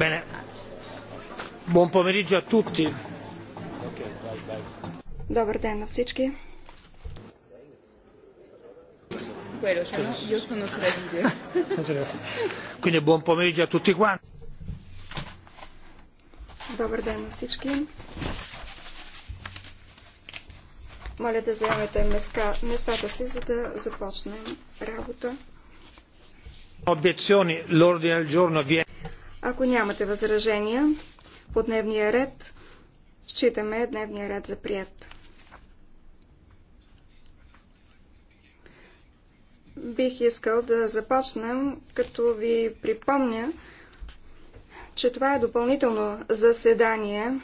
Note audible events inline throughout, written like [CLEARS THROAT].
Bene. Buon pomeriggio a tutti. Добър ден на всички. Quello sono, io sono sulla video. Quindi buon pomeriggio a tutti quanti. Добър ден на всички. Моля да заемете местата си, за да започнем работа. Обiezioni, l'ordine del giorno viene ако нямате възражения по дневния ред, считаме дневния ред за прият. Бих искал да започнем, като ви припомня, че това е допълнително заседание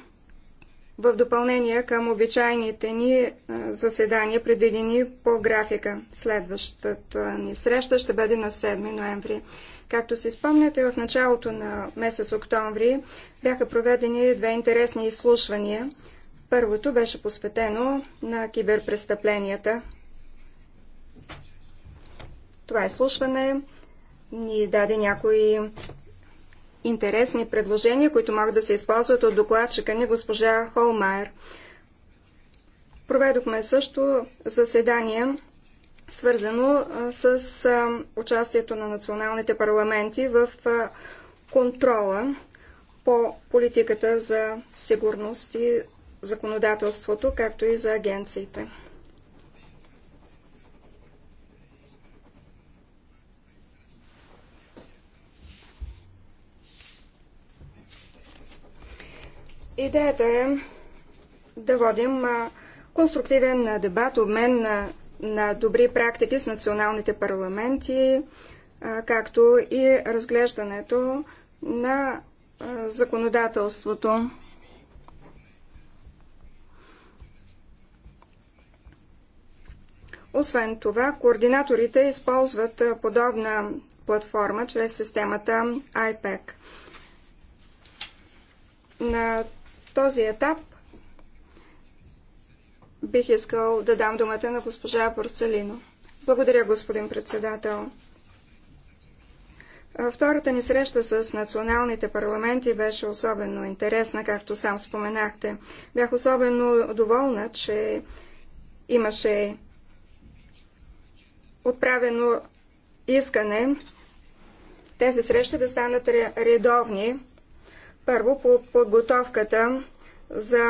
в допълнение към обичайните ни е, заседания, предвидени по графика. Следващата ни среща ще бъде на 7 ноември. Както си спомняте, в началото на месец октомври бяха проведени две интересни изслушвания. Първото беше посветено на киберпрестъпленията. Това изслушване ни даде някои интересни предложения, които могат да се използват от докладчика ни госпожа Холмайер. Проведохме също заседания свързано с участието на националните парламенти в контрола по политиката за сигурност и законодателството, както и за агенциите. Идеята е да водим конструктивен дебат, обмен на на добри практики с националните парламенти, както и разглеждането на законодателството. Освен това, координаторите използват подобна платформа чрез системата IPEC. На този етап Бих искал да дам думата на госпожа Порцелино. Благодаря, господин председател. Втората ни среща с националните парламенти беше особено интересна, както сам споменахте. Бях особено доволна, че имаше отправено искане тези срещи да станат редовни. Първо по подготовката за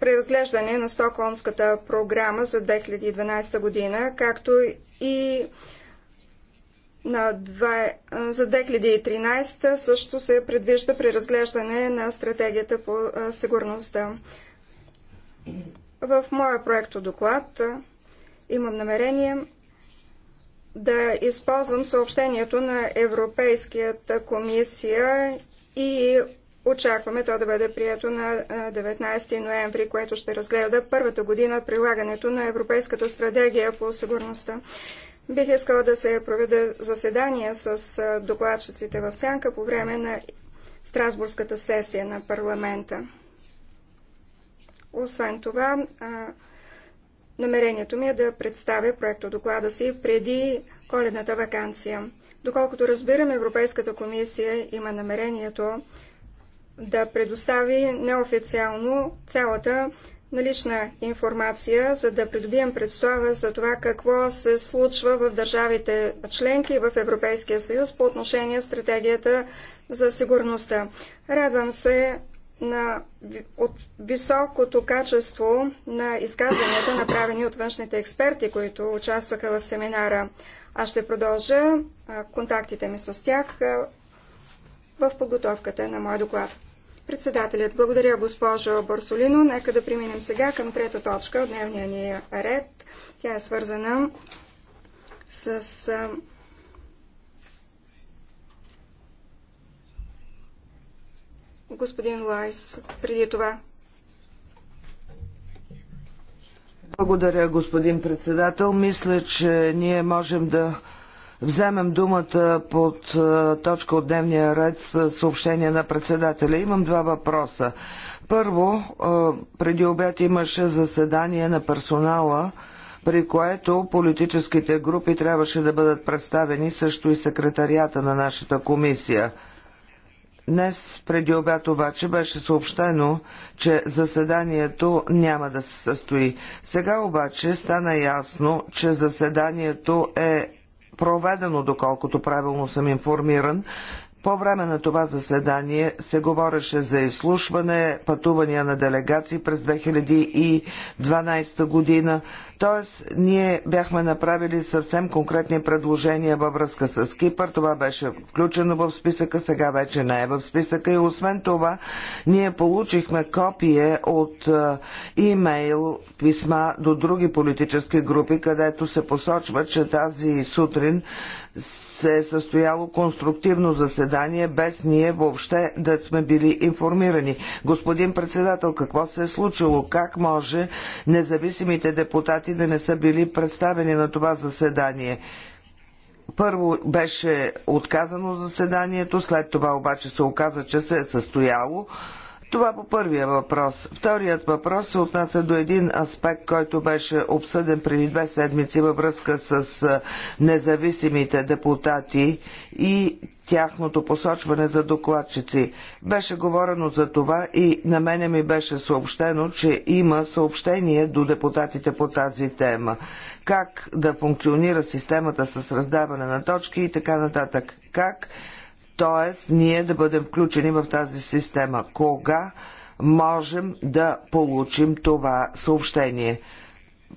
преразглеждане на Стокхолмската програма за 2012 година, както и на 2, за 2013 също се предвижда преразглеждане на стратегията по сигурността. В моя проекто доклад имам намерение да използвам съобщението на Европейската комисия и Очакваме то да бъде прието на 19 ноември, което ще разгледа първата година от прилагането на Европейската стратегия по сигурността. Бих искала да се проведе заседание с докладчиците в Сянка по време на Страсбургската сесия на парламента. Освен това, намерението ми е да представя проекто доклада си преди коледната вакансия. Доколкото разбирам, Европейската комисия има намерението да предостави неофициално цялата налична информация, за да придобием представа за това какво се случва в държавите членки в Европейския съюз по отношение стратегията за сигурността. Радвам се на от високото качество на изказванията, направени от външните експерти, които участваха в семинара. Аз ще продължа контактите ми с тях в подготовката на мой доклад. Председателят, благодаря госпожо Борсолино. Нека да преминем сега към трета точка от дневния ни ред. Тя е свързана с господин Лайс преди това. Благодаря, господин председател. Мисля, че ние можем да вземем думата под точка от дневния ред с съобщение на председателя. Имам два въпроса. Първо, преди обед имаше заседание на персонала, при което политическите групи трябваше да бъдат представени също и секретарията на нашата комисия. Днес преди обяд обаче беше съобщено, че заседанието няма да се състои. Сега обаче стана ясно, че заседанието е проведено, доколкото правилно съм информиран. По време на това заседание се говореше за изслушване, пътувания на делегации през 2012 година. Тоест, ние бяхме направили съвсем конкретни предложения във връзка с Кипър. Това беше включено в списъка, сега вече не е в списъка. И освен това, ние получихме копие от е, имейл писма до други политически групи, където се посочва, че тази сутрин се е състояло конструктивно заседание, без ние въобще да сме били информирани. Господин председател, какво се е случило? Как може независимите депутати кандидати да не са били представени на това заседание. Първо беше отказано заседанието, след това обаче се оказа, че се е състояло. Това по първия въпрос. Вторият въпрос се отнася до един аспект, който беше обсъден преди две седмици във връзка с независимите депутати и тяхното посочване за докладчици. Беше говорено за това и на мене ми беше съобщено, че има съобщение до депутатите по тази тема. Как да функционира системата с раздаване на точки и така нататък. Как т.е. ние да бъдем включени в тази система. Кога можем да получим това съобщение?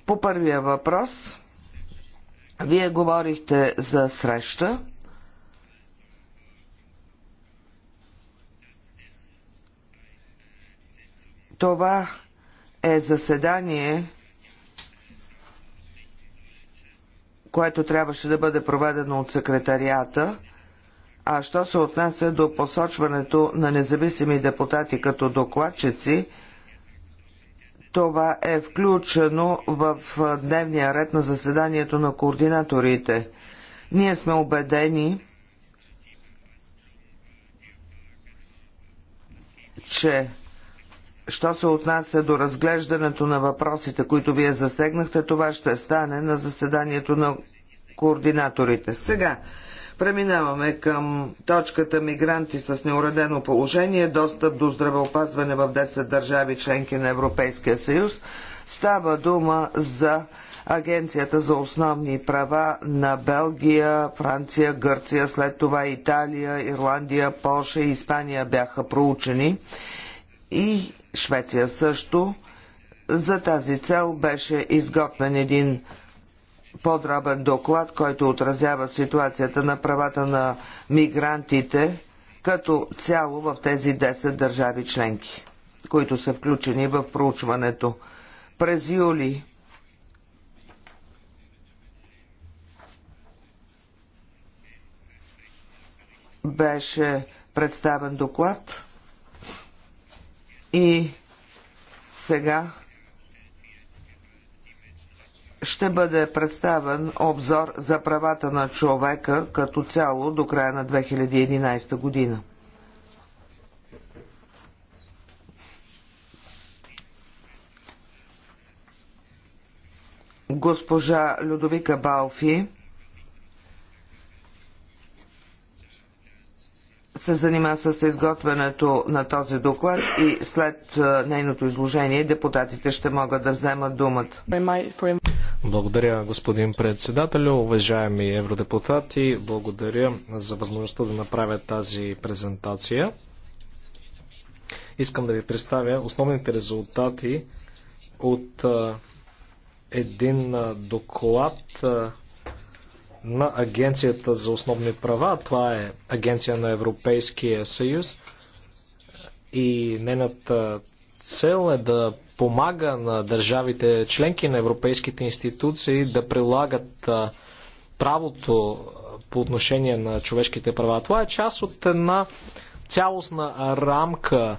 По първия въпрос, вие говорихте за среща. Това е заседание, което трябваше да бъде проведено от секретарията – а що се отнася до посочването на независими депутати като докладчици, това е включено в дневния ред на заседанието на координаторите. Ние сме убедени, че що се отнася до разглеждането на въпросите, които вие засегнахте, това ще стане на заседанието на координаторите. Сега, Преминаваме към точката Мигранти с неуредено положение, достъп до здравеопазване в 10 държави членки на Европейския съюз. Става дума за Агенцията за основни права на Белгия, Франция, Гърция, след това Италия, Ирландия, Польша и Испания бяха проучени и Швеция също. За тази цел беше изготвен един подробен доклад, който отразява ситуацията на правата на мигрантите като цяло в тези 10 държави членки, които са включени в проучването. През юли беше представен доклад и сега ще бъде представен обзор за правата на човека като цяло до края на 2011 година. Госпожа Людовика Балфи се занима с изготвянето на този доклад и след е, нейното изложение депутатите ще могат да вземат думата. Благодаря, господин председател, уважаеми евродепутати. Благодаря за възможността да направя тази презентация. Искам да ви представя основните резултати от е, един е, доклад, на Агенцията за основни права. Това е Агенция на Европейския съюз и нейната цел е да помага на държавите членки на европейските институции да прилагат правото по отношение на човешките права. Това е част от една цялостна рамка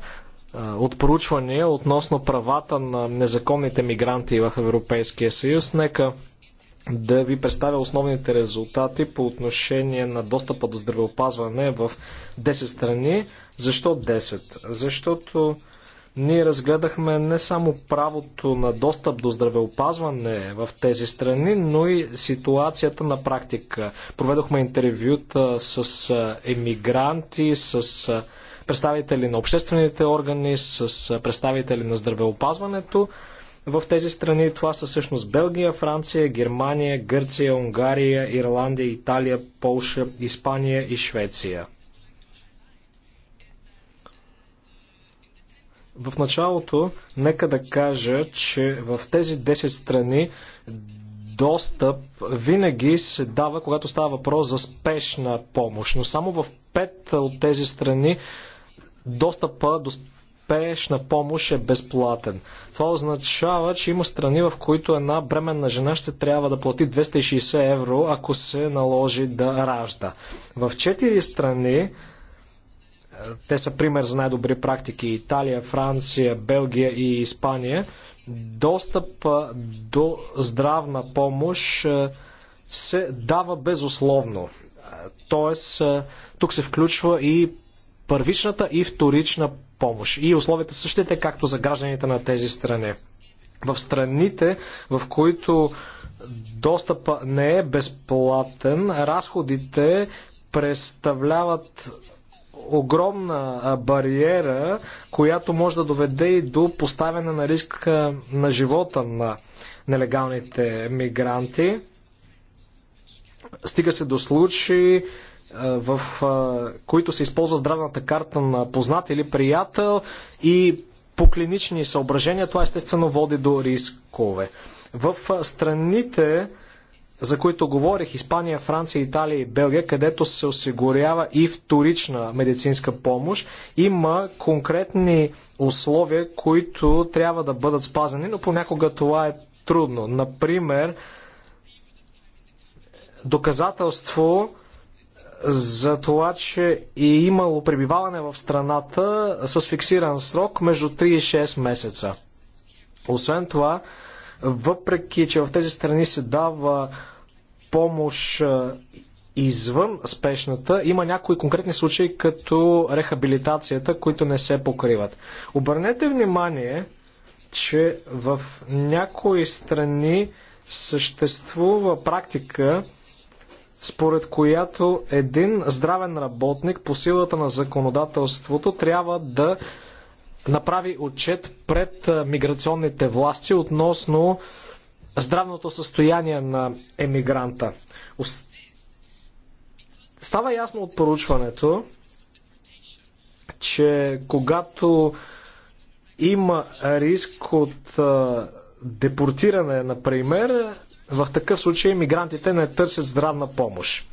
от проучвания относно правата на незаконните мигранти в Европейския съюз. Нека да ви представя основните резултати по отношение на достъпа до здравеопазване в 10 страни. Защо 10? Защото ние разгледахме не само правото на достъп до здравеопазване в тези страни, но и ситуацията на практика. Проведохме интервюта с емигранти, с представители на обществените органи, с представители на здравеопазването в тези страни. Това са всъщност Белгия, Франция, Германия, Гърция, Унгария, Ирландия, Италия, Полша, Испания и Швеция. В началото, нека да кажа, че в тези 10 страни достъп винаги се дава, когато става въпрос за спешна помощ. Но само в 5 от тези страни достъпа до на помощ е безплатен. Това означава, че има страни, в които една бременна жена ще трябва да плати 260 евро, ако се наложи да ражда. В четири страни, е, те са пример за най-добри практики Италия, Франция, Белгия и Испания, достъп е, до здравна помощ е, се дава безусловно. Тоест, тук се включва и първичната и вторична помощ. И условията същите, както за гражданите на тези страни. В страните, в които достъпа не е безплатен, разходите представляват огромна бариера, която може да доведе и до поставяне на риск на живота на нелегалните мигранти. Стига се до случаи, в които се използва здравната карта на познат или приятел и по клинични съображения, това естествено води до рискове. В страните, за които говорих, Испания, Франция, Италия и Белгия, където се осигурява и вторична медицинска помощ, има конкретни условия, които трябва да бъдат спазени, но понякога това е трудно. Например, доказателство, за това, че е имало пребиваване в страната с фиксиран срок между 3 и 6 месеца. Освен това, въпреки, че в тези страни се дава помощ извън спешната, има някои конкретни случаи, като рехабилитацията, които не се покриват. Обърнете внимание, че в някои страни съществува практика, според която един здравен работник по силата на законодателството трябва да направи отчет пред миграционните власти относно здравното състояние на емигранта. Става ясно от поручването, че когато има риск от депортиране, например, в такъв случай мигрантите не търсят здравна помощ.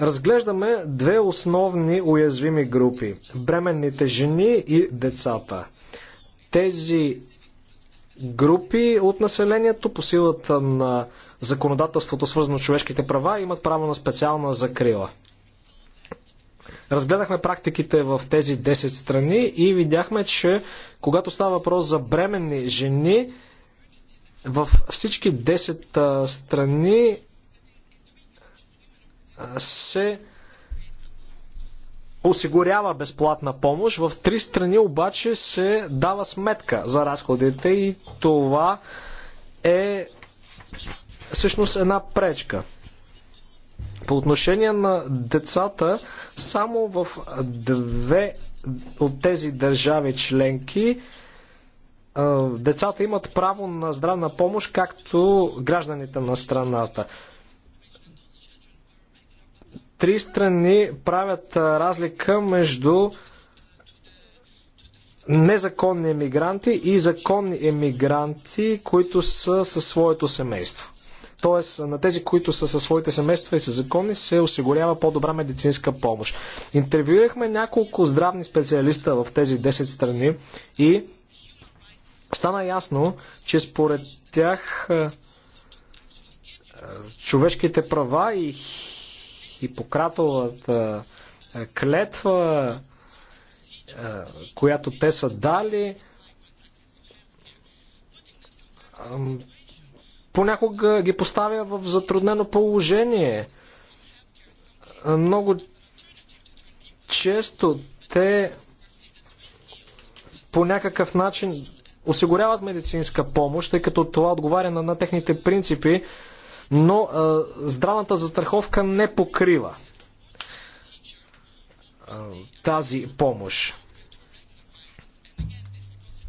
Разглеждаме две основни уязвими групи бременните жени и децата. Тези групи от населението по силата на законодателството, свързано с човешките права, имат право на специална закрила. Разгледахме практиките в тези 10 страни и видяхме, че когато става въпрос за бременни жени, в всички 10 страни се осигурява безплатна помощ. В три страни обаче се дава сметка за разходите и това е всъщност една пречка. По отношение на децата, само в две от тези държави членки децата имат право на здравна помощ, както гражданите на страната. Три страни правят разлика между незаконни емигранти и законни емигранти, които са със своето семейство. Тоест, на тези, които са със своите семейства и са законни, се осигурява по-добра медицинска помощ. Интервюирахме няколко здравни специалиста в тези 10 страни и Стана ясно, че според тях е, е, човешките права и Хипократовата е, клетва, която те са дали, понякога ги поставя в затруднено положение. Много често те по някакъв начин осигуряват медицинска помощ, тъй като това отговаря на, на техните принципи, но а, здравната застраховка не покрива а, тази помощ.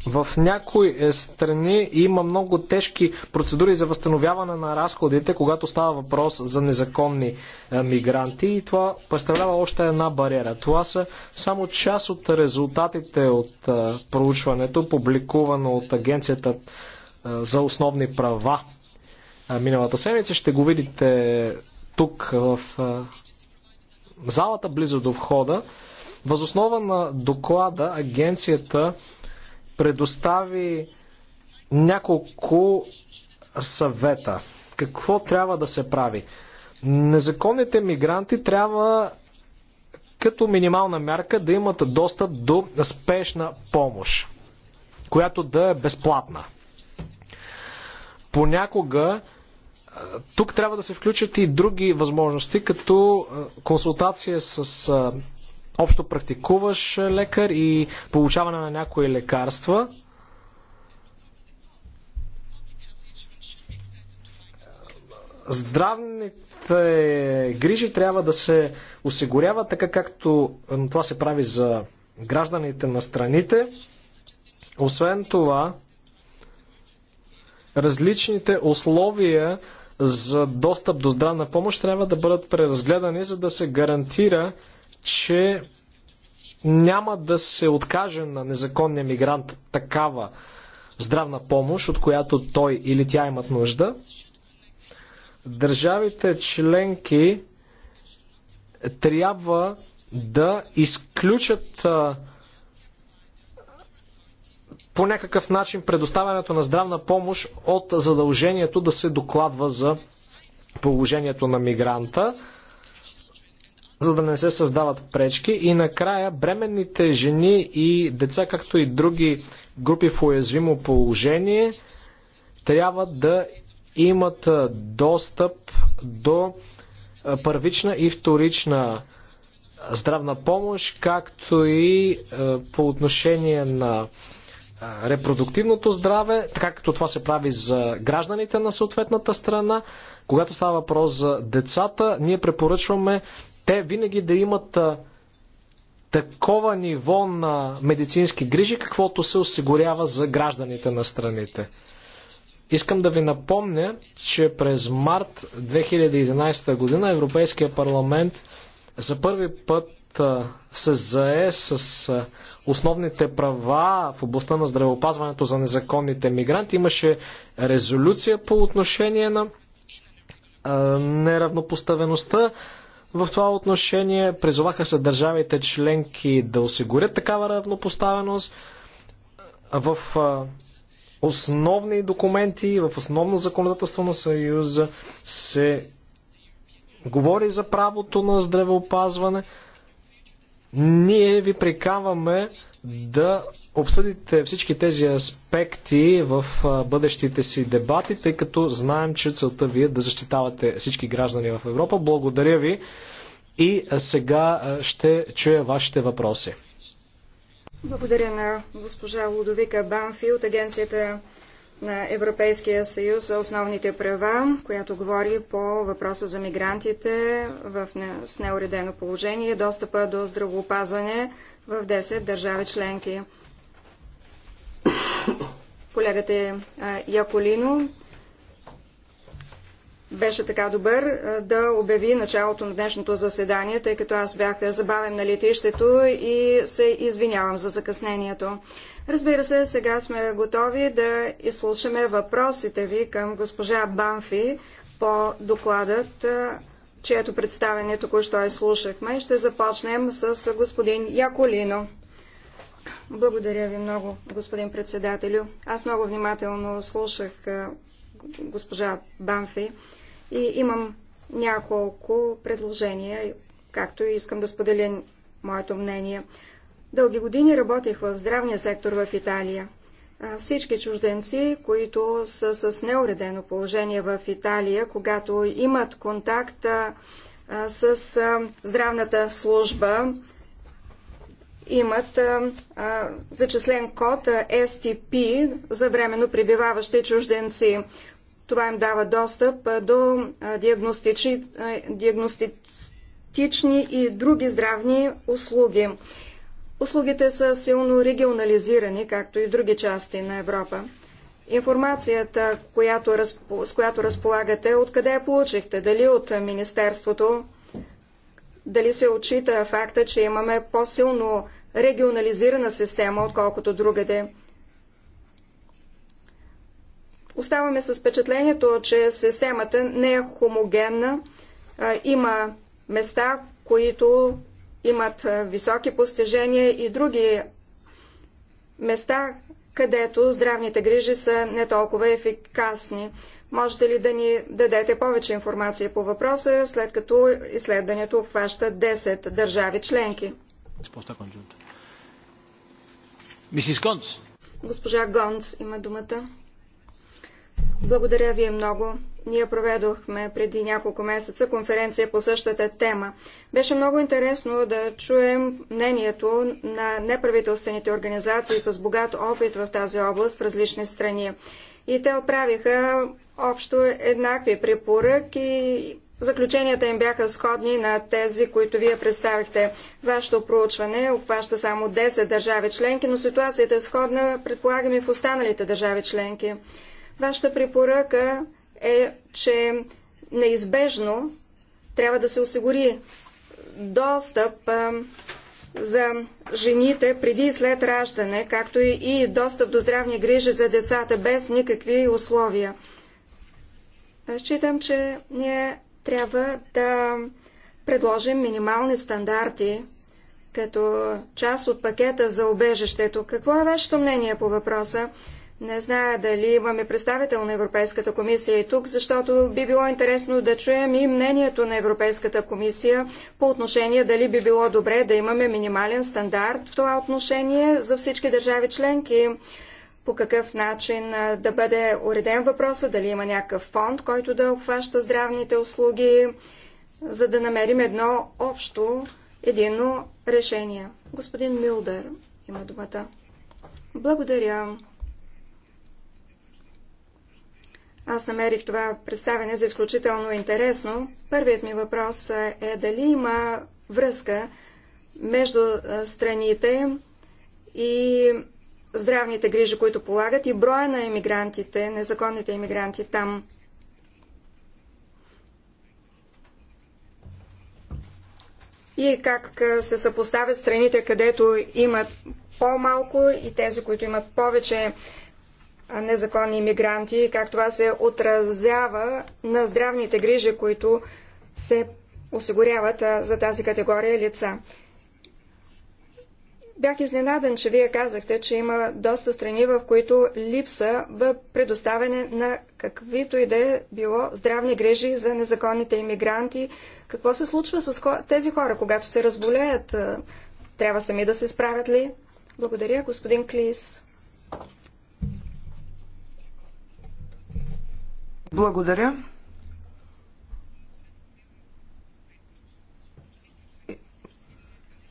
В някои е, страни има много тежки процедури за възстановяване на разходите, когато става въпрос за незаконни е, мигранти и това представлява още една бариера. Това са само част от резултатите от е, проучването, публикувано от Агенцията за основни права миналата седмица. Ще го видите тук в залата, близо до входа. Възоснова на доклада агенцията предостави няколко съвета. Какво трябва да се прави? Незаконните мигранти трябва като минимална мярка да имат достъп до спешна помощ, която да е безплатна. Понякога тук трябва да се включат и други възможности, като консултация с общо практикуваш е, лекар и получаване на някои лекарства. Здравните грижи трябва да се осигуряват така както това се прави за гражданите на страните. Освен това, различните условия за достъп до здравна помощ трябва да бъдат преразгледани, за да се гарантира че няма да се откаже на незаконния мигрант такава здравна помощ, от която той или тя имат нужда. Държавите членки трябва да изключат по някакъв начин предоставянето на здравна помощ от задължението да се докладва за положението на мигранта за да не се създават пречки. И накрая бременните жени и деца, както и други групи в уязвимо положение, трябва да имат достъп до първична и вторична здравна помощ, както и по отношение на репродуктивното здраве, така като това се прави за гражданите на съответната страна. Когато става въпрос за децата, ние препоръчваме те винаги да имат такова ниво на медицински грижи, каквото се осигурява за гражданите на страните. Искам да ви напомня, че през март 2011 година Европейския парламент за първи път се зае с основните права в областта на здравеопазването за незаконните мигранти. Имаше резолюция по отношение на неравнопоставеността в това отношение. Призоваха се държавите членки да осигурят такава равнопоставеност в основни документи, в основно законодателство на Съюза се говори за правото на здравеопазване. Ние ви прикаваме да обсъдите всички тези аспекти в бъдещите си дебати, тъй като знаем, че целта ви е да защитавате всички граждани в Европа. Благодаря ви и сега ще чуя вашите въпроси. Благодаря на госпожа Лудовика Банфи от Агенцията на Европейския съюз за основните права, която говори по въпроса за мигрантите в не, с неуредено положение, достъпа до здравоопазване в 10 държави членки. Колегата Яколино беше така добър да обяви началото на днешното заседание, тъй като аз бях забавен на летището и се извинявам за закъснението. Разбира се, сега сме готови да изслушаме въпросите ви към госпожа Банфи по докладът, чието представене току-що изслушахме. Ще започнем с господин Яколино. Благодаря ви много, господин председателю. Аз много внимателно слушах госпожа Банфи и имам няколко предложения, както и искам да споделя моето мнение. Дълги години работих в здравния сектор в Италия. Всички чужденци, които са с неуредено положение в Италия, когато имат контакт с здравната служба, имат а, а, зачислен код а, STP за временно прибиваващи чужденци. Това им дава достъп а, до а, диагностични, а, диагностични и други здравни услуги. Услугите са силно регионализирани, както и в други части на Европа. Информацията, която, с която разполагате, откъде я получихте? Дали от Министерството дали се отчита факта, че имаме по-силно регионализирана система, отколкото другаде. Оставаме с впечатлението, че системата не е хомогенна. Има места, които имат високи постижения и други места, където здравните грижи са не толкова ефикасни. Можете ли да ни дадете повече информация по въпроса, след като изследването обхваща 10 държави членки? Споста конджунта. Мисис Гонц. Госпожа Гонц има думата. Благодаря ви много. Ние проведохме преди няколко месеца конференция по същата тема. Беше много интересно да чуем мнението на неправителствените организации с богат опит в тази област в различни страни. И те отправиха общо еднакви препоръки Заключенията им бяха сходни на тези, които вие представихте. Вашето проучване обхваща само 10 държави членки, но ситуацията е сходна, предполагам, и в останалите държави членки. Вашата препоръка е, че неизбежно трябва да се осигури достъп а, за жените преди и след раждане, както и, и достъп до здравни грижи за децата без никакви условия. Считам, че ние трябва да предложим минимални стандарти като част от пакета за обежището. Какво е вашето мнение по въпроса? Не зная дали имаме представител на Европейската комисия и тук, защото би било интересно да чуем и мнението на Европейската комисия по отношение дали би било добре да имаме минимален стандарт в това отношение за всички държави членки по какъв начин да бъде уреден въпроса, дали има някакъв фонд, който да обхваща здравните услуги, за да намерим едно общо, едино решение. Господин Милдер има думата. Благодаря. Аз намерих това представяне за изключително интересно. Първият ми въпрос е дали има връзка между страните и здравните грижи, които полагат и броя на емигрантите, незаконните емигранти там. И как се съпоставят страните, където имат по-малко и тези, които имат повече незаконни иммигранти, как това се отразява на здравните грижи, които се осигуряват за тази категория лица. Бях изненадан, че вие казахте, че има доста страни, в които липса в предоставяне на каквито и да е било здравни грежи за незаконните иммигранти. Какво се случва с тези хора, когато се разболеят? Трябва сами да се справят ли? Благодаря, господин Клис. Благодаря.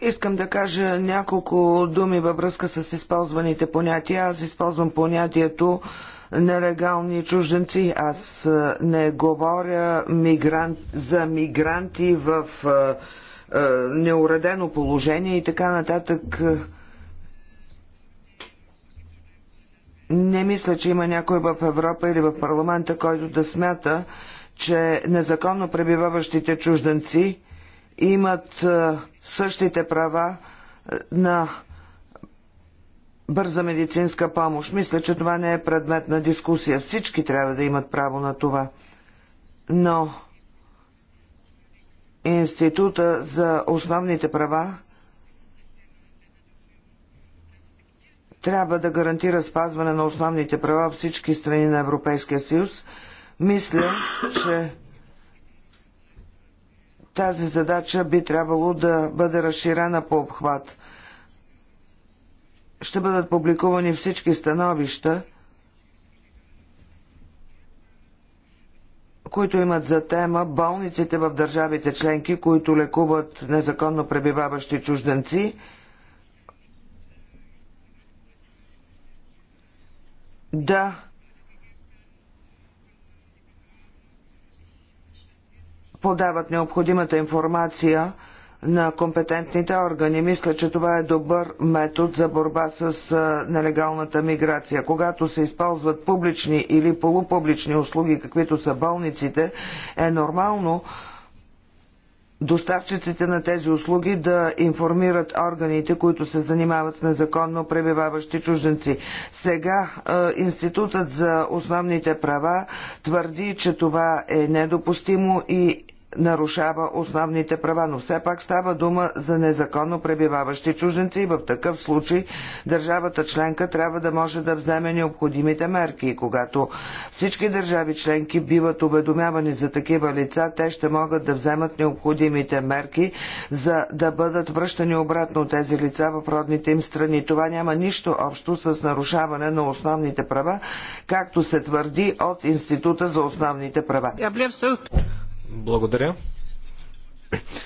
Искам да кажа няколко думи във връзка с използваните понятия. Аз използвам понятието нелегални чужденци. Аз не говоря мигрант, за мигранти в е, е, неуредено положение и така нататък. Не мисля, че има някой в Европа или в парламента, който да смята, че незаконно пребиваващите чужденци имат е, същите права е, на бърза медицинска помощ. Мисля, че това не е предмет на дискусия. Всички трябва да имат право на това. Но Института за основните права трябва да гарантира спазване на основните права всички страни на Европейския съюз. Мисля, че тази задача би трябвало да бъде разширена по обхват. Ще бъдат публикувани всички становища, които имат за тема болниците в държавите членки, които лекуват незаконно пребиваващи чужденци. Да подават необходимата информация на компетентните органи. Мисля, че това е добър метод за борба с нелегалната миграция. Когато се използват публични или полупублични услуги, каквито са болниците, е нормално доставчиците на тези услуги да информират органите, които се занимават с незаконно пребиваващи чужденци. Сега Институтът за основните права твърди, че това е недопустимо и нарушава основните права, но все пак става дума за незаконно пребиваващи чужденци и в такъв случай държавата членка трябва да може да вземе необходимите мерки. И когато всички държави членки биват уведомявани за такива лица, те ще могат да вземат необходимите мерки, за да бъдат връщани обратно тези лица в родните им страни. Това няма нищо общо с нарушаване на основните права, както се твърди от Института за основните права. Благодаря.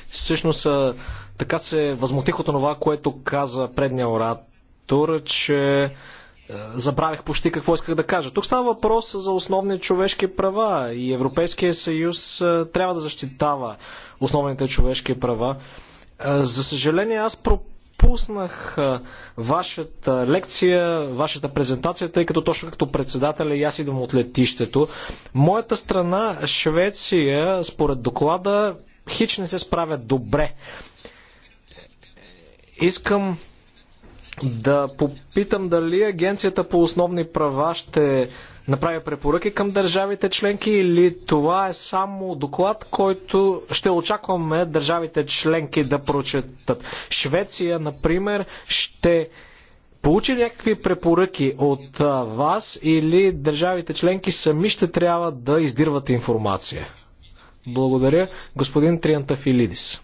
Всъщност, така се възмутих от това, което каза предния оратор, че забравих почти какво исках да кажа. Тук става въпрос за основни човешки права и Европейския съюз трябва да защитава основните човешки права. За съжаление, аз пропускам пропуснах вашата лекция, вашата презентация, тъй като точно като председателя и аз идвам от летището. Моята страна, Швеция, според доклада, хич не се справя добре. Искам да попитам дали Агенцията по основни права ще направи препоръки към държавите членки или това е само доклад, който ще очакваме държавите членки да прочетат. Швеция, например, ще получи някакви препоръки от вас или държавите членки сами ще трябва да издирват информация? Благодаря. Господин Триантафилидис.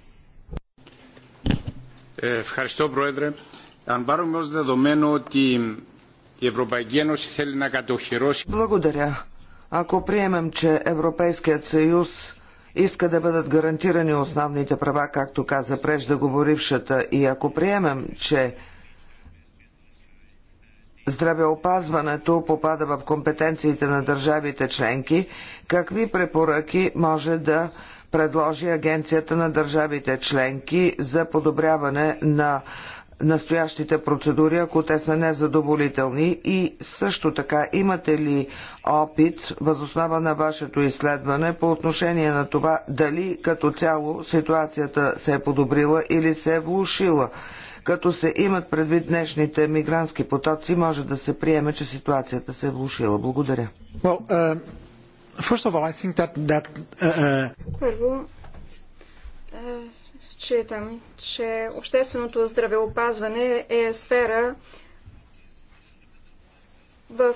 Ευχαριστώ, Πρόεδρε. Αν πάρουμε ως δεδομένο ότι η Ευρωπαϊκή Ένωση θέλει να κατοχυρώσει... Благодаря. Ако приемем, че Европейският съюз иска да бъдат гарантирани основните права, както каза преждаговорившата, и ако приемем, че здравеопазването попада в компетенциите на държавите членки, какви препоръки може да предложи Агенцията на държавите членки за подобряване на настоящите процедури, ако те са незадоволителни и също така имате ли опит възоснова на вашето изследване по отношение на това дали като цяло ситуацията се е подобрила или се е влушила? Като се имат предвид днешните мигрантски потоци, може да се приеме, че ситуацията се е влушила. Благодаря. Well, uh, all, that, that, uh... uh Първо, uh... Считам, че общественото здравеопазване е сфера, в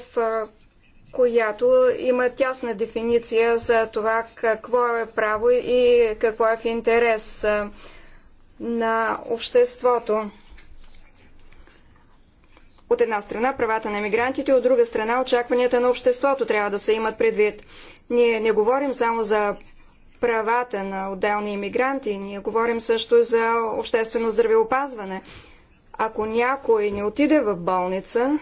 която има тясна дефиниция за това какво е право и какво е в интерес на обществото. От една страна правата на мигрантите, от друга страна очакванията на обществото трябва да се имат предвид. Ние не говорим само за правата на отделни иммигранти. Ние говорим също за обществено здравеопазване. Ако някой не отиде в болница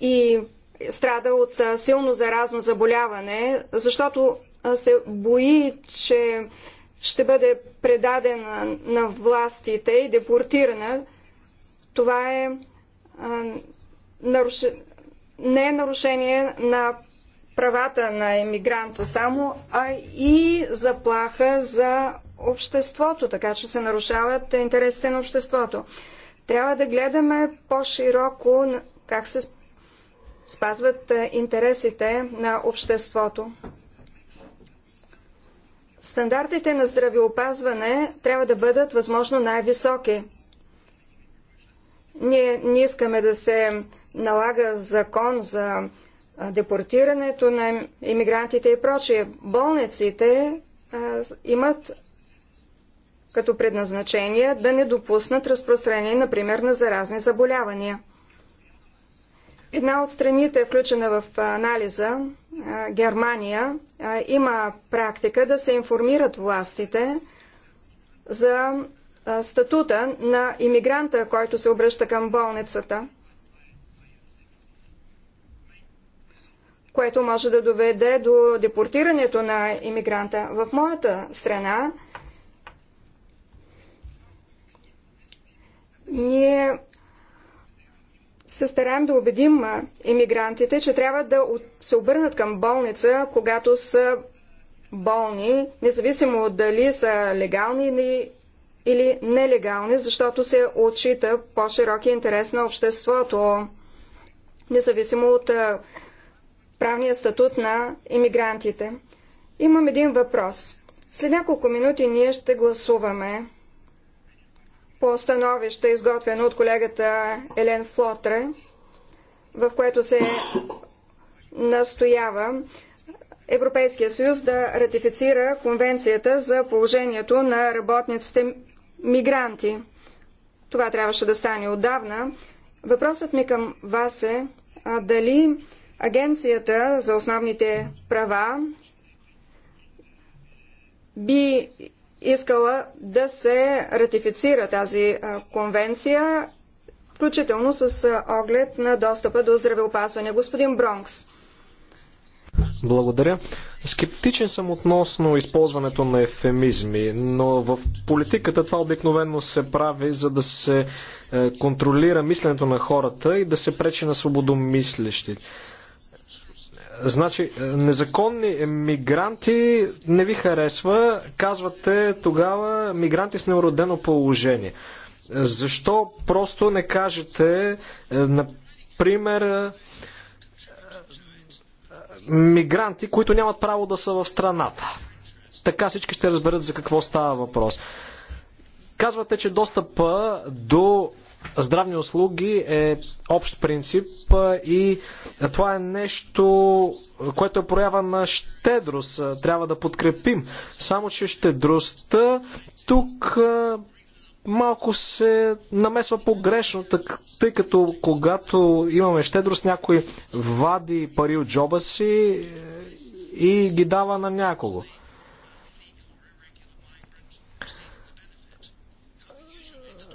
и страда от силно заразно заболяване, защото се бои, че ще бъде предадена на властите и депортирана, това е а, наруш... не е нарушение на правата на емигранта само, а и заплаха за обществото, така че се нарушават интересите на обществото. Трябва да гледаме по-широко как се спазват е, интересите на обществото. Стандартите на здравеопазване трябва да бъдат възможно най-високи. Ние не искаме да се налага закон за депортирането на иммигрантите и прочие. Болниците а, имат като предназначение да не допуснат разпространение, например, на заразни заболявания. Една от страните, включена в анализа, Германия, има практика да се информират властите за статута на иммигранта, който се обръща към болницата – което може да доведе до депортирането на иммигранта. В моята страна ние се стараем да убедим иммигрантите, че трябва да се обърнат към болница, когато са болни, независимо дали са легални или нелегални, защото се отчита по-широки интерес на обществото, независимо от правния статут на иммигрантите. Имам един въпрос. След няколко минути ние ще гласуваме по становище, изготвено от колегата Елен Флотре, в което се настоява Европейския съюз да ратифицира конвенцията за положението на работниците мигранти. Това трябваше да стане отдавна. Въпросът ми към вас е а, дали Агенцията за основните права би искала да се ратифицира тази конвенция, включително с оглед на достъпа до здравеопазване. Господин Бронкс. Благодаря. Скептичен съм относно използването на ефемизми, но в политиката това обикновено се прави, за да се е, контролира мисленето на хората и да се пречи на свободомислещите. Значи, е, незаконни мигранти не ви харесва. Казвате тогава мигранти с неуродено положение. Защо просто не кажете, е, например, е, мигранти, които нямат право да са в страната? Така всички ще разберат за какво става въпрос. Казвате, че достъпа до здравни услуги е общ принцип и това е нещо, което е проява на щедрост. Трябва да подкрепим. Само, че щедростта тук малко се намесва погрешно, тъй като когато имаме щедрост, някой вади пари от джоба си и ги дава на някого.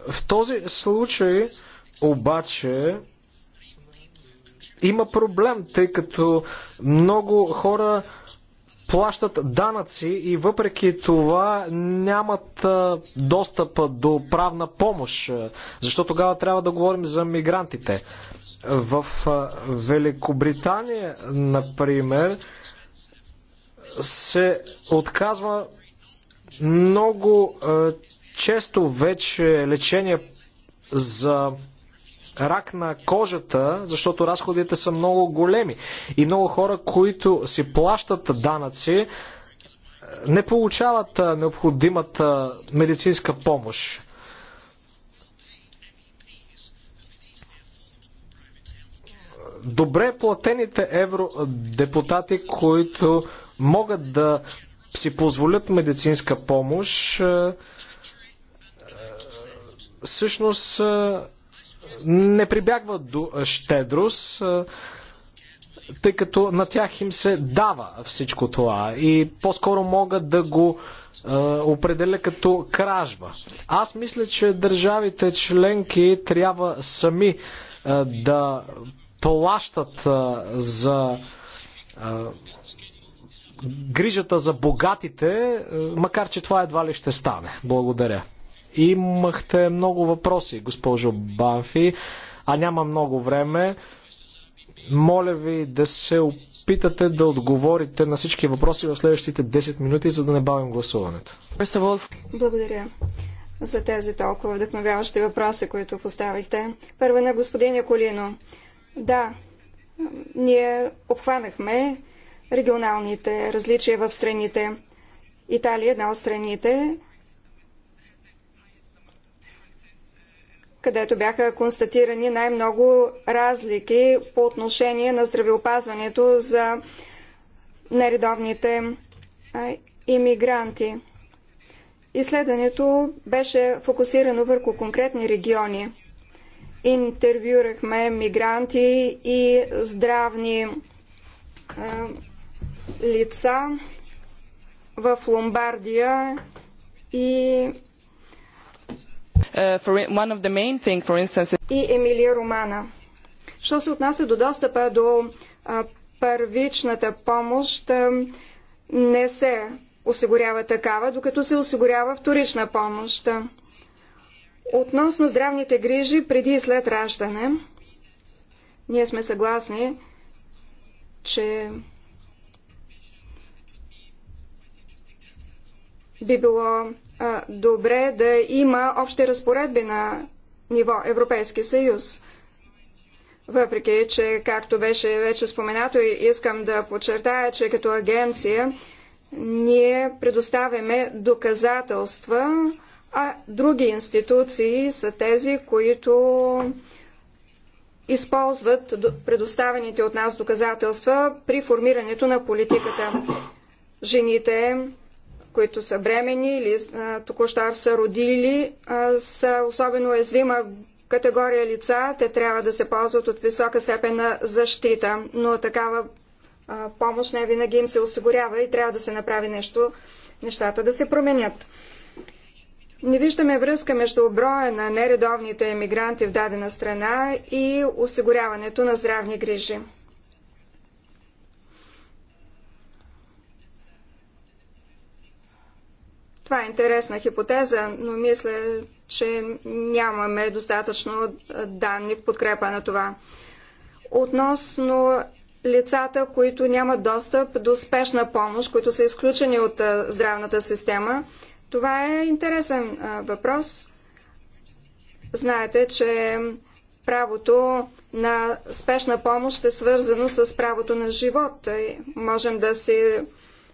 В този случай обаче има проблем, тъй като много хора плащат данъци и въпреки това нямат достъп до правна помощ. Защо тогава трябва да говорим за мигрантите? В Великобритания, например, се отказва много често вече лечение за рак на кожата, защото разходите са много големи. И много хора, които си плащат данъци, не получават необходимата медицинска помощ. Добре платените евродепутати, които могат да си позволят медицинска помощ, всъщност не прибягват до щедрост, тъй като на тях им се дава всичко това и по-скоро могат да го определя като кражба. Аз мисля, че държавите членки трябва сами да плащат за грижата за богатите, макар че това едва ли ще стане. Благодаря. Имахте много въпроси, госпожо Банфи, а няма много време. Моля ви да се опитате да отговорите на всички въпроси в следващите 10 минути, за да не бавим гласуването. Благодаря за тези толкова вдъхновяващи въпроси, които поставихте. Първо на господин Яколино. Да, ние обхванахме регионалните различия в страните. Италия е една от страните, където бяха констатирани най-много разлики по отношение на здравеопазването за нередовните иммигранти. Изследването беше фокусирано върху конкретни региони. Интервюрахме мигранти и здравни е, лица в Ломбардия и Uh, и Емилия Романа. Що се отнася до достъпа до първичната помощ, не се осигурява такава, докато се осигурява вторична помощ. Относно здравните грижи преди и след раждане, ние сме съгласни, че би било добре е да има общи разпоредби на ниво Европейски съюз. Въпреки, че, както беше вече споменато, искам да подчертая, че като агенция ние предоставяме доказателства, а други институции са тези, които използват предоставените от нас доказателства при формирането на политиката. Жените които са бремени или току-що са родили, са особено уязвима категория лица. Те трябва да се ползват от висока степен на защита, но такава помощ не винаги им се осигурява и трябва да се направи нещо, нещата да се променят. Не виждаме връзка между броя на нередовните емигранти в дадена страна и осигуряването на здравни грижи. Това е интересна хипотеза, но мисля, че нямаме достатъчно данни в подкрепа на това. Относно лицата, които нямат достъп до спешна помощ, които са изключени от здравната система, това е интересен въпрос. Знаете, че правото на спешна помощ е свързано с правото на живот. Е, можем да си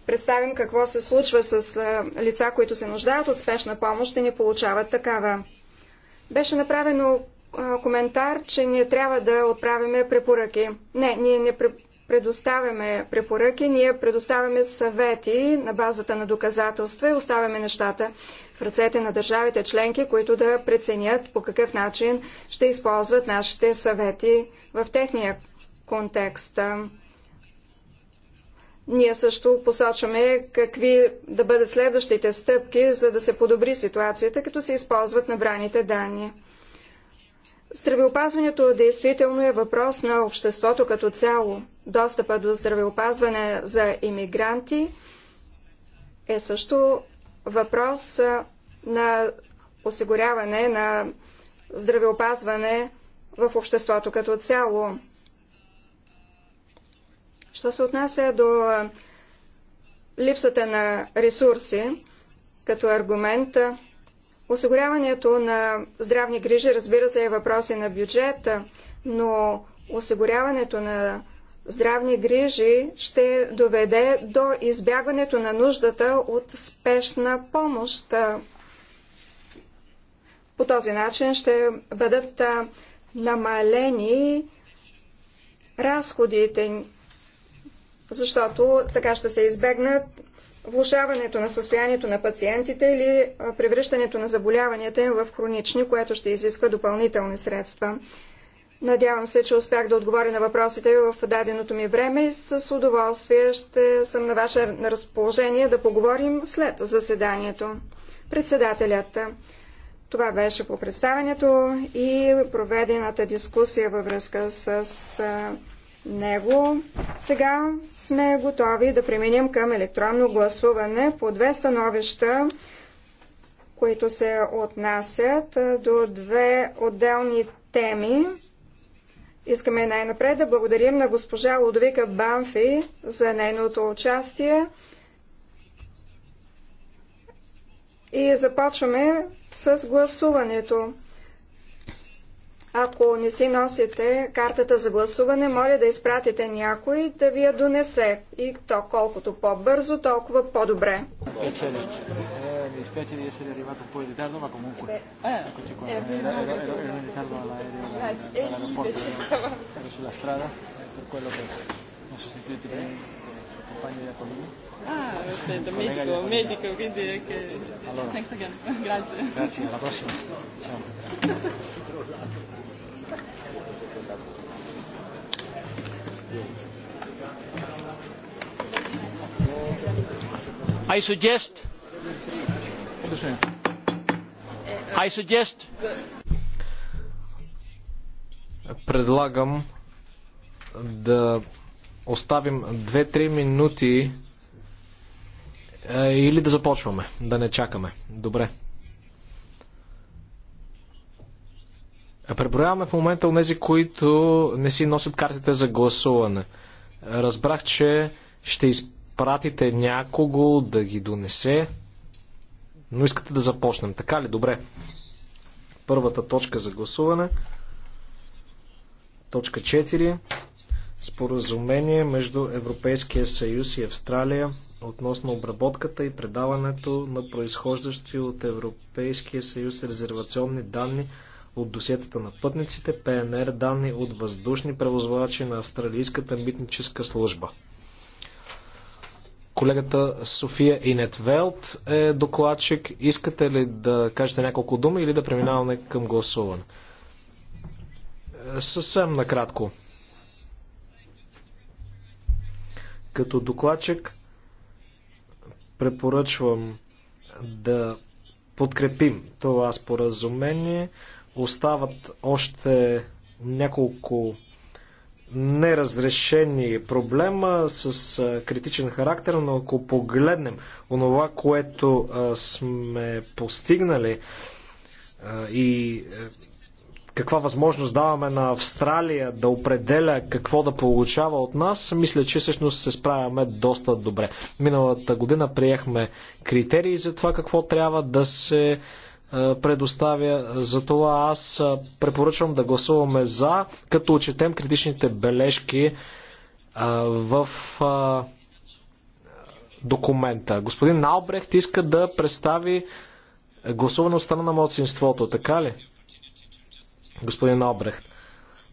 представим какво се случва с лица, които се нуждаят от спешна помощ и не получават такава. Беше направено коментар, че ние трябва да отправяме препоръки. Не, ние не предоставяме препоръки, ние предоставяме съвети на базата на доказателства и оставяме нещата в ръцете на държавите членки, които да преценят по какъв начин ще използват нашите съвети в техния контекст. Ние също посочваме какви да бъдат следващите стъпки, за да се подобри ситуацията, като се използват набраните данни. Здравеопазването действително е въпрос на обществото като цяло. Достъпа до здравеопазване за иммигранти е също въпрос на осигуряване на здравеопазване в обществото като цяло. Що се отнася до липсата на ресурси като аргумент, осигуряването на здравни грижи, разбира се, е въпроси на бюджета, но осигуряването на здравни грижи ще доведе до избягването на нуждата от спешна помощ. По този начин ще бъдат намалени разходите защото така ще се избегнат влушаването на състоянието на пациентите или превръщането на заболяванията в хронични, което ще изисква допълнителни средства. Надявам се, че успях да отговоря на въпросите ви в даденото ми време и с удоволствие ще съм на ваше разположение да поговорим след заседанието. Председателят. Това беше по представенето и проведената дискусия във връзка с него. Сега сме готови да преминем към електронно гласуване по две становища, които се отнасят до две отделни теми. Искаме най-напред да благодарим на госпожа Лудовика Банфи за нейното участие. И започваме с гласуването. Ако не си носите картата за гласуване, моля да изпратите някой да ви я донесе. И то колкото по-бързо, толкова по-добре. Ah, sento, medico, medico, quindi è che... Allora. Thanks again. Grazie. Grazie, alla prossima. Ciao. [LAUGHS] I suggest I suggest Предлагам да оставим 2-3 минути е, или да започваме, да не чакаме. Добре. Преброяваме в момента у нези, които не си носят картите за гласуване. Разбрах, че ще изпратите някого да ги донесе, но искате да започнем. Така ли? Добре. Първата точка за гласуване. Точка 4. Споразумение между Европейския съюз и Австралия относно обработката и предаването на произхождащи от Европейския съюз резервационни данни – от досиетата на пътниците, ПНР данни от въздушни превозвачи на австралийската митническа служба. Колегата София Инетвелт е докладчик. Искате ли да кажете няколко думи или да преминаваме към гласуване? Съвсем накратко. Като докладчик препоръчвам да подкрепим това споразумение. Остават още няколко неразрешени проблема с критичен характер, но ако погледнем онова, което сме постигнали и каква възможност даваме на Австралия да определя какво да получава от нас, мисля, че всъщност се справяме доста добре. Миналата година приехме критерии за това какво трябва да се е, предоставя. Затова аз е, препоръчвам да гласуваме за, като отчетем критичните бележки е, в документа. Господин Наубрехт иска да представи гласуване от страна на младсинството, така ли? Господин Наубрехт.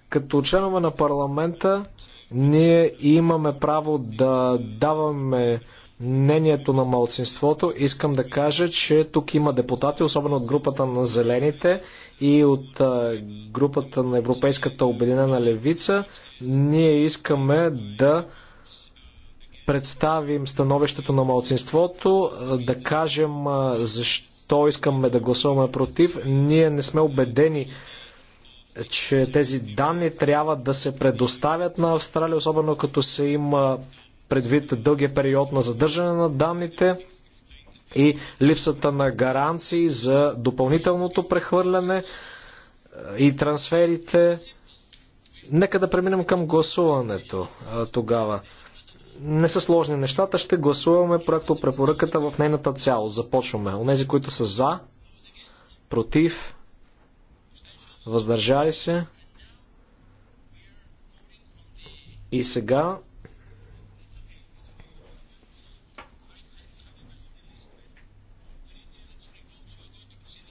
Като членове на парламента ние имаме право да даваме мнението на малцинството. Искам да кажа, че тук има депутати, особено от групата на Зелените и от групата на Европейската обединена левица. Ние искаме да представим становището на малцинството, да кажем защо искаме да гласуваме против. Ние не сме убедени, че тези данни трябва да се предоставят на Австралия, особено като се има предвид дългия период на задържане на данните и липсата на гаранции за допълнителното прехвърляне е, и трансферите. Нека да преминем към гласуването е, тогава. Не са сложни нещата, ще гласуваме проекто препоръката в нейната цяло. Започваме. Онези, които са за, против, въздържали се. И сега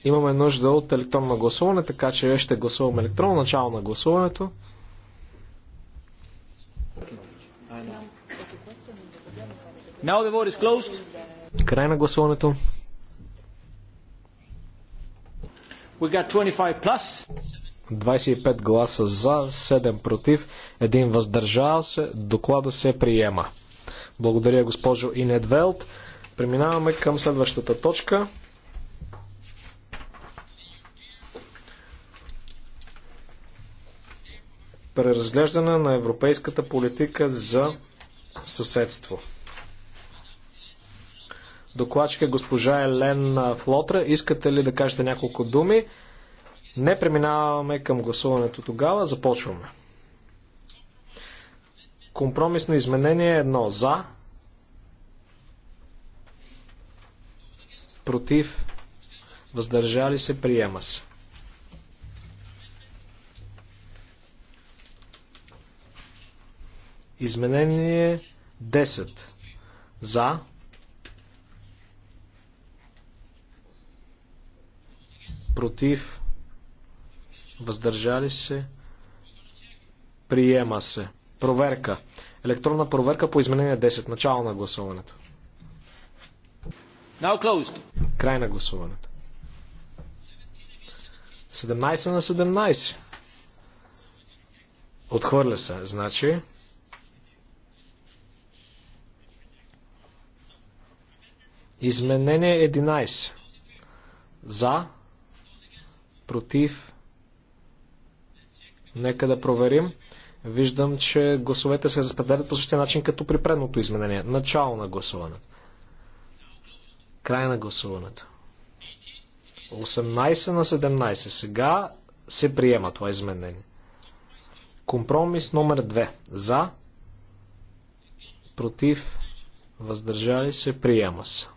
Имаме нужда от електронно гласуване, така че ще гласуваме електронно начало на гласуването. Now the vote is closed. Край на гласуването. We got 25 plus. 25 гласа за, 7 против, 1 въздържал се. Доклада се приема. Благодаря, госпожо Инедвелт. Преминаваме към следващата точка. преразглеждане на европейската политика за съседство. Докладчика е госпожа Елен Флотра, искате ли да кажете няколко думи? Не преминаваме към гласуването тогава, започваме. Компромисно изменение едно за, против, въздържали се, приема се. Изменение 10. За. Против. Въздържали се. Приема се. Проверка. Електронна проверка по изменение 10. Начало на гласуването. Now closed. Край на гласуването. 17 на 17. Отхвърля се, значи. Изменение 11. За. Против. Нека да проверим. Виждам, че гласовете се разпределят по същия начин, като при предното изменение. Начало на гласуването. Край на гласуването. 18 на 17. Сега се приема това изменение. Компромис номер 2. За. Против. Въздържали се. Приема се.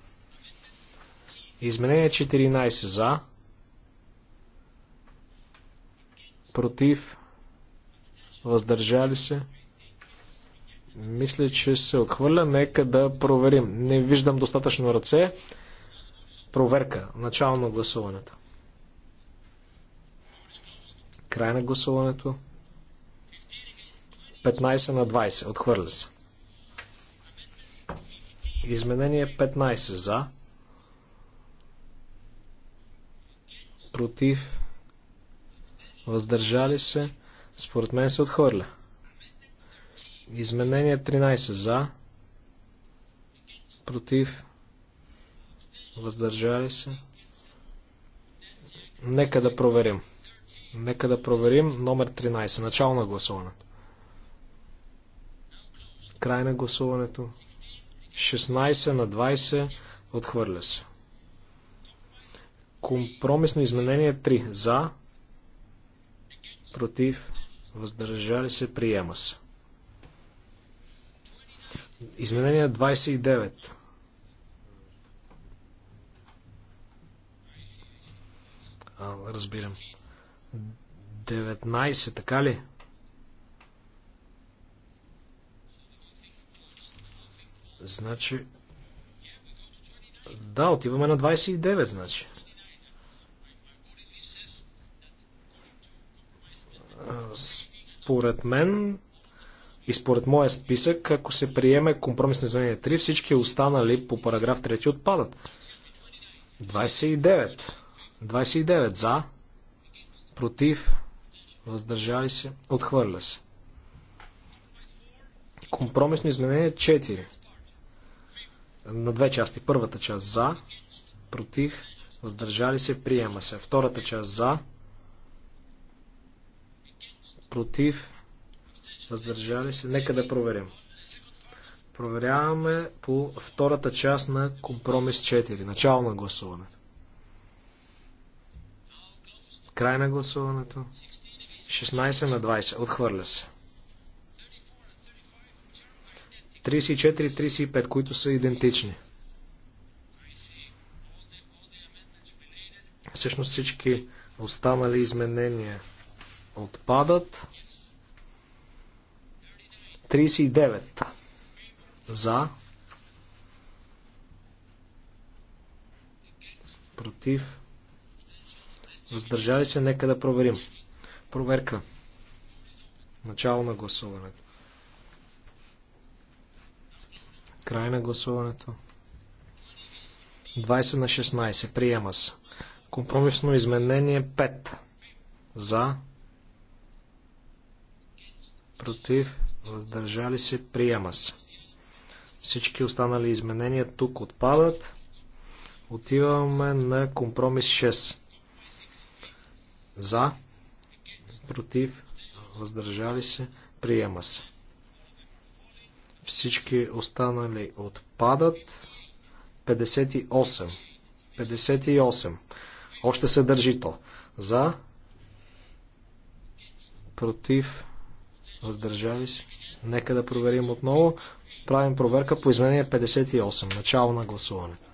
Изменение 14 за. Против. Въздържали се. Мисля, че се отхвърля. Нека да проверим. Не виждам достатъчно ръце. Проверка. Начало на гласуването. Край на гласуването. 15 на 20. Отхвърля се. Изменение 15 за. против, въздържали се, според мен се отхвърля. Изменение 13 за, против, въздържали се. Нека да проверим. Нека да проверим номер 13, начало на гласуването. Край на гласуването. 16 на 20 отхвърля се. Компромисно изменение 3. За, против, въздържали се, приема се. Изменение 29. А, разбирам. 19, така ли? Значи... Да, отиваме на 29, значи. Според мен и според моя списък, ако се приеме компромисно изменение 3, всички останали по параграф 3 отпадат. 29. 29 за, против, въздържали се, отхвърля се. Компромисно изменение 4. На две части. Първата част за, против, въздържали се, приема се. Втората част за, против, въздържали се. Нека да проверим. Проверяваме по втората част на компромис 4. Начало на гласуването. Край на гласуването. 16 на 20. Отхвърля се. 34 и 35, които са идентични. Всъщност всички останали изменения отпадат. 39 за, против, въздържали се, нека да проверим. Проверка. Начало на гласуването. Край на гласуването. 20 на 16. Приема се. Компромисно изменение 5. За против, въздържали се, приема се. Всички останали изменения тук отпадат. Отиваме на компромис 6. За, против, въздържали се, приема се. Всички останали отпадат. 58. 58. Още се държи то. За, против, Въздържали се. Нека да проверим отново. Правим проверка по изменение 58. Начало на гласуването.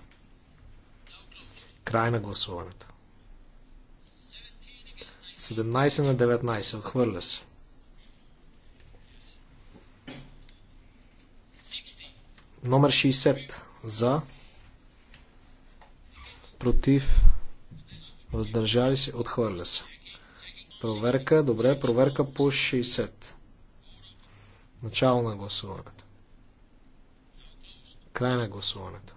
Край на гласуването. 17 на 19. Отхвърля се. 60. Номер 60. За. Против. Въздържали се. Отхвърля се. Проверка. Добре. Проверка по 60. Начало на гласуването. Край на гласуването.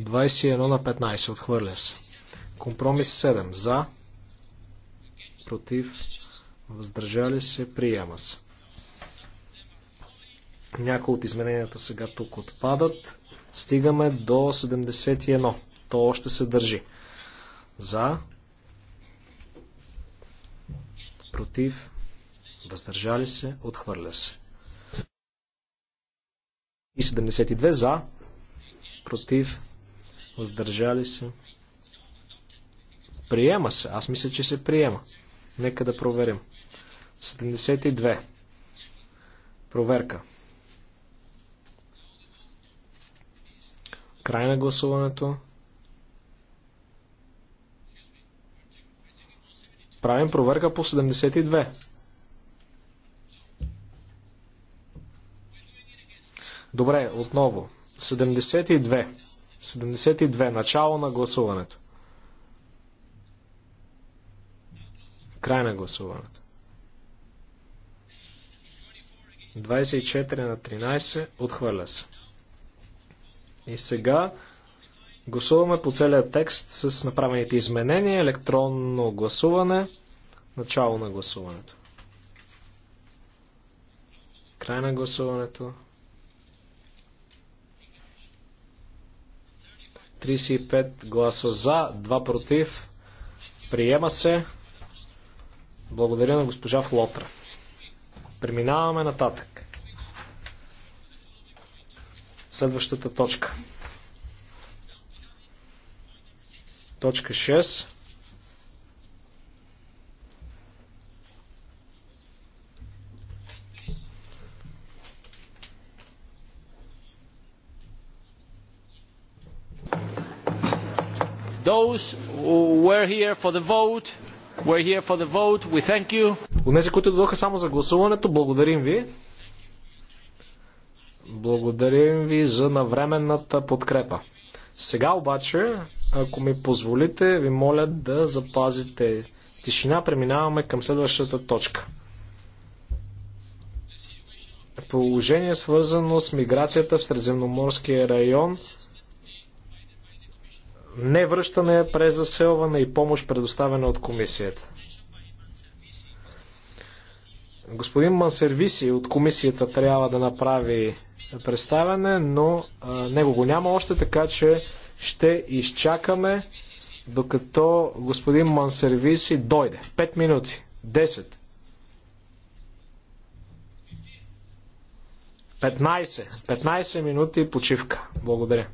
21 на 15. Отхвърля се. Компромис 7. За. Против. Въздържали се. Приема се. Някои от измененията сега тук отпадат. Стигаме до 71. То още се държи. За. Против въздържали се, отхвърля се. И 72 за, против, въздържали се. Приема се. Аз мисля, че се приема. Нека да проверим. 72. Проверка. Край на гласуването. Правим проверка по 72. Добре, отново. 72. 72. Начало на гласуването. Край на гласуването. 24 на 13. Отхвърля се. И сега гласуваме по целия текст с направените изменения. Електронно гласуване. Начало на гласуването. Край на гласуването. 35 гласа за, 2 против. Приема се. Благодаря на госпожа Флотра. Преминаваме нататък. Следващата точка. Точка 6. Those who were here for the vote, were here for the vote. We thank you. Унези, които дойдоха само за гласуването, благодарим ви. Благодарим ви за навременната подкрепа. Сега обаче, ако ми позволите, ви моля да запазите тишина. Преминаваме към следващата точка. Положение свързано с миграцията в Средземноморския район – невръщане, презаселване и помощ предоставена от комисията. Господин Мансервиси от комисията трябва да направи представяне, но а, него го няма още, така че ще изчакаме докато господин Мансервиси дойде. Пет минути. Десет. 15. 15 минути почивка. Благодаря.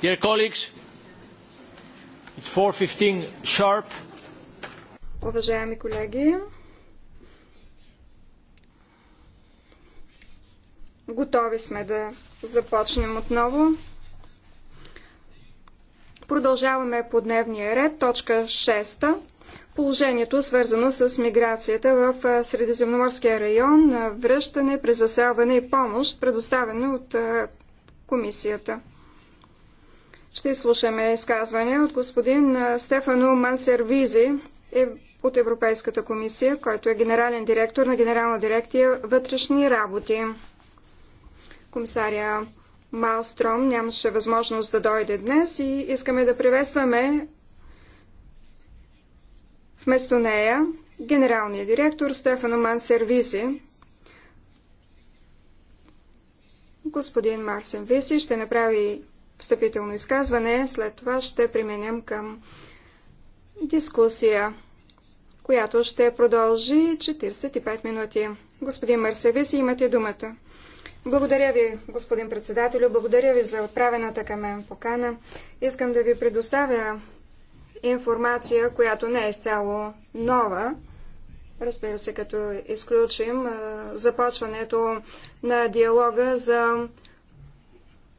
Dear colleagues, it's fifteen sharp. Уважаеми колеги, готови сме да започнем отново. Продължаваме по дневния ред, точка 6. Положението е свързано с миграцията в Средиземноморския район, връщане, презаселване и помощ, предоставени от комисията. Ще слушаме изказване от господин Стефано Мансервизи е от Европейската комисия, който е генерален директор на Генерална дирекция вътрешни работи. Комисария Малстром нямаше възможност да дойде днес и искаме да приветстваме вместо нея генералния директор Стефано Мансервизи. Господин Марсен Виси ще направи встъпително изказване. След това ще преминем към дискусия, която ще продължи 45 минути. Господин Марсевис, имате думата. Благодаря ви, господин председателю. Благодаря ви за отправената към мен покана. Искам да ви предоставя информация, която не е изцяло нова. Разбира се, като изключим започването на диалога за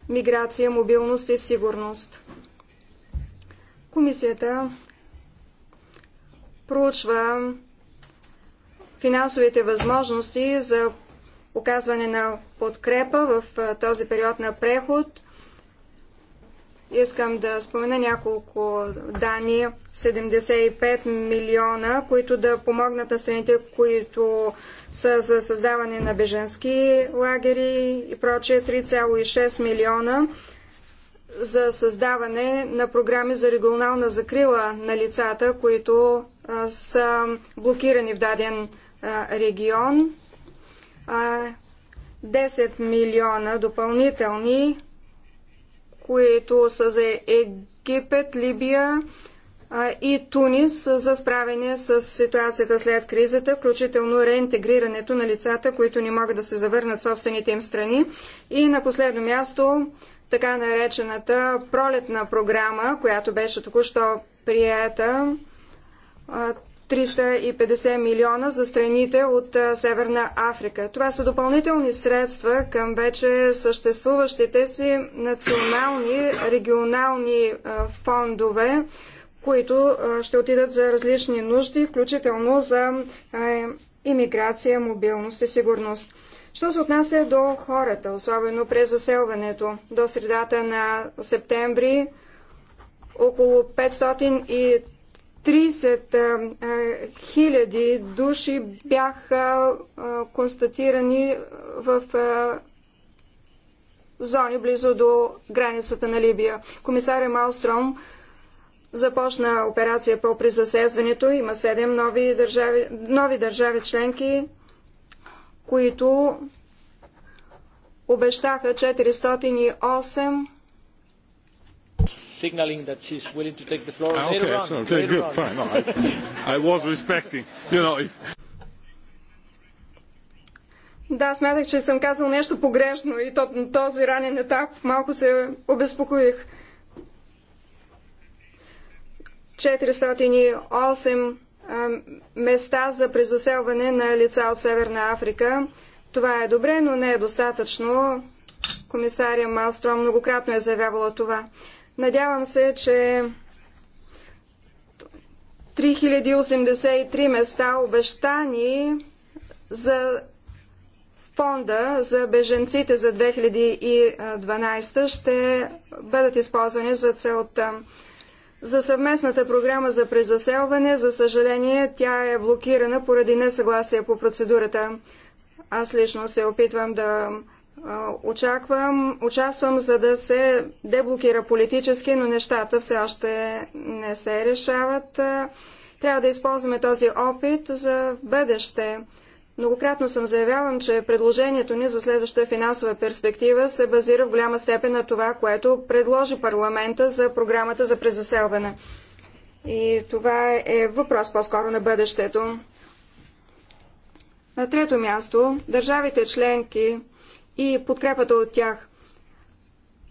миграция, мобилност и сигурност. Комисията проучва финансовите възможности за оказване на подкрепа в този период на преход – Искам да спомена няколко данни. 75 милиона, които да помогнат на страните, които са за създаване на беженски лагери и прочее. 3,6 милиона за създаване на програми за регионална закрила на лицата, които а, са блокирани в даден а, регион. А, 10 милиона допълнителни които са за Египет, Либия и Тунис за справяне с ситуацията след кризата, включително реинтегрирането на лицата, които не могат да се завърнат в собствените им страни. И на последно място така наречената пролетна програма, която беше току-що приета 350 милиона за страните от Северна Африка. Това са допълнителни средства към вече съществуващите си национални, регионални фондове, които ще отидат за различни нужди, включително за имиграция, мобилност и сигурност. Що се отнася до хората, особено през заселването, до средата на септември около и. 30 хиляди души бяха констатирани в зони близо до границата на Либия. Комисаря Малстром започна операция по призасезването. Има 7 нови държави, нови държави членки, които обещаха 408 signaling that she's willing to take the floor ah, later okay, on. Okay, later good, on. fine. No, I, I was respecting, you know, if... Да, смятах, че съм казал нещо погрешно и то, на този ранен етап малко се обезпокоих. 408 места за презаселване на лица от Северна Африка. Това е добре, но не е достатъчно. Комисария Малстром многократно е заявявала това. Надявам се, че 3083 места обещани за фонда за беженците за 2012 ще бъдат използвани за целта. За съвместната програма за презаселване, за съжаление, тя е блокирана поради несъгласие по процедурата. Аз лично се опитвам да Очаквам, участвам за да се деблокира политически, но нещата все още не се решават. Трябва да използваме този опит за бъдеще. Многократно съм заявявам, че предложението ни за следваща финансова перспектива се базира в голяма степен на това, което предложи парламента за програмата за презаселване. И това е въпрос по-скоро на бъдещето. На трето място, държавите членки и подкрепата от тях.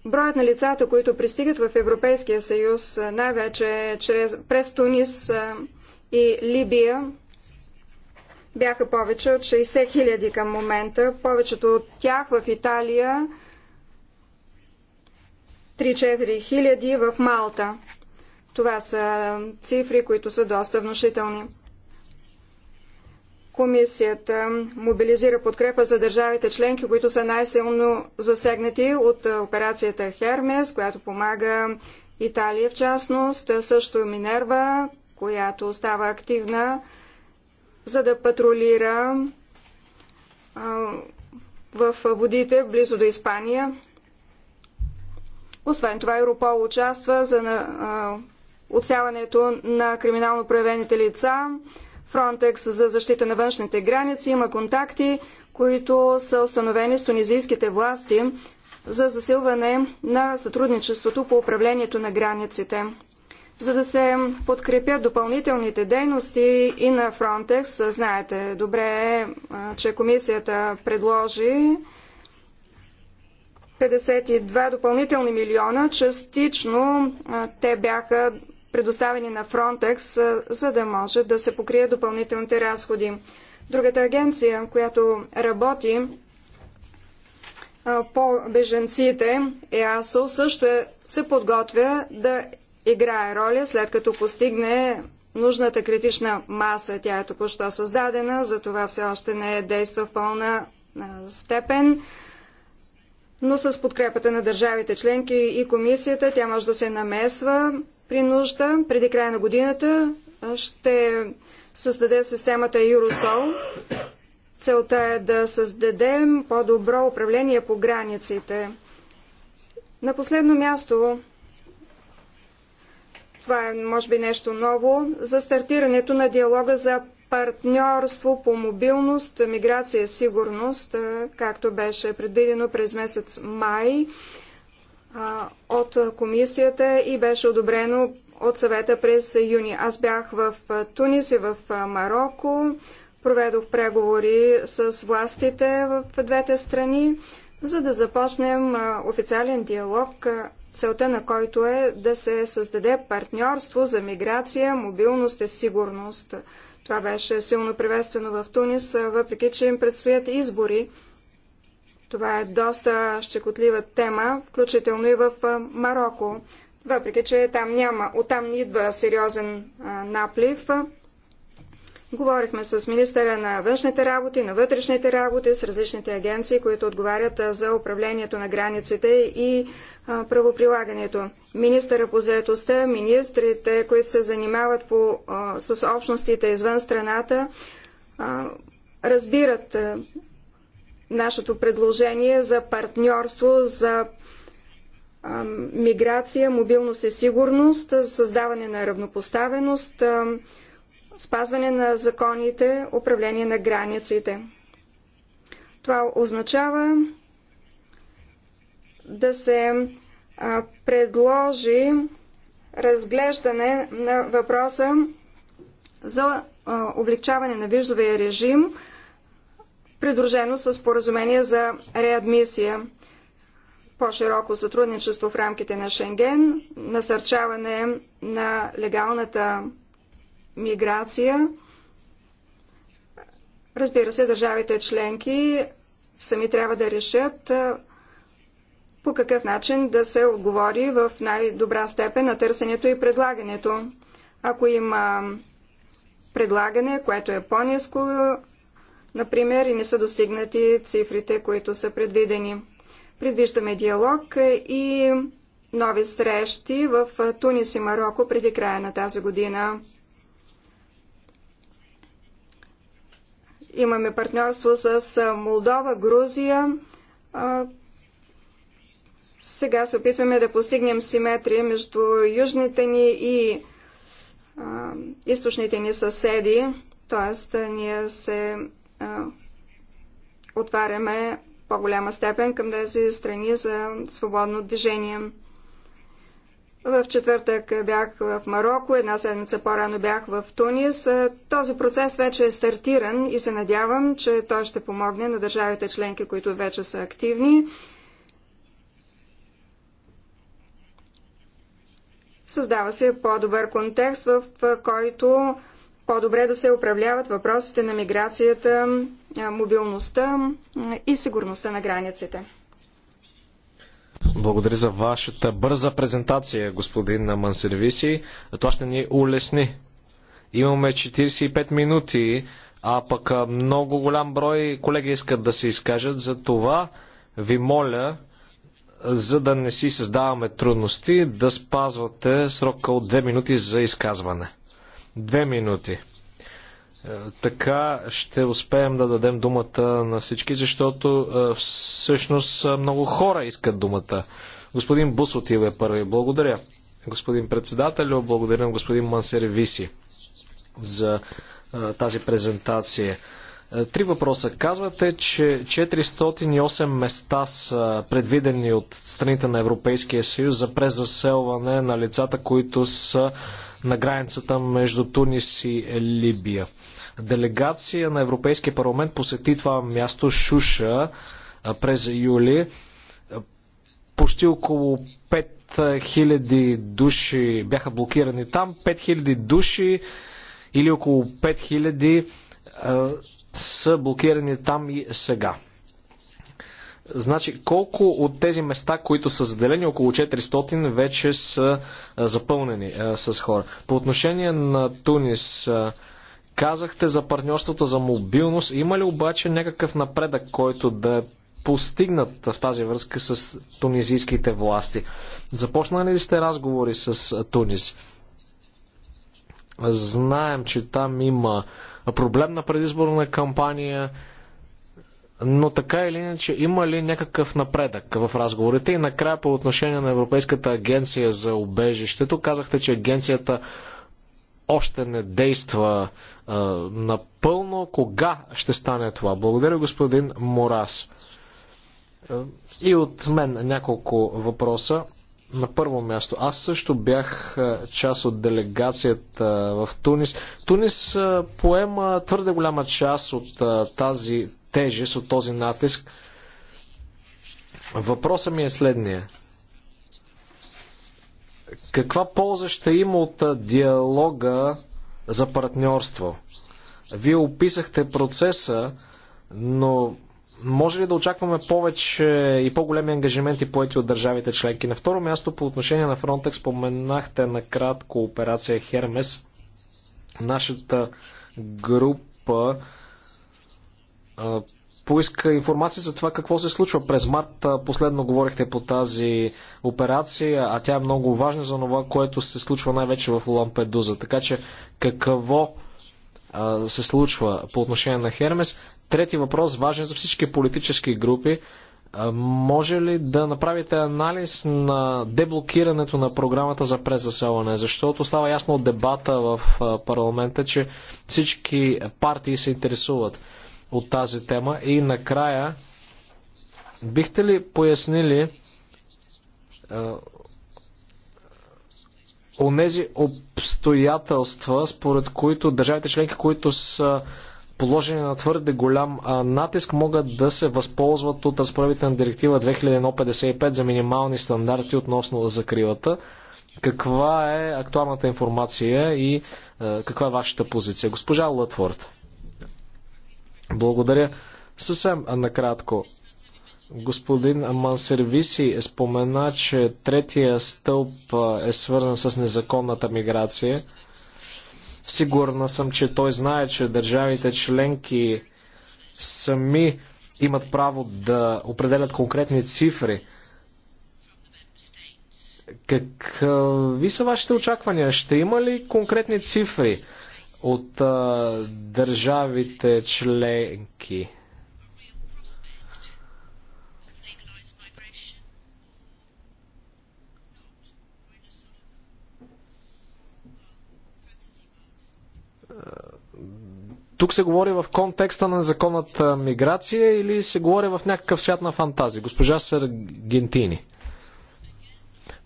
Броят на лицата, които пристигат в Европейския съюз, най-вече чрез, през Тунис и Либия, бяха повече от 60 хиляди към момента. Повечето от тях в Италия, 3-4 хиляди в Малта. Това са цифри, които са доста внушителни. Комисията мобилизира подкрепа за държавите членки, които са най-силно засегнати от операцията Хермес, която помага Италия в частност, също Минерва, която става активна, за да патрулира в водите близо до Испания. Освен това, Европол участва за а, отсяването на криминално проявените лица, Фронтекс за защита на външните граници има контакти, които са установени с тунизийските власти за засилване на сътрудничеството по управлението на границите. За да се подкрепят допълнителните дейности и на Frontex, знаете добре, че комисията предложи 52 допълнителни милиона. Частично те бяха предоставени на Фронтекс, за да може да се покрие допълнителните разходи. Другата агенция, която работи по беженците, ЕАСО, също е, се подготвя да играе роля, след като постигне нужната критична маса. Тя е току-що създадена, затова все още не е действа в пълна степен. Но с подкрепата на държавите членки и комисията тя може да се намесва при нужда. Преди края на годината ще създаде системата Юросол. Целта е да създадем по-добро управление по границите. На последно място, това е може би нещо ново, за стартирането на диалога за партньорство по мобилност, миграция, сигурност, както беше предвидено през месец май от комисията и беше одобрено от съвета през юни. Аз бях в Тунис и в Марокко, проведох преговори с властите в двете страни, за да започнем официален диалог, целта на който е да се създаде партньорство за миграция, мобилност и сигурност. Това беше силно приветствено в Тунис, въпреки че им предстоят избори. Това е доста щекотлива тема, включително и в Марокко. Въпреки, че там няма, оттам идва сериозен наплив. Говорихме с министъра на външните работи, на вътрешните работи, с различните агенции, които отговарят за управлението на границите и правоприлагането. Министъра по заедостта, министрите, които се занимават по, с общностите извън страната, разбират нашето предложение за партньорство за миграция, мобилност и сигурност, създаване на равнопоставеност, спазване на законите, управление на границите. Това означава да се предложи разглеждане на въпроса за облегчаване на визовия режим придружено с споразумение за реадмисия, по-широко сътрудничество в рамките на Шенген, насърчаване на легалната миграция. Разбира се, държавите членки сами трябва да решат по какъв начин да се отговори в най-добра степен на търсенето и предлагането. Ако има предлагане, което е по-низко например, и не са достигнати цифрите, които са предвидени. Предвиждаме диалог и нови срещи в Тунис и Марокко преди края на тази година. Имаме партньорство с Молдова, Грузия. Сега се опитваме да постигнем симетрия между южните ни и източните ни съседи. Тоест, ние се отваряме по-голяма степен към тези страни за свободно движение. В четвъртък бях в Марокко, една седмица по-рано бях в Тунис. Този процес вече е стартиран и се надявам, че той ще помогне на държавите членки, които вече са активни. Създава се по-добър контекст, в който по-добре да се управляват въпросите на миграцията, мобилността и сигурността на границите. Благодаря за вашата бърза презентация, господин Мансервиси. Това ще ни улесни. Имаме 45 минути, а пък много голям брой колеги искат да се изкажат. За това ви моля, за да не си създаваме трудности, да спазвате срока от 2 минути за изказване. Две минути. Е, така ще успеем да дадем думата на всички, защото е, всъщност е, много хора искат думата. Господин Бусотил, е първи. Благодаря. Господин председател, благодаря на господин Мансервиси за тази презентация. Три въпроса. Казвате, че 408 места са предвидени от страните на Европейския съюз за презаселване на лицата, които са на границата между Тунис и Либия. Делегация на Европейския парламент посети това място Шуша през юли. Почти около 5000 души бяха блокирани там. 5000 души или около 5000 са блокирани там и сега. Значи, колко от тези места, които са заделени, около 400, вече са запълнени с хора? По отношение на Тунис, казахте за партньорството за мобилност. Има ли обаче някакъв напредък, който да е постигнат в тази връзка с тунизийските власти? Започнали ли сте разговори с Тунис? Знаем, че там има проблемна предизборна кампания. Но така или иначе, има ли някакъв напредък в разговорите? И накрая по отношение на Европейската агенция за убежището, казахте, че агенцията още не действа а, напълно. Кога ще стане това? Благодаря, господин Морас. И от мен няколко въпроса. На първо място, аз също бях част от делегацията в Тунис. Тунис поема твърде голяма част от тази тежест от този натиск. Въпросът ми е следния. Каква полза ще има от диалога за партньорство? Вие описахте процеса, но може ли да очакваме повече и по-големи ангажименти поети от държавите членки? На второ място по отношение на Frontex споменахте накратко операция Хермес. Нашата група поиска информация за това какво се случва. През март последно говорихте по тази операция, а тя е много важна за това, което се случва най-вече в Лампедуза. Така че какво а, се случва по отношение на Хермес? Трети въпрос, важен за всички политически групи. А, може ли да направите анализ на деблокирането на програмата за презаселване? Защото става ясно от дебата в парламента, че всички партии се интересуват от тази тема. И накрая, бихте ли пояснили е, онези обстоятелства, според които държавите членки, които са положени на твърде голям натиск, могат да се възползват от разправите на директива 2155 за минимални стандарти относно закривата. Каква е актуалната информация и каква е вашата позиция? Госпожа Лътворд. Благодаря. Съвсем накратко. Господин Мансервиси е спомена, че третия стълб е свързан с незаконната миграция. Сигурна съм, че той знае, че държавите членки сами имат право да определят конкретни цифри. Какви са вашите очаквания? Ще има ли конкретни цифри? от а, държавите членки. Тук се говори в контекста на законната миграция или се говори в някакъв свят на фантазия? Госпожа Саргентини.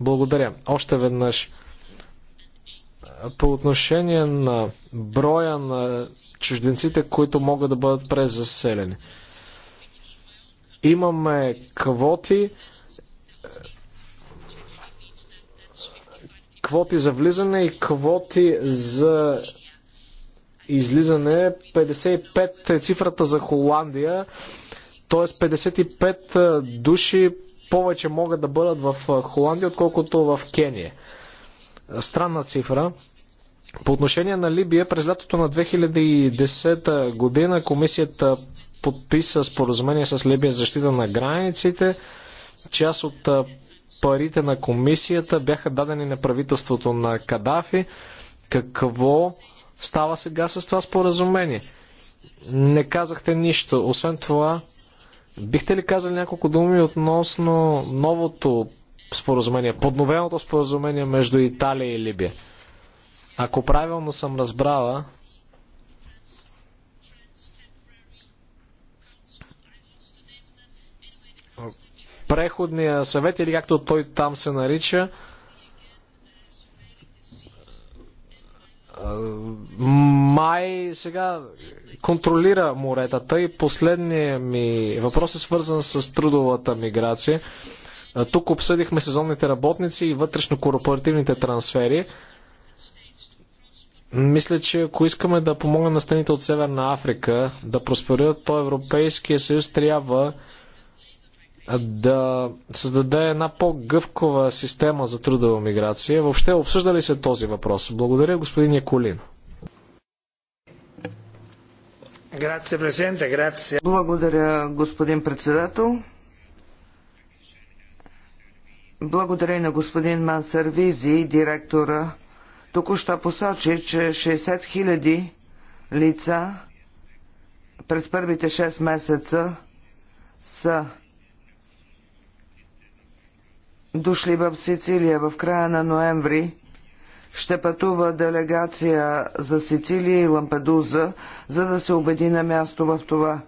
Благодаря. Още веднъж. По отношение на броя на чужденците, които могат да бъдат презаселени. Имаме квоти, квоти за влизане и квоти за излизане. 55 е цифрата за Холандия, т.е. 55 души повече могат да бъдат в Холандия, отколкото в Кения. Странна цифра. По отношение на Либия, през лятото на 2010 година комисията подписа споразумение с Либия защита на границите. Част от парите на комисията бяха дадени на правителството на Кадафи. Какво става сега с това споразумение? Не казахте нищо. Освен това, бихте ли казали няколко думи относно новото споразумение, подновеното споразумение между Италия и Либия? Ако правилно съм разбрала, преходния съвет или както той там се нарича, май сега контролира моретата и последният ми въпрос е свързан с трудовата миграция. Тук обсъдихме сезонните работници и вътрешно корпоративните трансфери. Мисля, че ако искаме да помогнем на страните от Северна Африка да просперират, то Европейския съюз трябва да създаде една по-гъвкова система за трудова миграция. Въобще обсъжда ли се този въпрос? Благодаря, господин Яколин. Благодаря, господин председател. Благодаря на господин Мансервизи, директора току-що посочи, че 60 000 лица през първите 6 месеца са дошли в Сицилия в края на ноември. Ще пътува делегация за Сицилия и Лампедуза, за да се убеди на място в това.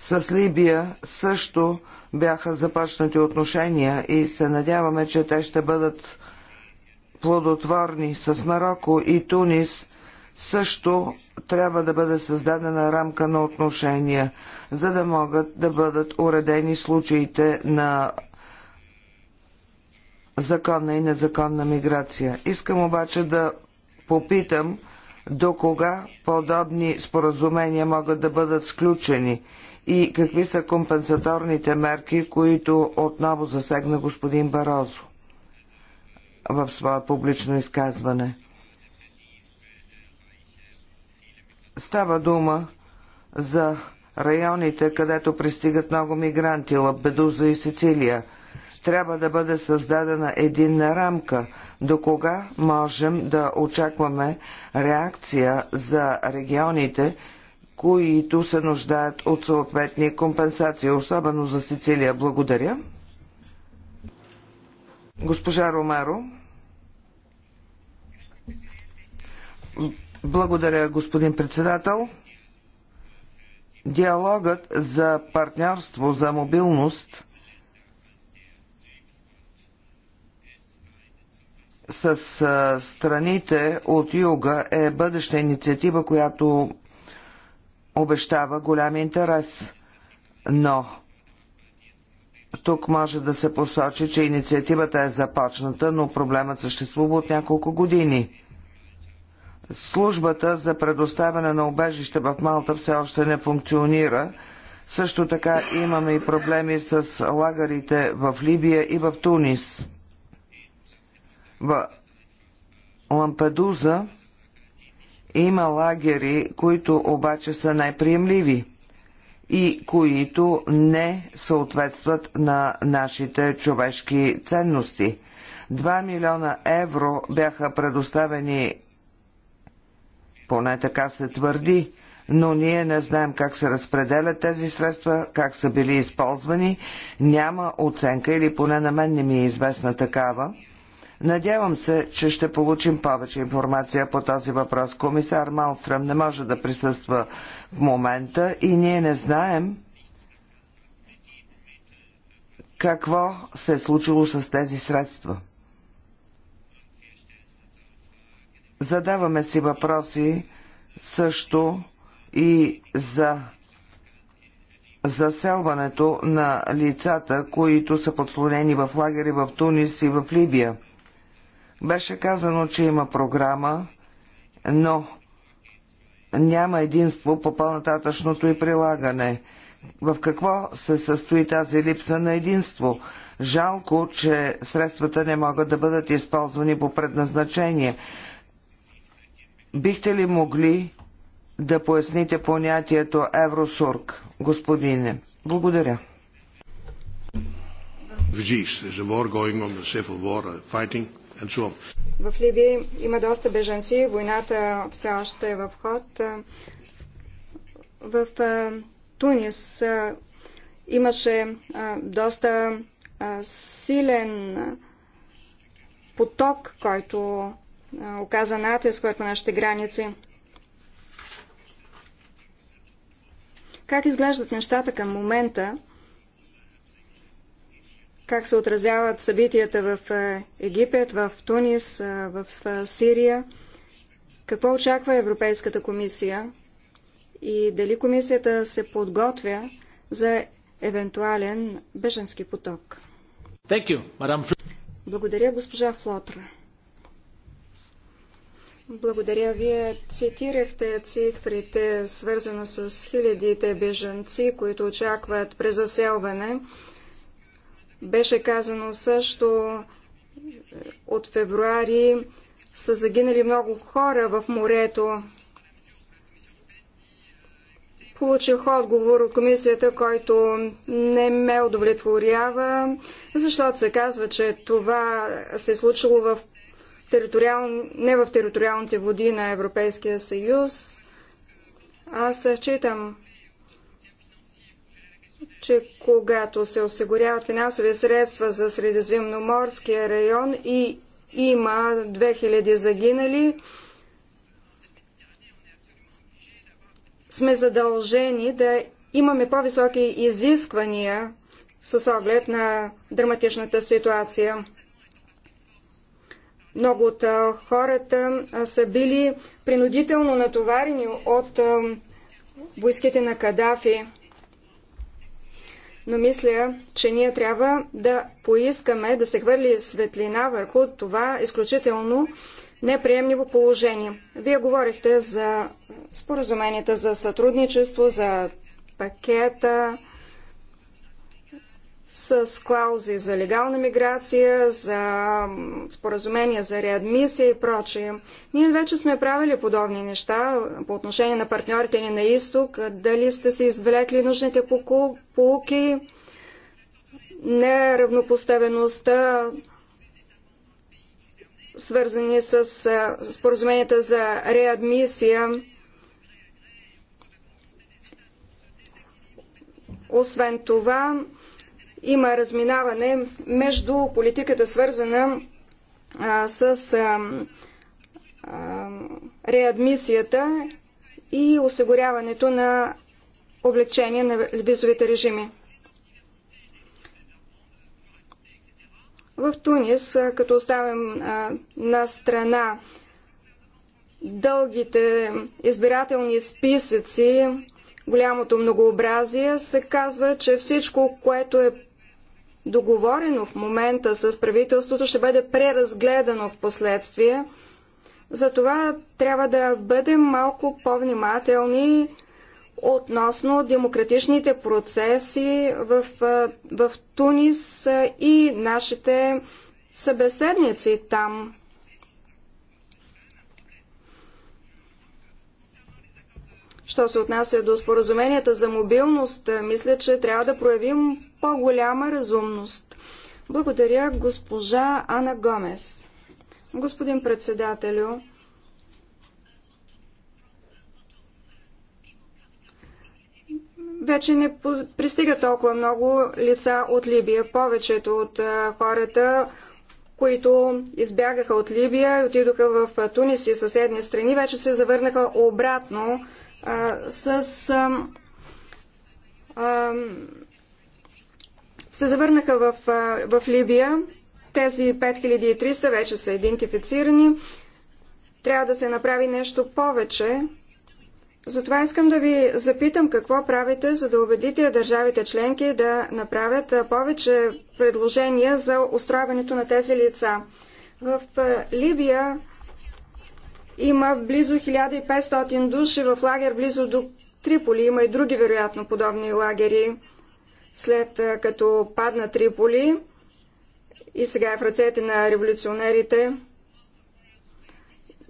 С Либия също бяха започнати отношения и се надяваме, че те ще бъдат плодотворни с Марокко и Тунис, също трябва да бъде създадена рамка на отношения, за да могат да бъдат уредени случаите на законна и незаконна миграция. Искам обаче да попитам до кога подобни споразумения могат да бъдат сключени и какви са компенсаторните мерки, които отново засегна господин Барозо в свое публично изказване. Става дума за районите, където пристигат много мигранти, Лабедуза и Сицилия. Трябва да бъде създадена единна рамка, до кога можем да очакваме реакция за регионите, които се нуждаят от съответни компенсации, особено за Сицилия. Благодаря. Госпожа Ромеро, Благодаря, господин председател. Диалогът за партньорство за мобилност с страните от юга е бъдеща инициатива, която обещава голям интерес. Но тук може да се посочи, че инициативата е започната, но проблемът съществува от няколко години. Службата за предоставяне на убежище в Малта все още не функционира. Също така имаме и проблеми с лагерите в Либия и в Тунис. В Лампедуза има лагери, които обаче са най-приемливи и които не съответстват на нашите човешки ценности. 2 милиона евро бяха предоставени поне така се твърди, но ние не знаем как се разпределят тези средства, как са били използвани. Няма оценка или поне на мен не ми е известна такава. Надявам се, че ще получим повече информация по този въпрос. Комисар Малстръм не може да присъства в момента и ние не знаем какво се е случило с тези средства. Задаваме си въпроси също и за заселването на лицата, които са подслонени в лагери в Тунис и в Либия. Беше казано, че има програма, но няма единство по по-нататъчното и прилагане. В какво се състои тази липса на единство? Жалко, че средствата не могат да бъдат използвани по предназначение. Бихте ли могли да поясните понятието Евросурк, господине? Благодаря. Uh, в Ливия има доста бежанци, войната все още е в ход. В Тунис имаше доста силен поток, който оказа натиск върху нашите граници. Как изглеждат нещата към момента? Как се отразяват събитията в Египет, в Тунис, в Сирия? Какво очаква Европейската комисия? И дали комисията се подготвя за евентуален беженски поток? Благодаря, госпожа Флотра. Благодаря. Вие цитирахте цифрите, свързано с хилядите беженци, които очакват презаселване. Беше казано също е, от февруари са загинали много хора в морето. Получих отговор от комисията, който не ме удовлетворява, защото се казва, че това се е случило в териториал... не в териториалните води на Европейския съюз. Аз считам, че когато се осигуряват финансови средства за Средиземноморския район и има 2000 загинали, сме задължени да имаме по-високи изисквания с оглед на драматичната ситуация. Много от хората са били принудително натоварени от войските на Кадафи. Но мисля, че ние трябва да поискаме да се хвърли светлина върху това изключително неприемливо положение. Вие говорихте за споразуменията за сътрудничество, за пакета, с клаузи за легална миграция, за споразумения за реадмисия и прочие. Ние вече сме правили подобни неща по отношение на партньорите ни на изток. Дали сте се извлекли нужните полуки, неравнопоставеността, свързани с споразуменията за реадмисия. Освен това, има разминаване между политиката свързана с реадмисията и осигуряването на облегчение на визовите режими. В Тунис, като оставим на страна дългите избирателни списъци, голямото многообразие, се казва, че всичко, което е договорено в момента с правителството, ще бъде преразгледано в последствие. Затова трябва да бъдем малко по-внимателни относно демократичните процеси в, в Тунис и нашите събеседници там. Що се отнася до споразуменията за мобилност, е, мисля, че трябва да проявим по-голяма разумност. Благодаря госпожа Ана Гомес. Господин председателю, вече не пристига толкова много лица от Либия. Повечето от е, хората, които избягаха от Либия и отидоха в е, Тунис и съседни страни, вече се завърнаха обратно с се завърнаха в, в Либия. Тези 5300 вече са идентифицирани. Трябва да се направи нещо повече. Затова искам да ви запитам какво правите, за да убедите държавите членки да направят повече предложения за устройването на тези лица. В Либия има близо 1500 души в лагер близо до Триполи. Има и други, вероятно, подобни лагери. След като падна Триполи и сега е в ръцете на революционерите,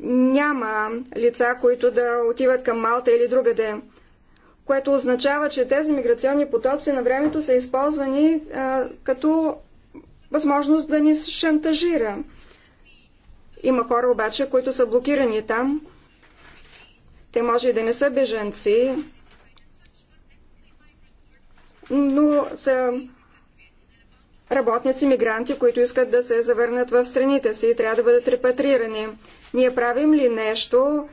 няма лица, които да отиват към Малта или другаде, което означава, че тези миграционни потоци на времето са използвани а, като възможност да ни шантажира. Има хора обаче, които са блокирани там. Те може и да не са беженци, но са работници, мигранти, които искат да се завърнат в страните си и трябва да бъдат репатрирани. Ние правим ли нещо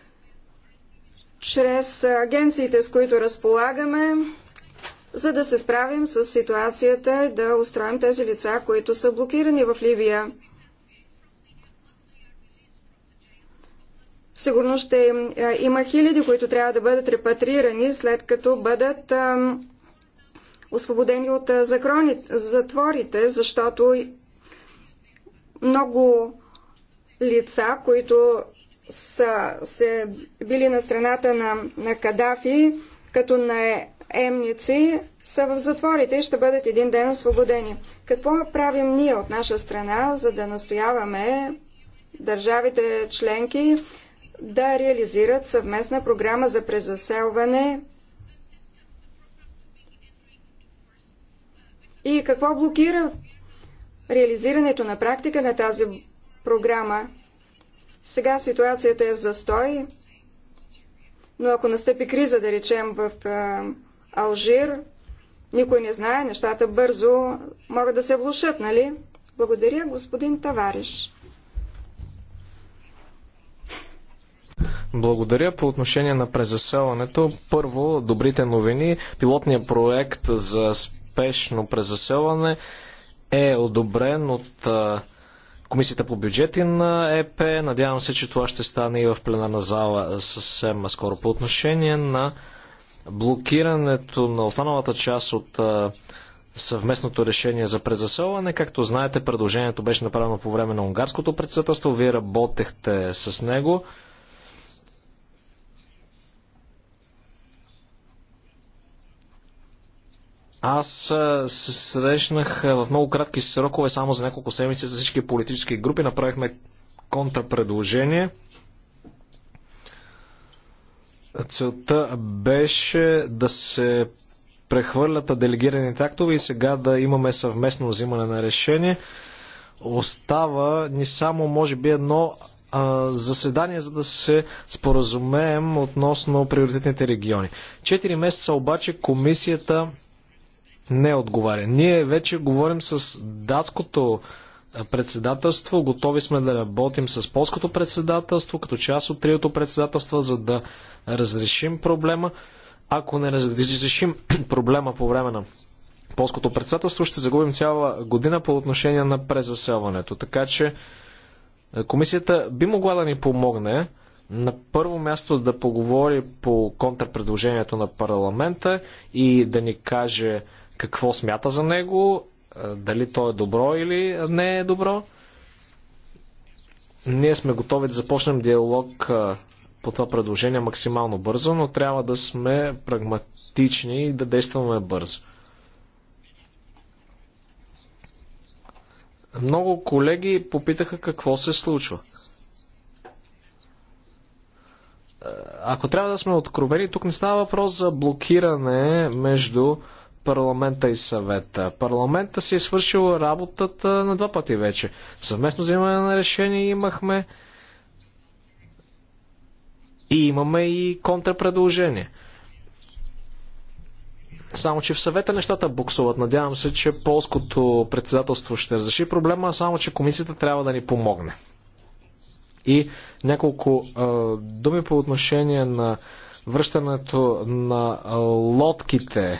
чрез агенциите, с които разполагаме, за да се справим с ситуацията и да устроим тези лица, които са блокирани в Ливия? Сигурно ще е, има хиляди, които трябва да бъдат репатрирани, след като бъдат е, освободени от е, затворите, защото много лица, които са се били на страната на, на Кадафи, като на емници, са в затворите и ще бъдат един ден освободени. Какво правим ние от наша страна, за да настояваме държавите членки да реализират съвместна програма за презаселване и какво блокира реализирането на практика на тази програма. Сега ситуацията е в застой, но ако настъпи криза, да речем, в Алжир, никой не знае, нещата бързо могат да се влушат, нали? Благодаря, господин Тавариш. Благодаря по отношение на презаселването. Първо, добрите новини. Пилотният проект за спешно презаселване е одобрен от Комисията по бюджети на ЕП. Надявам се, че това ще стане и в пленарна зала съвсем скоро. По отношение на блокирането на останалата част от съвместното решение за презаселване. Както знаете, предложението беше направено по време на унгарското председателство. Вие работехте с него. Аз се срещнах в много кратки срокове, само за няколко седмици, за всички политически групи. Направихме контрапредложение. Целта беше да се прехвърлят делегираните актове и сега да имаме съвместно взимане на решение. Остава ни само, може би, едно заседание, за да се споразумеем относно приоритетните региони. Четири месеца обаче комисията не отговаря. Ние вече говорим с датското председателство, готови сме да работим с полското председателство, като част от триото председателства, за да разрешим проблема. Ако не разрешим [CLEARS THROAT] проблема по време на полското председателство, ще загубим цяла година по отношение на презаселването. Така че комисията би могла да ни помогне на първо място да поговори по контрпредложението на парламента и да ни каже какво смята за него, е, дали то е добро или не е добро. Ние сме готови да започнем диалог е, по това предложение максимално бързо, но трябва да сме прагматични и да действаме бързо. Много колеги попитаха какво се случва. Е, ако трябва да сме откровени, тук не става въпрос за блокиране между парламента и съвета. Парламента си е свършил работата на два пъти вече. Съвместно взимане на решение имахме и имаме и контрапредложение. Само, че в съвета нещата буксуват. Надявам се, че полското председателство ще разреши проблема, само, че комисията трябва да ни помогне. И няколко е, думи по отношение на връщането на лодките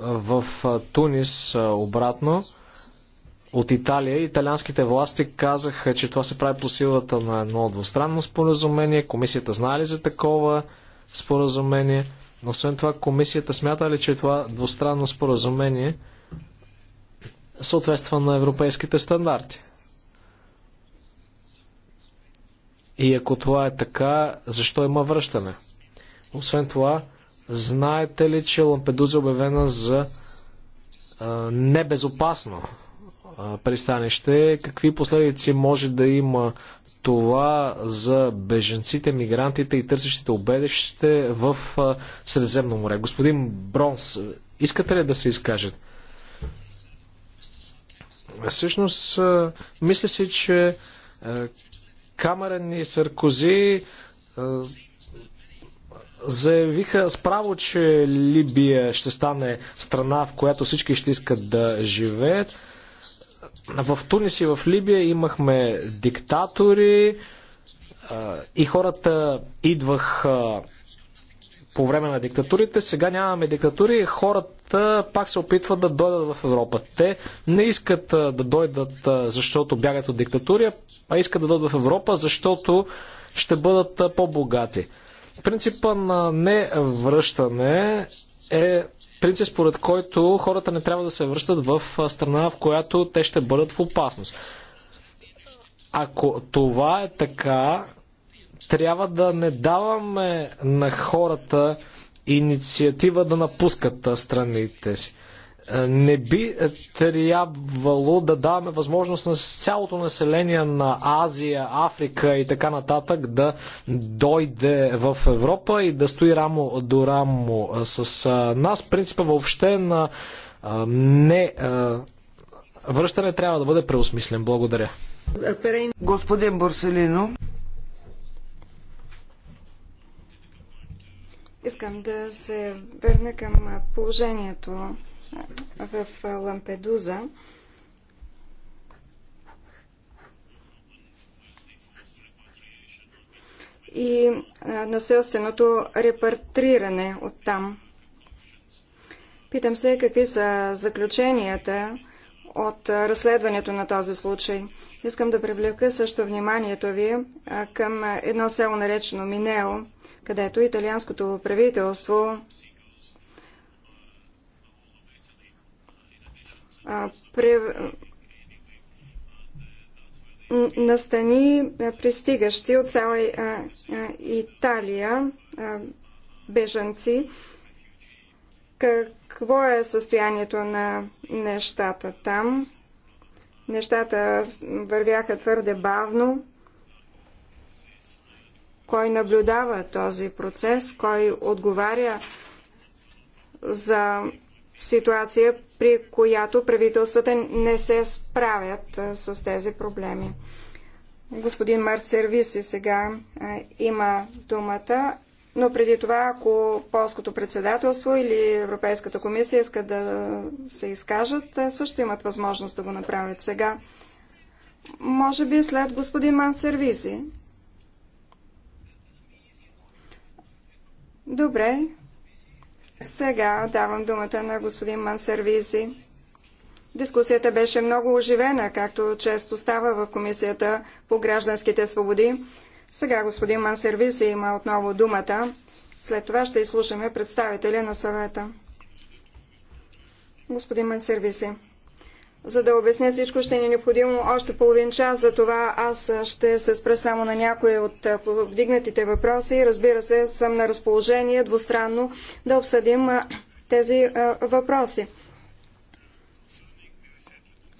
в Тунис обратно от Италия. Италианските власти казаха, че това се прави по силата на едно двустранно споразумение. Комисията знае ли за такова споразумение? Но освен това, комисията смята ли, че това двустранно споразумение съответства на европейските стандарти? И ако това е така, защо има връщане? Освен това, Знаете ли, че Лампедуза е обявена за а, небезопасно а, пристанище? Какви последици може да има това за беженците, мигрантите и търсещите обедище в а, Средиземно море? Господин Бронс, искате ли да се изкажат? Всъщност, мисля си, че Камерен и Саркози заявиха справо, че Либия ще стане страна, в която всички ще искат да живеят. В Тунис и в Либия имахме диктатори и хората идваха по време на диктатурите. Сега нямаме диктатури. Хората пак се опитват да дойдат в Европа. Те не искат да дойдат, защото бягат от диктатури, а искат да дойдат в Европа, защото ще бъдат по-богати. Принципа на невръщане е принцип, според който хората не трябва да се връщат в страна, в която те ще бъдат в опасност. Ако това е така, трябва да не даваме на хората инициатива да напускат страните си. Е, не би трябвало да даваме възможност на цялото население на Азия, Африка и така нататък да дойде в Европа и да стои рамо до рамо е, с е, нас. Принципа въобще на не връщане трябва да бъде преосмислен. Благодаря. Господин Борселино. Искам да се върна към положението в Лампедуза. и населственото репартриране от там. Питам се какви са заключенията от разследването на този случай. Искам да привлека също вниманието ви към едно село наречено Минео, където италианското правителство при... настани пристигащи от цяла Италия бежанци. Какво е състоянието на нещата там? Нещата вървяха твърде бавно. Кой наблюдава този процес? Кой отговаря за ситуация, при която правителствата не се справят с тези проблеми. Господин Марс и сега има думата, но преди това, ако полското председателство или Европейската комисия искат да се изкажат, също имат възможност да го направят сега. Може би след господин Ман Добре, сега давам думата на господин Мансервизи. Дискусията беше много оживена, както често става в Комисията по гражданските свободи. Сега господин Мансервиси има отново думата. След това ще изслушаме представителя на съвета. Господин Мансервиси. За да обясня всичко, ще ни е необходимо още половин час, за това аз ще се спра само на някои от вдигнатите въпроси. Разбира се, съм на разположение двустранно да обсъдим тези въпроси.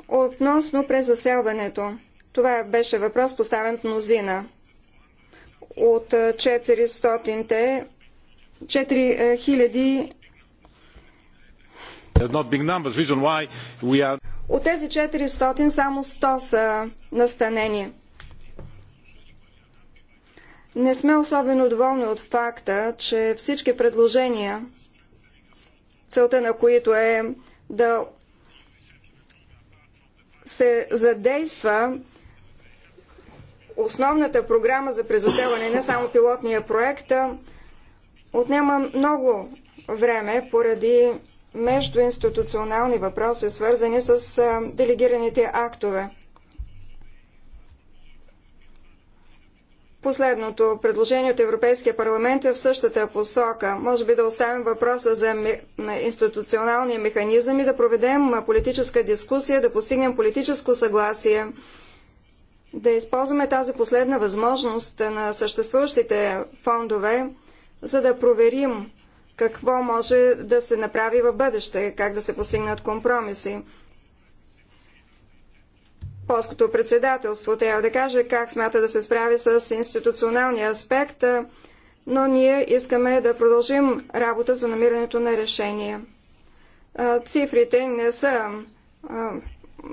Относно презаселването. Това беше въпрос поставен от мнозина. От 400-те 4000 There's not big numbers, reason why we are от тези 400 само 100 са настанени. Не сме особено доволни от факта, че всички предложения, целта на които е да се задейства основната програма за презаселване, не само пилотния проект, отнема много време поради междуинституционални въпроси, свързани с делегираните актове. Последното предложение от Европейския парламент е в същата посока. Може би да оставим въпроса за институционалния механизъм и да проведем политическа дискусия, да постигнем политическо съгласие, да използваме тази последна възможност на съществуващите фондове, за да проверим какво може да се направи в бъдеще, как да се постигнат компромиси. Полското председателство трябва да каже как смята да се справи с институционалния аспект, но ние искаме да продължим работа за намирането на решение. Цифрите не са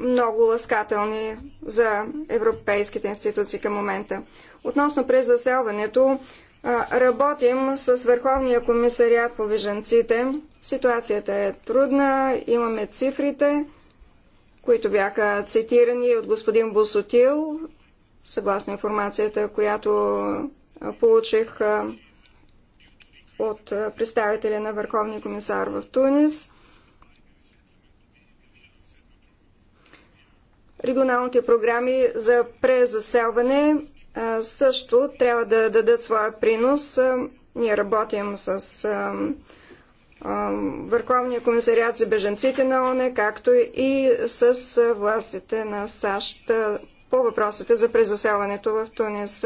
много ласкателни за европейските институции към момента. Относно презаселването, Работим с Върховния комисариат по беженците. Ситуацията е трудна, имаме цифрите, които бяха цитирани от господин Босотил, съгласно информацията, която получих от представителя на Върховния комисар в Тунис. Регионалните програми за презаселване също трябва да дадат своя принос. Ние работим с Върховния комисариат за беженците на ОНЕ, както и с властите на САЩ по въпросите за презаселването в Тунис.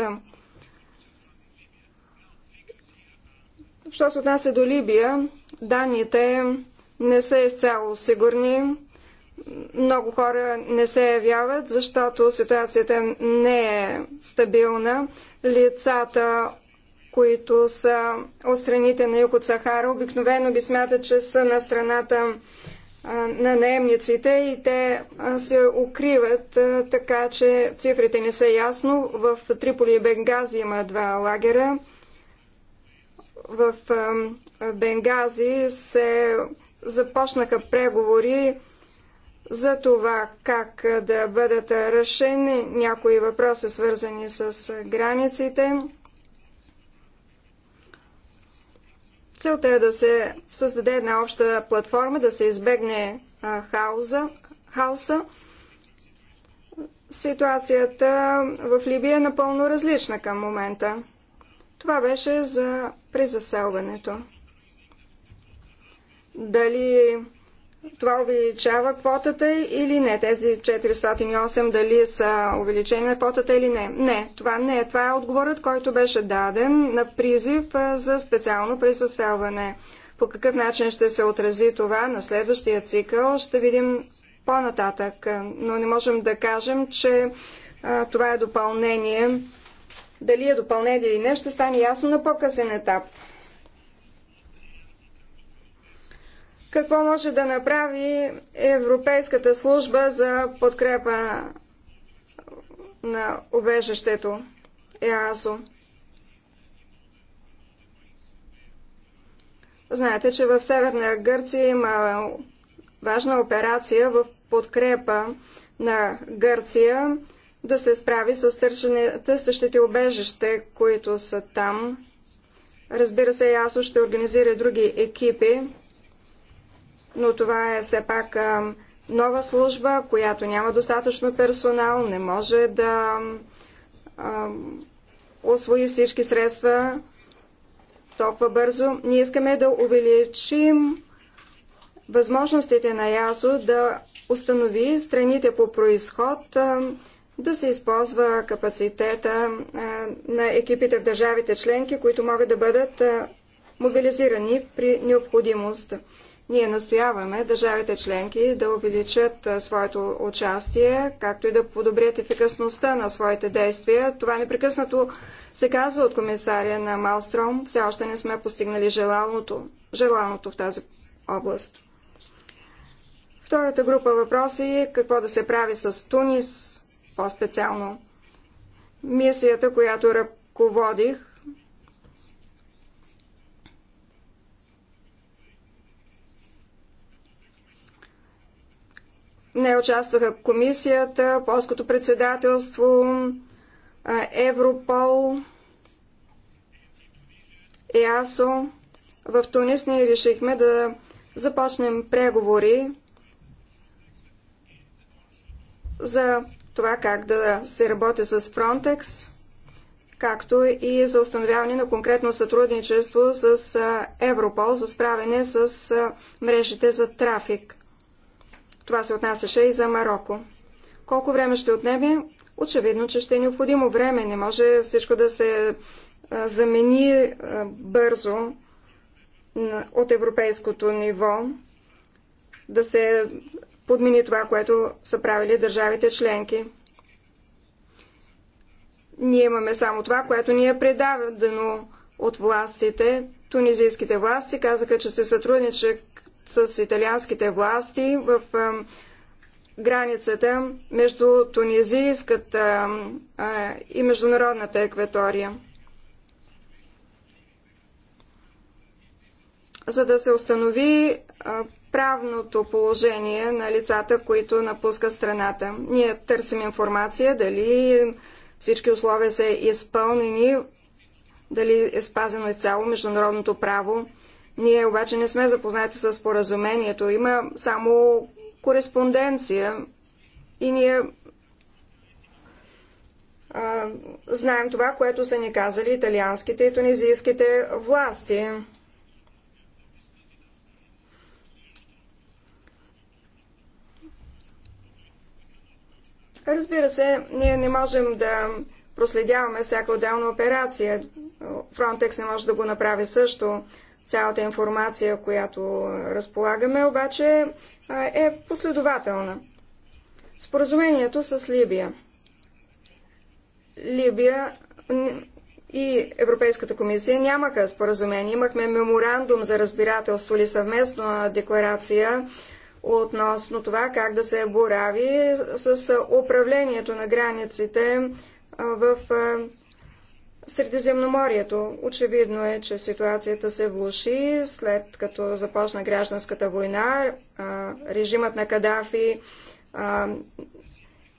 Що се отнася до Либия, данните не са изцяло сигурни. Много хора не се явяват, защото ситуацията не е стабилна. Лицата, които са от страните на юг от Сахара, обикновено би смятат, че са на страната на наемниците и те се укриват, така че цифрите не са ясно. В Триполи и Бенгази има два лагера. В Бенгази се започнаха преговори за това как да бъдат решени някои въпроси, свързани с границите. Целта е да се създаде една обща платформа, да се избегне хаоса. хаоса. Ситуацията в Либия е напълно различна към момента. Това беше за презаселването. Дали това увеличава квотата или не? Тези 408 дали са увеличени на квотата или не? Не, това не е. Това е отговорът, който беше даден на призив за специално присъселване. По какъв начин ще се отрази това на следващия цикъл, ще видим по-нататък. Но не можем да кажем, че а, това е допълнение. Дали е допълнение или не, ще стане ясно на по-късен етап. Какво може да направи Европейската служба за подкрепа на обежището ЕАСО? Знаете, че в Северна Гърция има важна операция в подкрепа на Гърция да се справи с същите обежище, които са там. Разбира се, ЕАСО ще организира други екипи, но това е все пак нова служба, която няма достатъчно персонал, не може да освои всички средства толкова бързо. Ние искаме да увеличим възможностите на ЯСО да установи страните по происход, да се използва капацитета на екипите в държавите членки, които могат да бъдат мобилизирани при необходимост. Ние настояваме държавите членки да увеличат своето участие, както и да подобрят ефикасността на своите действия. Това непрекъснато се казва от комисаря на Малстром. Все още не сме постигнали желаното, желаното в тази област. Втората група въпроси е какво да се прави с Тунис, по-специално мисията, която ръководих Не участваха комисията, полското председателство, Европол, ЕАСО. В Тунис ние решихме да започнем преговори за това как да се работи с Frontex, както и за установяване на конкретно сътрудничество с Европол за справяне с мрежите за трафик. Това се отнасяше и за Марокко. Колко време ще отнеме? Очевидно, че ще е необходимо време. Не може всичко да се замени бързо от европейското ниво, да се подмени това, което са правили държавите членки. Ние имаме само това, което ни е предадено от властите. Тунизийските власти казаха, че се сътрудничат с италианските власти в границата между тунизийската и международната екватория. За да се установи правното положение на лицата, които напускат страната. Ние търсим информация дали всички условия са изпълнени, дали е спазено изцяло международното право. Ние обаче не сме запознати с споразумението. Има само кореспонденция и ние а, знаем това, което са ни казали италианските и тунизийските власти. Разбира се, ние не можем да проследяваме всяка отделна операция. Фронтекс не може да го направи също. Цялата информация, която разполагаме, обаче е последователна. Споразумението с Либия. Либия и Европейската комисия нямаха споразумение. Имахме меморандум за разбирателство или съвместна декларация относно това как да се борави с управлението на границите в Средиземноморието. Очевидно е, че ситуацията се влуши след като започна гражданската война. Режимът на Кадафи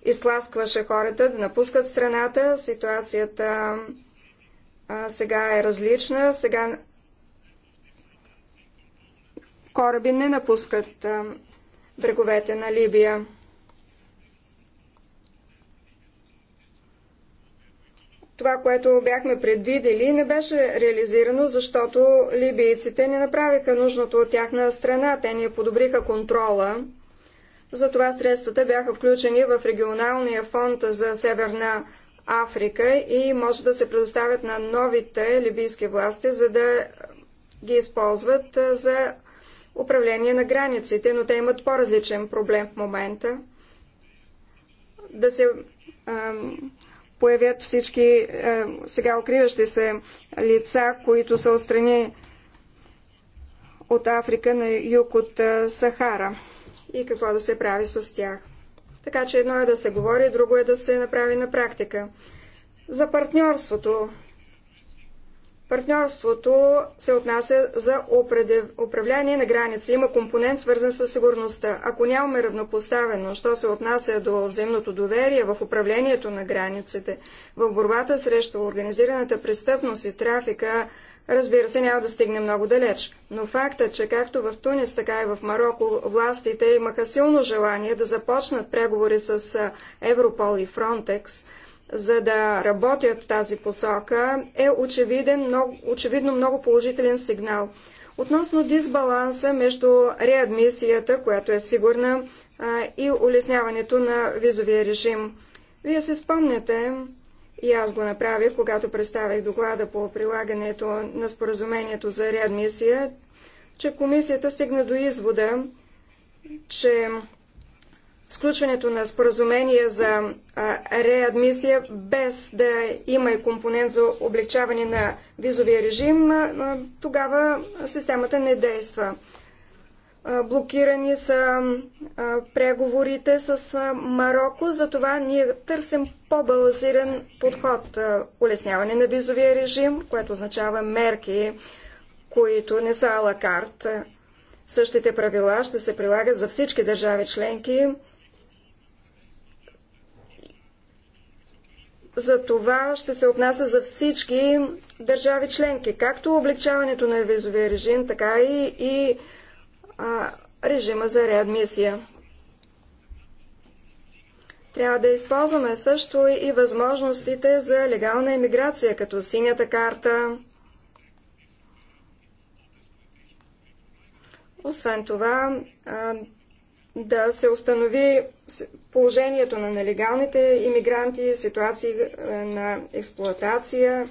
изтласкваше хората да напускат страната. Ситуацията сега е различна. Сега кораби не напускат бреговете на Либия. това, което бяхме предвидели, не беше реализирано, защото либийците не направиха нужното от тяхна страна. Те ни подобриха контрола. Затова средствата бяха включени в регионалния фонд за Северна Африка и може да се предоставят на новите либийски власти, за да ги използват за управление на границите, но те имат по-различен проблем в момента. Да се ам, появят всички е, сега укриващи се лица, които са отстрани от Африка на юг от е, Сахара и какво да се прави с тях. Така че едно е да се говори, друго е да се направи на практика. За партньорството Партньорството се отнася за управление на граници. Има компонент свързан с сигурността. Ако нямаме равнопоставено, що се отнася до взаимното доверие в управлението на границите, в борбата срещу организираната престъпност и трафика, разбира се, няма да стигне много далеч. Но факта, че както в Тунис, така и в Марокко властите имаха силно желание да започнат преговори с Европол и Фронтекс – за да работят в тази посока, е очевиден, много, очевидно много положителен сигнал. Относно дисбаланса между реадмисията, която е сигурна, и улесняването на визовия режим. Вие се спомняте, и аз го направих, когато представих доклада по прилагането на споразумението за реадмисия, че комисията стигна до извода, че сключването на споразумение за реадмисия, без да има и компонент за облегчаване на визовия режим, тогава системата не действа. Блокирани са преговорите с Марокко, затова ние търсим по-балансиран подход. Улесняване на визовия режим, което означава мерки, които не са алакарт. Същите правила ще се прилагат за всички държави членки, за това ще се отнася за всички държави членки, както облегчаването на визовия режим, така и, и а, режима за реадмисия. Трябва да използваме също и възможностите за легална иммиграция, като синята карта. Освен това, да се установи положението на нелегалните иммигранти, ситуации е, на експлоатация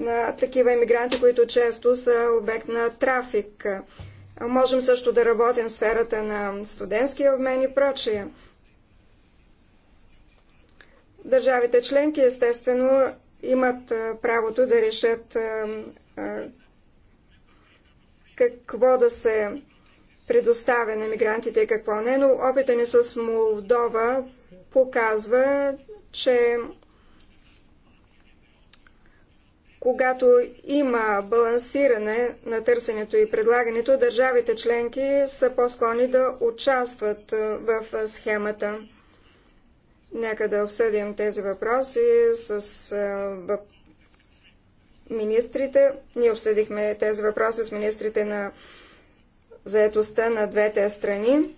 на такива иммигранти, които често са обект на трафик. Можем също да работим в сферата на студентския обмен и прочие. Държавите членки, естествено, имат е, правото да решат е, какво да се предоставя на мигрантите и какво не, но опита ни с Молдова показва, че когато има балансиране на търсенето и предлагането, държавите членки са по-склонни да участват в схемата. Нека да обсъдим тези въпроси с министрите. Ние обсъдихме тези въпроси с министрите на заетостта на двете страни.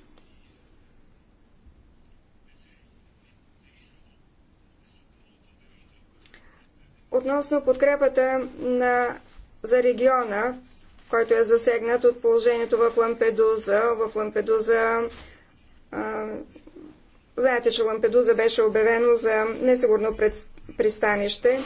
Относно подкрепата на, за региона, който е засегнат от положението в Лампедуза, в Лампедуза а, знаете, че Лампедуза беше обявено за несигурно пред, пристанище.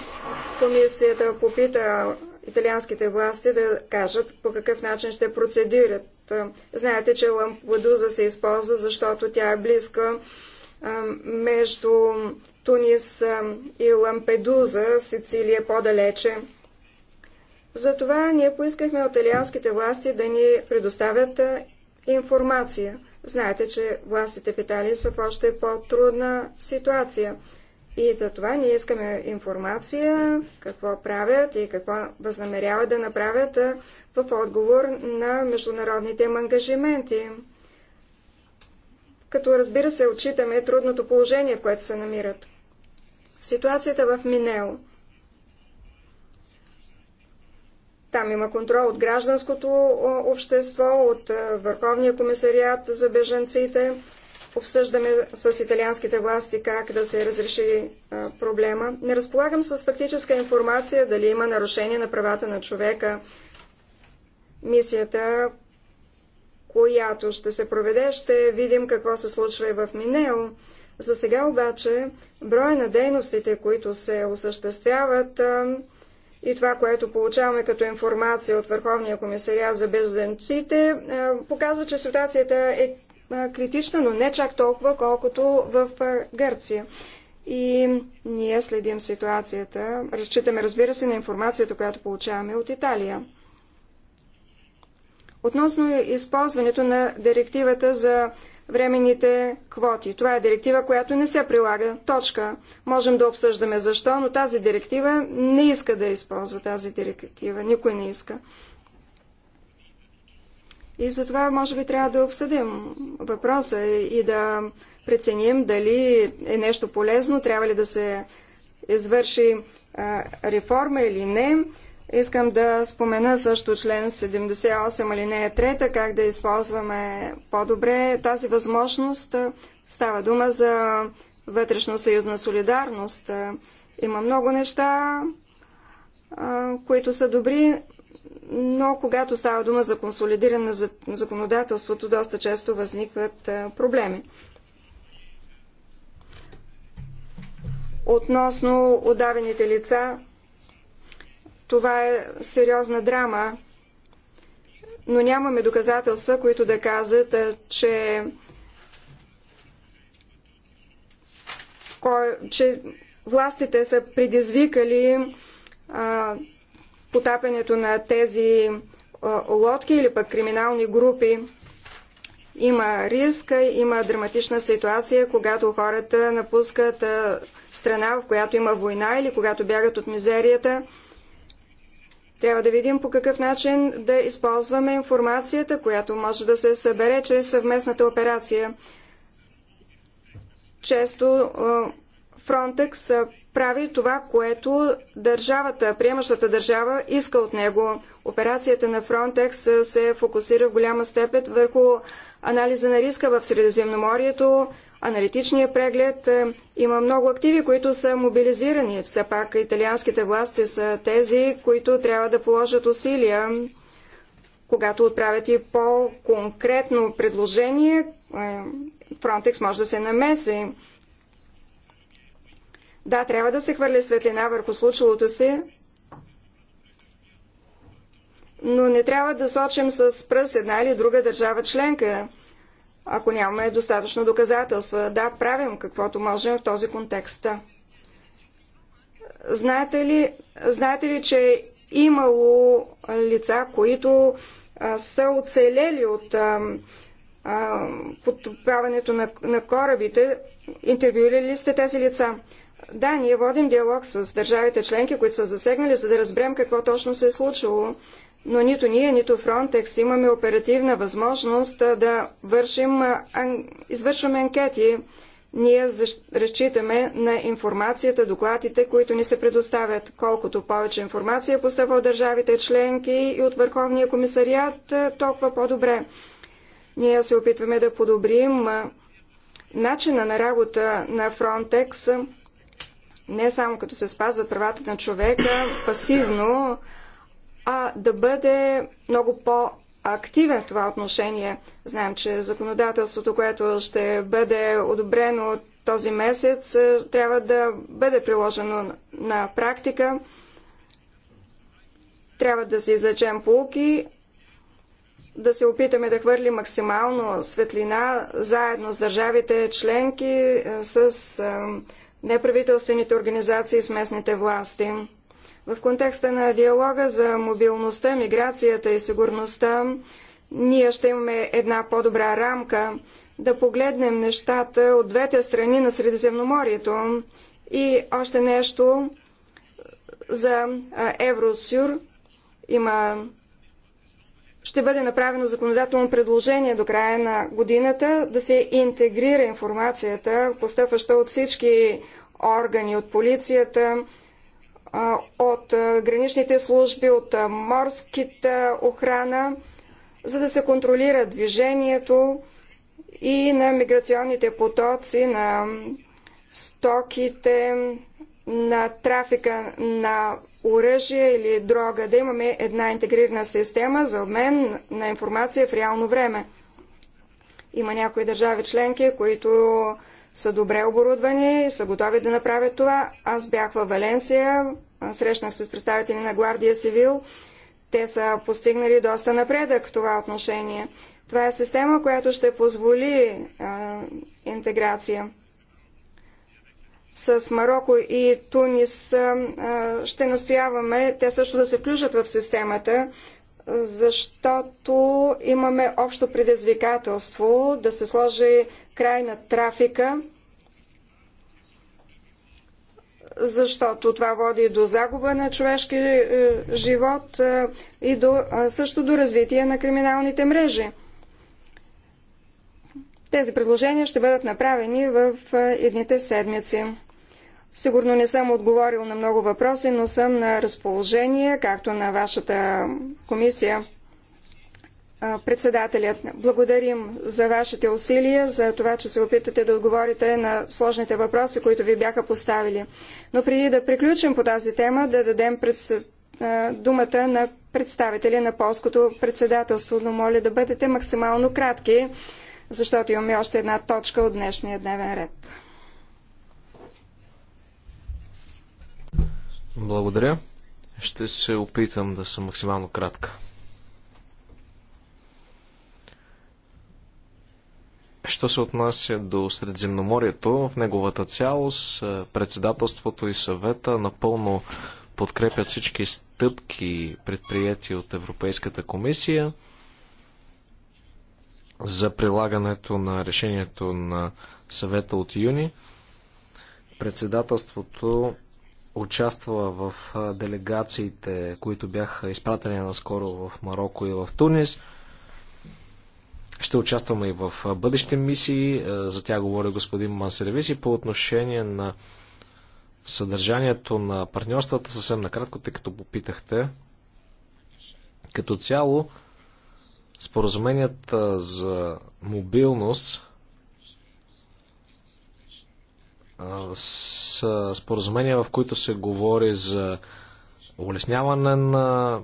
Комисията попита италианските власти да кажат по какъв начин ще процедират. Знаете, че Лампедуза се използва, защото тя е близка между Тунис и Лампедуза, Сицилия по-далече. Затова ние поискахме от италианските власти да ни предоставят информация. Знаете, че властите в Италия са в още по-трудна ситуация. И за това ние искаме информация какво правят и какво възнамеряват да направят в отговор на международните им ангажименти. Като разбира се, отчитаме трудното положение, в което се намират. Ситуацията в Минео. Там има контрол от гражданското общество, от Върховния комисариат за беженците обсъждаме с италианските власти как да се разреши проблема. Не разполагам с фактическа информация дали има нарушение на правата на човека. Мисията, която ще се проведе, ще видим какво се случва и в Минео. За сега обаче броя на дейностите, които се осъществяват и това, което получаваме като информация от Върховния комисаря за бежденците, показва, че ситуацията е критична, но не чак толкова, колкото в Гърция. И ние следим ситуацията. Разчитаме, разбира се, на информацията, която получаваме от Италия. Относно използването на директивата за временните квоти. Това е директива, която не се прилага. Точка. Можем да обсъждаме защо, но тази директива не иска да използва тази директива. Никой не иска. И затова, може би, трябва да обсъдим въпроса и да преценим дали е нещо полезно, трябва ли да се извърши а, реформа или не. Искам да спомена също член 78 алинея 3, как да използваме по-добре тази възможност. Става дума за вътрешно-съюзна солидарност. Има много неща, които са добри, но когато става дума за консолидиране на законодателството, доста често възникват проблеми. Относно отдавените лица, това е сериозна драма, но нямаме доказателства, които да казват, че, че властите са предизвикали а, потапянето на тези лодки или пък криминални групи. Има риск, има драматична ситуация, когато хората напускат страна, в която има война или когато бягат от мизерията. Трябва да видим по какъв начин да използваме информацията, която може да се събере чрез съвместната операция. Често Фронтекс прави това, което държавата, приемащата държава иска от него. Операцията на Frontex се фокусира в голяма степен върху анализа на риска в Средиземноморието, аналитичния преглед. Е, има много активи, които са мобилизирани. Все пак италианските власти са тези, които трябва да положат усилия, когато отправят и по-конкретно предложение. Е, Frontex може да се намеси. Да, трябва да се хвърли светлина върху случилото се, но не трябва да сочим с пръст една или друга държава членка, ако нямаме достатъчно доказателства. Да, правим каквото можем в този контекст. Знаете ли, знаете ли че е имало лица, които а, са оцелели от а, а, потопяването на, на корабите? Интервюирали сте тези лица? Да, ние водим диалог с държавите членки, които са засегнали, за да разберем какво точно се е случило. Но нито ние, нито Фронтекс имаме оперативна възможност да вършим, ан... извършваме анкети. Ние разчитаме на информацията, докладите, които ни се предоставят. Колкото повече информация е постъпва от държавите членки и от Върховния комисариат, толкова по-добре. Ние се опитваме да подобрим начина на работа на Фронтекс не само като се спазват правата на човека пасивно, а да бъде много по-активен в това отношение. Знаем, че законодателството, което ще бъде одобрено този месец, е, трябва да бъде приложено на практика. Трябва да се извлечем полуки, да се опитаме да хвърли максимално светлина заедно с държавите членки, е, с е, неправителствените организации с местните власти. В контекста на диалога за мобилността, миграцията и сигурността, ние ще имаме една по-добра рамка да погледнем нещата от двете страни на Средиземноморието. И още нещо за Евросюр. Има ще бъде направено законодателно предложение до края на годината да се интегрира информацията, постъпваща от всички органи, от полицията, от граничните служби, от морската охрана, за да се контролира движението и на миграционните потоци, на стоките, на трафика на оръжие или дрога, да имаме една интегрирана система за обмен на информация в реално време. Има някои държави членки, които са добре оборудвани, са готови да направят това. Аз бях във Валенсия, срещнах се с представители на Гвардия Сивил. Те са постигнали доста напредък в това отношение. Това е система, която ще позволи а, интеграция с Марокко и Тунис ще настояваме те също да се включат в системата, защото имаме общо предизвикателство да се сложи край на трафика, защото това води до загуба на човешки е, живот е, и до, също до развитие на криминалните мрежи. Тези предложения ще бъдат направени в е, едните седмици. Сигурно не съм отговорил на много въпроси, но съм на разположение, както на вашата комисия. Председателят, благодарим за вашите усилия, за това, че се опитате да отговорите на сложните въпроси, които ви бяха поставили. Но преди да приключим по тази тема, да дадем пред... думата на представители на полското председателство, но моля да бъдете максимално кратки, защото имаме още една точка от днешния дневен ред. Благодаря. Ще се опитам да съм максимално кратка. Що се отнася до Средземноморието, в неговата цялост, е, председателството и съвета напълно подкрепят всички стъпки, предприяти от Европейската комисия за прилагането на решението на съвета от юни. Председателството участвала в делегациите, които бяха изпратени наскоро в Марокко и в Тунис. Ще участваме и в бъдещи мисии. За тя говори господин Мансервиси по отношение на съдържанието на партньорствата съвсем накратко, тъй като попитахте. Като цяло, споразуменията за мобилност с споразумения, в които се говори за улесняване на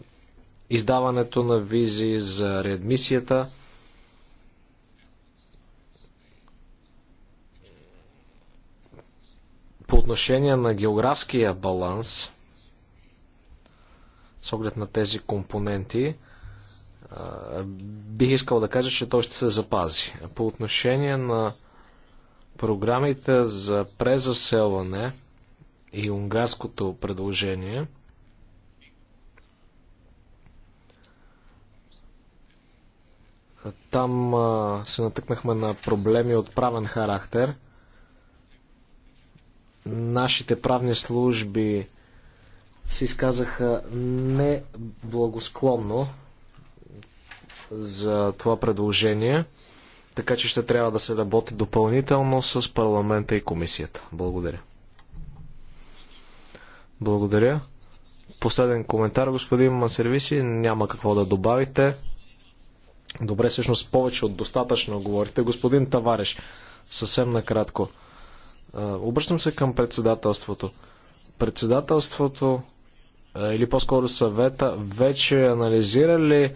издаването на визи, за реадмисията. По отношение на географския баланс, с оглед на тези компоненти, бих искал да кажа, че той ще се запази. По отношение на Програмите за презаселване и унгарското предложение там се натъкнахме на проблеми от правен характер. Нашите правни служби се изказаха неблагосклонно за това предложение. Така че ще трябва да се работи допълнително с парламента и комисията. Благодаря. Благодаря. Последен коментар, господин Мансервиси. Няма какво да добавите. Добре, всъщност повече от достатъчно говорите. Господин Тавареш, съвсем накратко. Обръщам се към председателството. Председателството или по-скоро съвета вече анализирали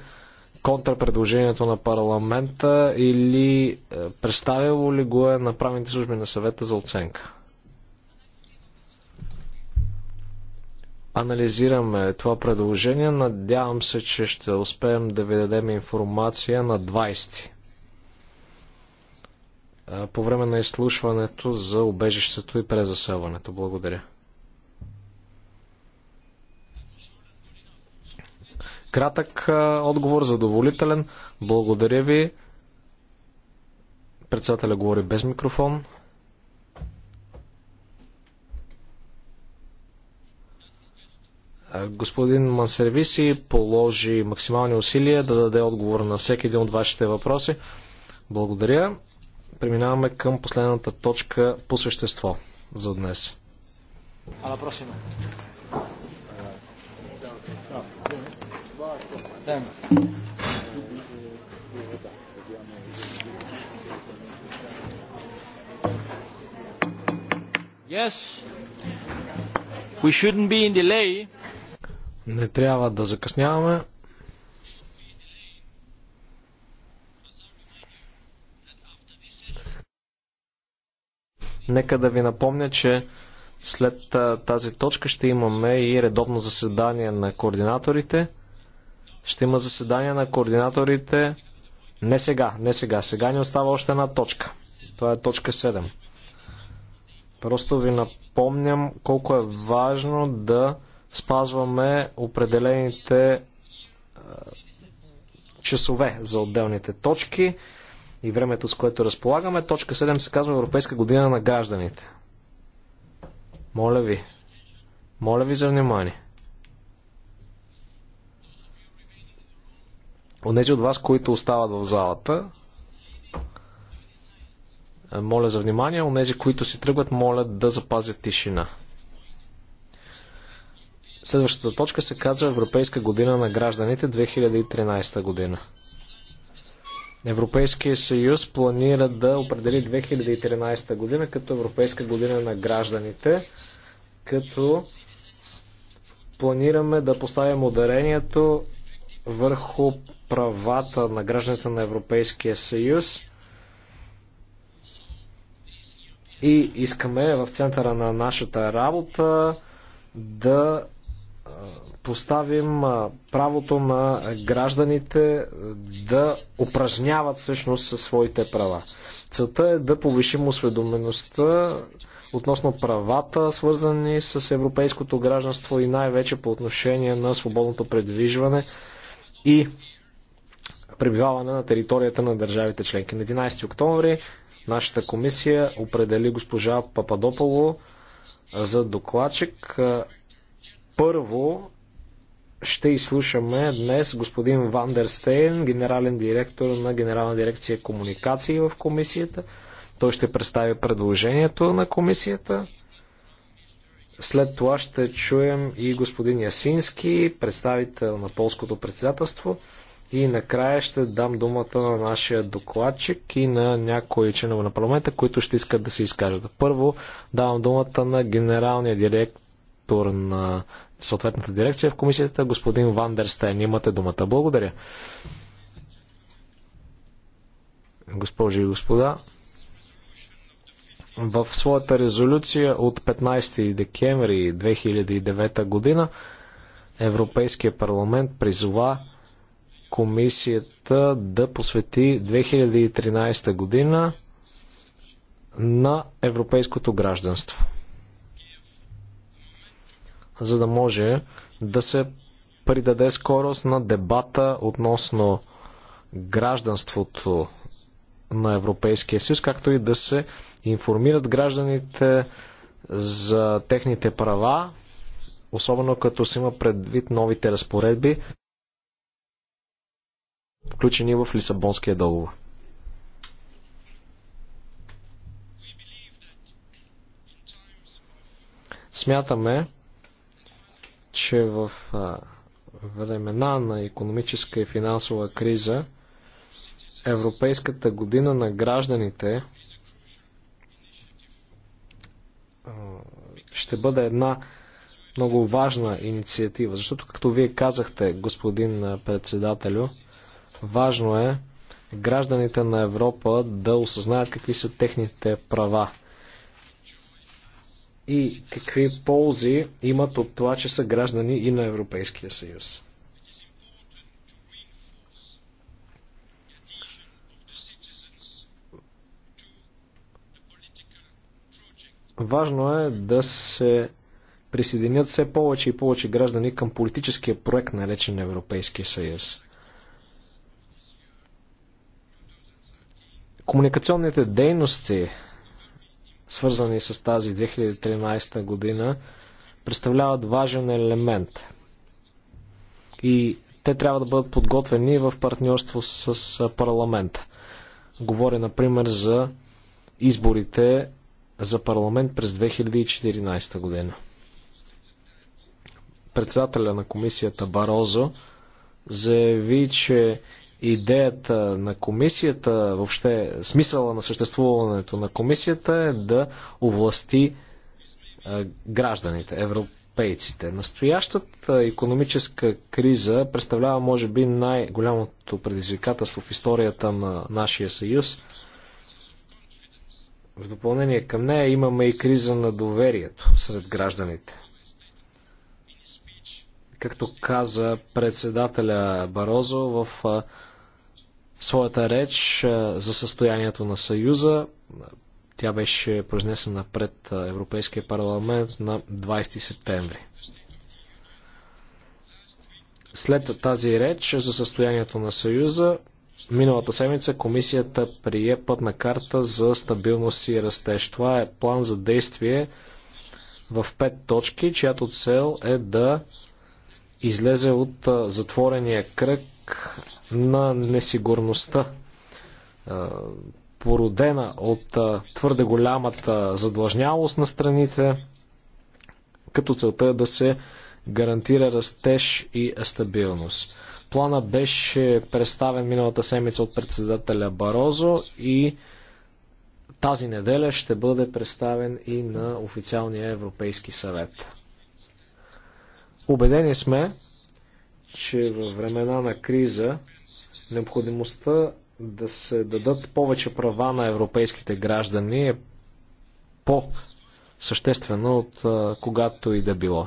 контрапредложението на парламента или е, представило ли го е на правните служби на съвета за оценка? Анализираме това предложение. Надявам се, че ще успеем да ви дадем информация на 20 е, по време на изслушването за убежището и презаселването. Благодаря. кратък отговор, задоволителен. Благодаря ви. Председателя говори без микрофон. Господин Мансервиси положи максимални усилия да даде отговор на всеки един от вашите въпроси. Благодаря. Преминаваме към последната точка по същество за днес. А prossima. Yes. We shouldn't be in delay. Не трябва да закъсняваме. Нека да ви напомня, че след тази точка ще имаме и редовно заседание на координаторите. Ще има заседание на координаторите. Не сега, не сега. Сега ни остава още една точка. Това е точка 7. Просто ви напомням колко е важно да спазваме определените е, часове за отделните точки и времето, с което разполагаме. Точка 7 се казва Европейска година на гражданите. Моля ви. Моля ви за внимание. Онези от вас, които остават в залата, е, моля за внимание. Онези, които си тръгват, моля да запазят тишина. Следващата точка се казва Европейска година на гражданите 2013 година. Европейския съюз планира да определи 2013 година като Европейска година на гражданите, като планираме да поставим ударението върху правата на гражданите на Европейския съюз и искаме в центъра на нашата работа да поставим правото на гражданите да упражняват всъщност своите права. Целта е да повишим осведомеността относно правата, свързани с европейското гражданство и най-вече по отношение на свободното предвижване и пребиваване на територията на държавите членки. На 11 октомври нашата комисия определи госпожа Пападополо за докладчик. Първо ще изслушаме днес господин Вандерстейн, генерален директор на Генерална дирекция комуникации в комисията. Той ще представи предложението на комисията. След това ще чуем и господин Ясински, представител на полското председателство. И накрая ще дам думата на нашия докладчик и на някои членове на парламента, които ще искат да се изкажат. Първо давам думата на генералния директор на съответната дирекция в комисията, господин Вандерстайн. Имате думата. Благодаря. Госпожи и господа, в своята резолюция от 15 декември 2009 година Европейския парламент призова комисията да посвети 2013 година на европейското гражданство. За да може да се придаде скорост на дебата относно гражданството на Европейския съюз, както и да се информират гражданите за техните права, особено като се има предвид новите разпоредби включени в Лисабонския договор. Смятаме, че в времена на економическа и финансова криза Европейската година на гражданите ще бъде една много важна инициатива, защото, както вие казахте, господин председателю, Важно е гражданите на Европа да осъзнаят какви са техните права и какви ползи имат от това, че са граждани и на Европейския съюз. Важно е да се присъединят все повече и повече граждани към политическия проект, наречен Европейския съюз. Комуникационните дейности, свързани с тази 2013 година, представляват важен елемент. И те трябва да бъдат подготвени в партньорство с парламента. Говоря, например, за изборите за парламент през 2014 година. Председателя на комисията Барозо заяви, че идеята на комисията, въобще смисъла на съществуването на комисията е да овласти е, гражданите, европейците. Настоящата економическа криза представлява, може би, най-голямото предизвикателство в историята на нашия съюз. В допълнение към нея имаме и криза на доверието сред гражданите както каза председателя Барозо в своята реч за състоянието на Съюза. Тя беше произнесена пред Европейския парламент на 20 септември. След тази реч за състоянието на Съюза, миналата седмица комисията прие пътна карта за стабилност и растеж. Това е план за действие в пет точки, чиято цел е да излезе от затворения кръг на несигурността, породена от твърде голямата задлъжнялост на страните, като целта е да се гарантира растеж и стабилност. Плана беше представен миналата седмица от председателя Барозо и тази неделя ще бъде представен и на официалния Европейски съвет. Обедени сме, че във времена на криза Необходимостта да се дадат повече права на европейските граждани е по-съществена от когато и да било.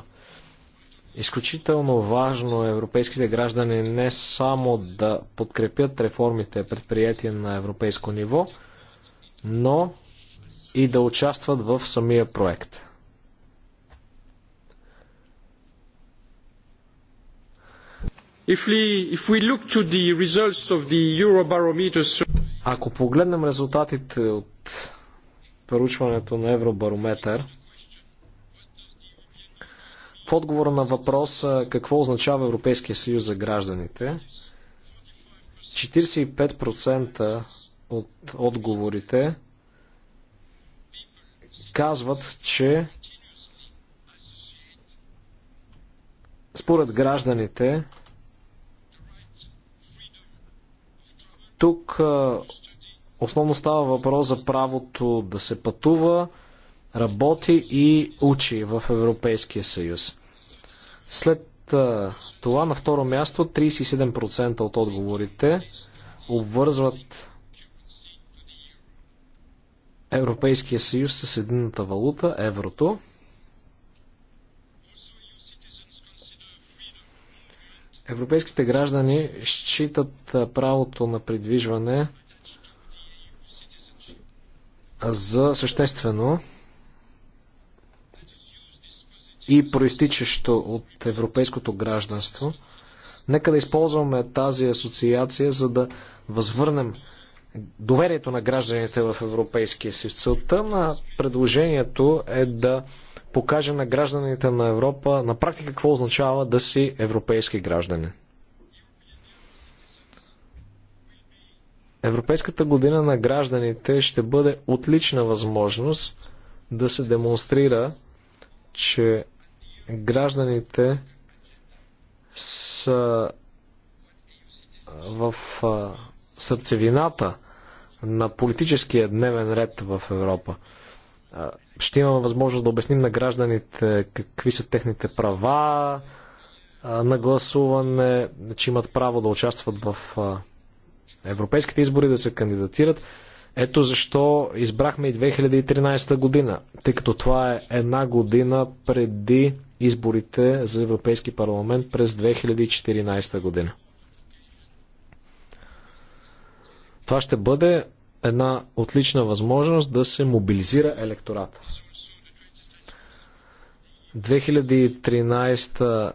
Изключително важно е европейските граждани не само да подкрепят реформите предприятия на европейско ниво, но и да участват в самия проект. If we look to the results of the Eurobarometer... Ако погледнем резултатите от проучването на Евробарометър, в отговора на въпроса какво означава Европейския съюз за гражданите, 45% от отговорите казват, че според гражданите Тук основно става въпрос за правото да се пътува, работи и учи в Европейския съюз. След това на второ място 37% от отговорите обвързват Европейския съюз с едината валута, еврото. Европейските граждани считат правото на придвижване за съществено и проистичащо от европейското гражданство. Нека да използваме тази асоциация, за да възвърнем доверието на гражданите в Европейския съюз. Целта на предложението е да покаже на гражданите на Европа на практика какво означава да си европейски граждани. Европейската година на гражданите ще бъде отлична възможност да се демонстрира, че гражданите са в сърцевината на политическия дневен ред в Европа ще имаме възможност да обясним на гражданите какви са техните права на гласуване, че имат право да участват в европейските избори, да се кандидатират. Ето защо избрахме и 2013 година, тъй като това е една година преди изборите за Европейски парламент през 2014 година. Това ще бъде една отлична възможност да се мобилизира електората. 2013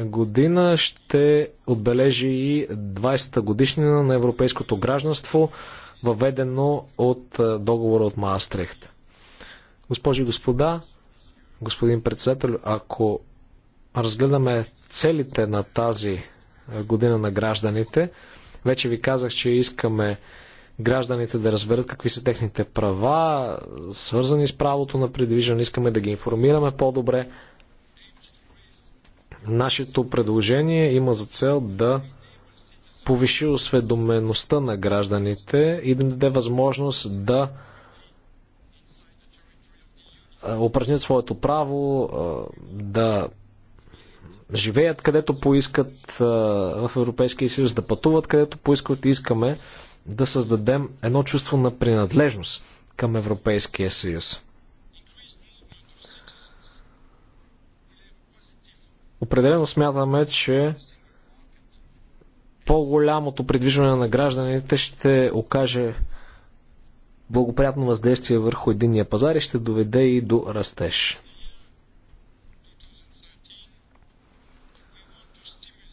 година ще отбележи и 20-та годишнина на европейското гражданство, въведено от договора от Маастрехт. Госпожи и господа, господин председател, ако разгледаме целите на тази година на гражданите, вече ви казах, че искаме гражданите да разберат какви са техните права, свързани с правото на придвижване. Искаме да ги информираме по-добре. Нашето предложение има за цел да повиши осведомеността на гражданите и да даде възможност да упражнят своето право, да живеят където поискат в Европейския съюз, да пътуват където поискат. Искаме да създадем едно чувство на принадлежност към Европейския съюз. Определено смятаме, че по-голямото придвижване на гражданите ще окаже благоприятно въздействие върху единния пазар и ще доведе и до растеж.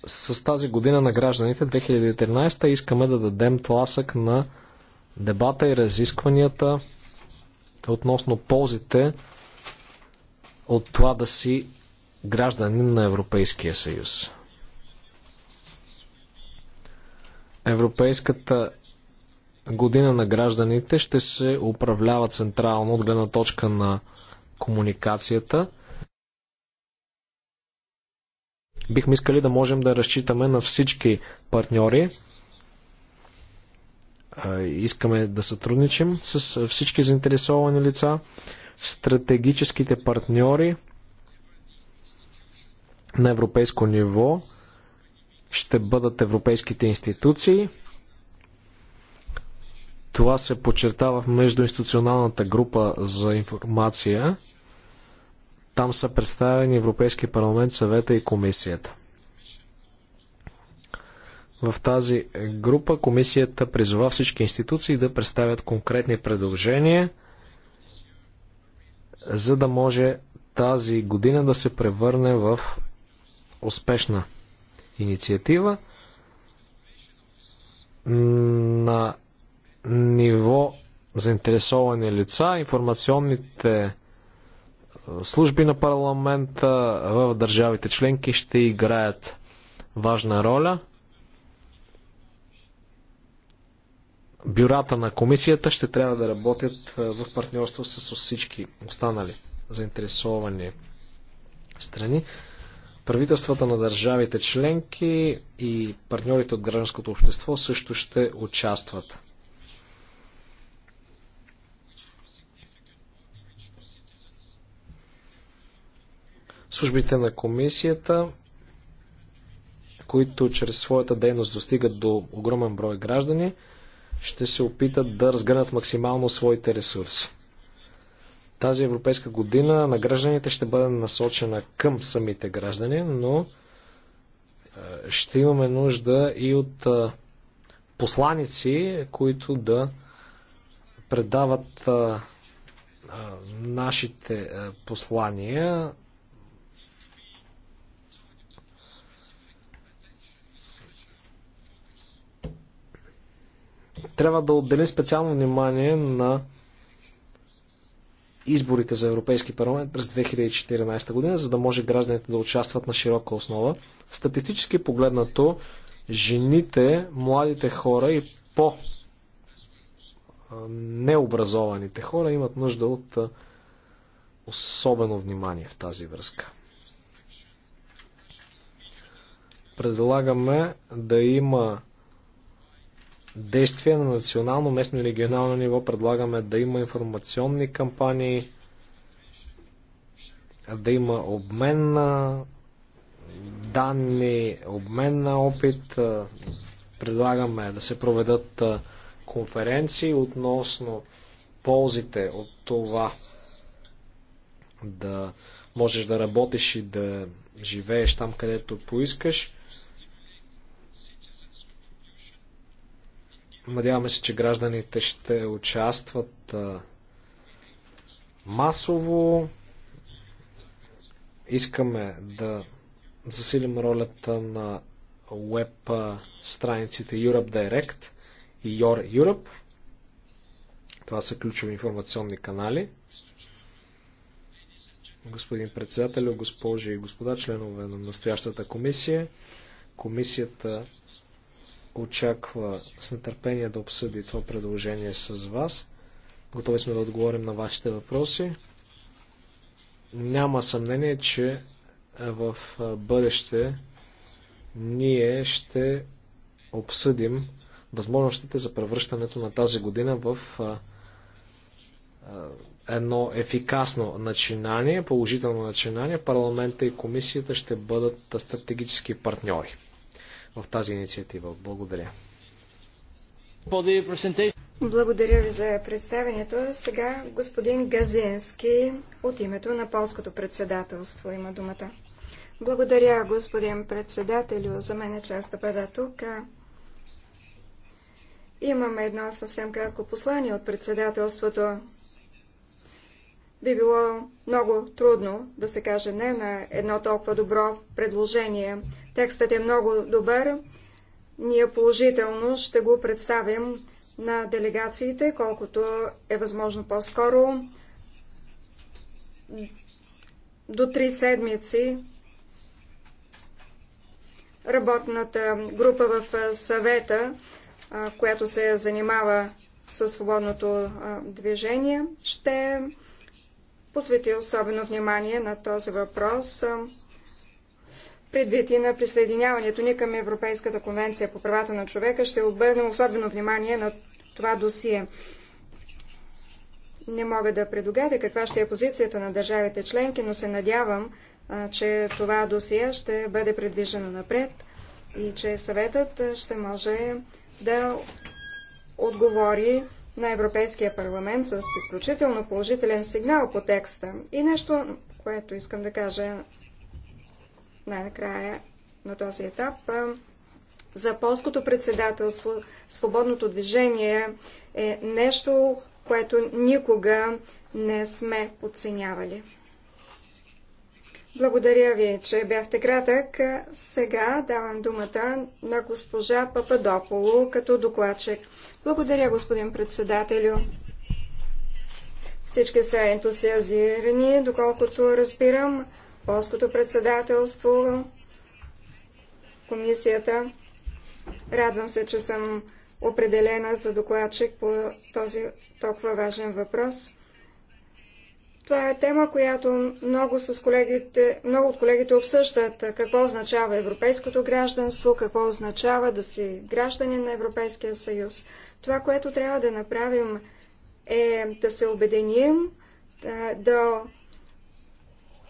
с тази година на гражданите 2013 искаме да дадем тласък на дебата и разискванията относно ползите от това да си гражданин на Европейския съюз. Европейската година на гражданите ще се управлява централно от гледна точка на комуникацията – Бихме искали да можем да разчитаме на всички партньори. Искаме да сътрудничим с всички заинтересовани лица, стратегическите партньори на европейско ниво ще бъдат европейските институции. Това се подчертава в междуинституционалната група за информация. Там са представени Европейски парламент, съвета и комисията. В тази група комисията призова всички институции да представят конкретни предложения, за да може тази година да се превърне в успешна инициатива. На ниво заинтересовани лица информационните служби на парламента в държавите членки ще играят важна роля. Бюрата на комисията ще трябва да работят в партньорство с всички останали заинтересовани страни. Правителствата на държавите членки и партньорите от гражданското общество също ще участват. службите на комисията, които чрез своята дейност достигат до огромен брой граждани, ще се опитат да разгърнат максимално своите ресурси. Тази европейска година на гражданите ще бъде насочена към самите граждани, но е, ще имаме нужда и от е, посланици, които да предават е, нашите послания Трябва да отделим специално внимание на изборите за Европейски парламент през 2014 година, за да може гражданите да участват на широка основа. Статистически погледнато, жените, младите хора и по необразованите хора имат нужда от особено внимание в тази връзка. Предлагаме да има действия на национално, местно и регионално ниво. Предлагаме да има информационни кампании, да има обмен на данни, обмен на опит. Предлагаме да се проведат конференции относно ползите от това да можеш да работиш и да живееш там, където поискаш. Надяваме се, че гражданите ще участват масово. Искаме да засилим ролята на веб страниците Europe Direct и Your Europe. Това са ключови информационни канали. Господин председател, госпожи и господа, членове на настоящата комисия, комисията очаква с нетърпение да обсъди това предложение с вас. Готови сме да отговорим на вашите въпроси. Няма съмнение, че в бъдеще ние ще обсъдим възможностите за превръщането на тази година в едно ефикасно начинание, положително начинание. Парламента и комисията ще бъдат стратегически партньори в тази инициатива. Благодаря. Благодаря ви за представението. Сега господин Газински от името на полското председателство има думата. Благодаря, господин председателю. За мен е част да бъда тук. Имаме едно съвсем кратко послание от председателството. Би било много трудно да се каже не на едно толкова добро предложение. Текстът е много добър. Ние положително ще го представим на делегациите, колкото е възможно по-скоро. До три седмици работната група в съвета, която се занимава със свободното движение, ще посвети особено внимание на този въпрос. Предвид и на присъединяването ни към Европейската конвенция по правата на човека, ще обърнем особено внимание на това досие. Не мога да предугадя каква ще е позицията на държавите членки, но се надявам, че това досие ще бъде предвижено напред и че съветът ще може да отговори на Европейския парламент с изключително положителен сигнал по текста. И нещо, което искам да кажа най-накрая на този етап. За полското председателство свободното движение е нещо, което никога не сме оценявали. Благодаря ви, че бяхте кратък. Сега давам думата на госпожа Пападополо като докладчик. Благодаря, господин председателю. Всички са ентусиазирани, доколкото разбирам полското председателство, комисията. Радвам се, че съм определена за докладчик по този толкова важен въпрос. Това е тема, която много, с колегите, много от колегите обсъждат. Какво означава европейското гражданство, какво означава да си гражданин на Европейския съюз. Това, което трябва да направим е да се обединим, да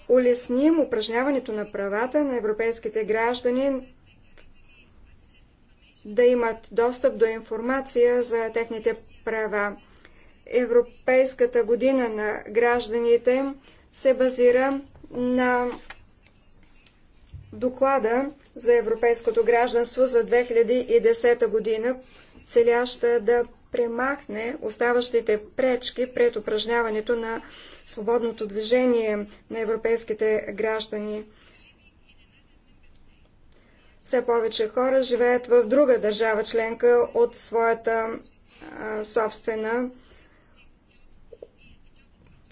улесним упражняването на правата на европейските граждани да имат достъп до информация за техните права. Европейската година на гражданите се базира на доклада за европейското гражданство за 2010 година, целяща да премахне оставащите пречки пред упражняването на свободното движение на европейските граждани. Все повече хора живеят в друга държава членка от своята собствена.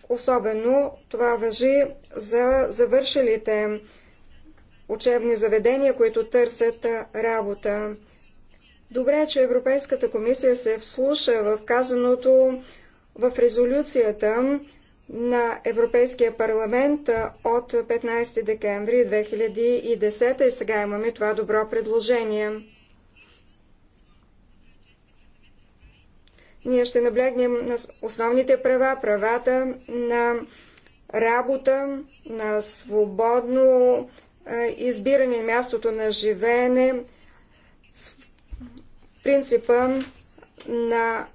Особено това въжи за завършилите учебни заведения, които търсят работа. Добре, е, че Европейската комисия се вслуша в казаното в резолюцията на Европейския парламент от 15 декември 2010 и сега имаме това добро предложение. Ние ще наблегнем на основните права, правата на работа, на свободно избиране мястото на живеене, принципа на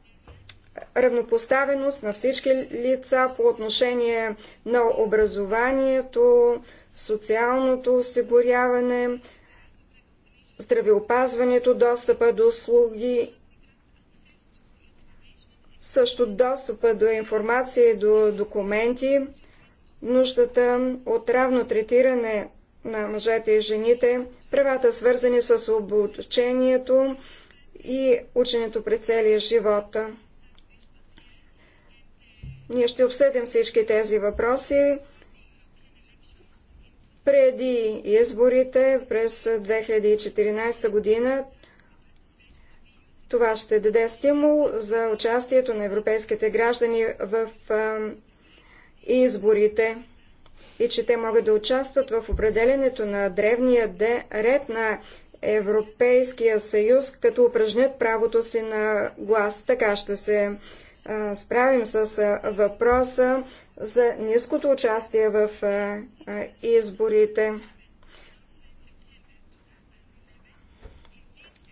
равнопоставеност на всички лица по отношение на образованието, социалното осигуряване, здравеопазването, достъпа до услуги, също достъпа до информация и до документи, нуждата от равно третиране на мъжете и жените, правата свързани с обучението, и ученето при целия живот. Ние ще обсъдим всички тези въпроси преди изборите през 2014 година. Това ще даде стимул за участието на европейските граждани в изборите и че те могат да участват в определенето на древния ред на Европейския съюз, като упражнят правото си на глас. Така ще се справим с въпроса за ниското участие в изборите.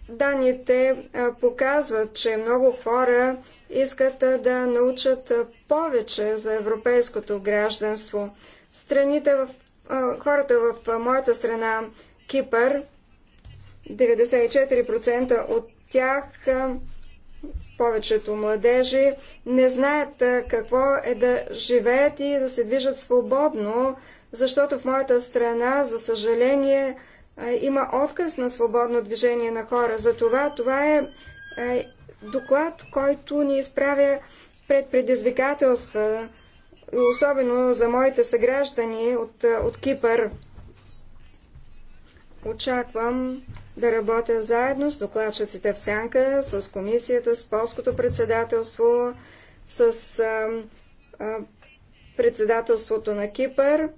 Даните показват, че много хора искат да научат повече за европейското гражданство. Страните в, хората в моята страна Кипър 94% от тях, повечето младежи, не знаят какво е да живеят и да се движат свободно, защото в моята страна, за съжаление, има отказ на свободно движение на хора. Затова това е доклад, който ни изправя пред предизвикателства, особено за моите съграждани от, от Кипър. Очаквам да работя заедно с докладчиците в Сянка, с комисията, с полското председателство, с а, а, председателството на Кипър,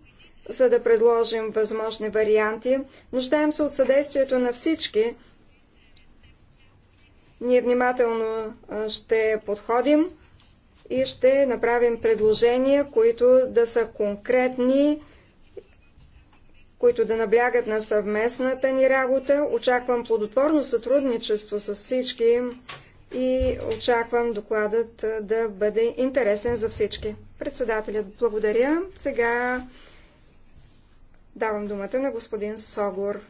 за да предложим възможни варианти. Нуждаем се от съдействието на всички. Ние внимателно ще подходим и ще направим предложения, които да са конкретни, които да наблягат на съвместната ни работа. Очаквам плодотворно сътрудничество с всички и очаквам докладът да бъде интересен за всички. Председателят благодаря. Сега давам думата на господин Согор.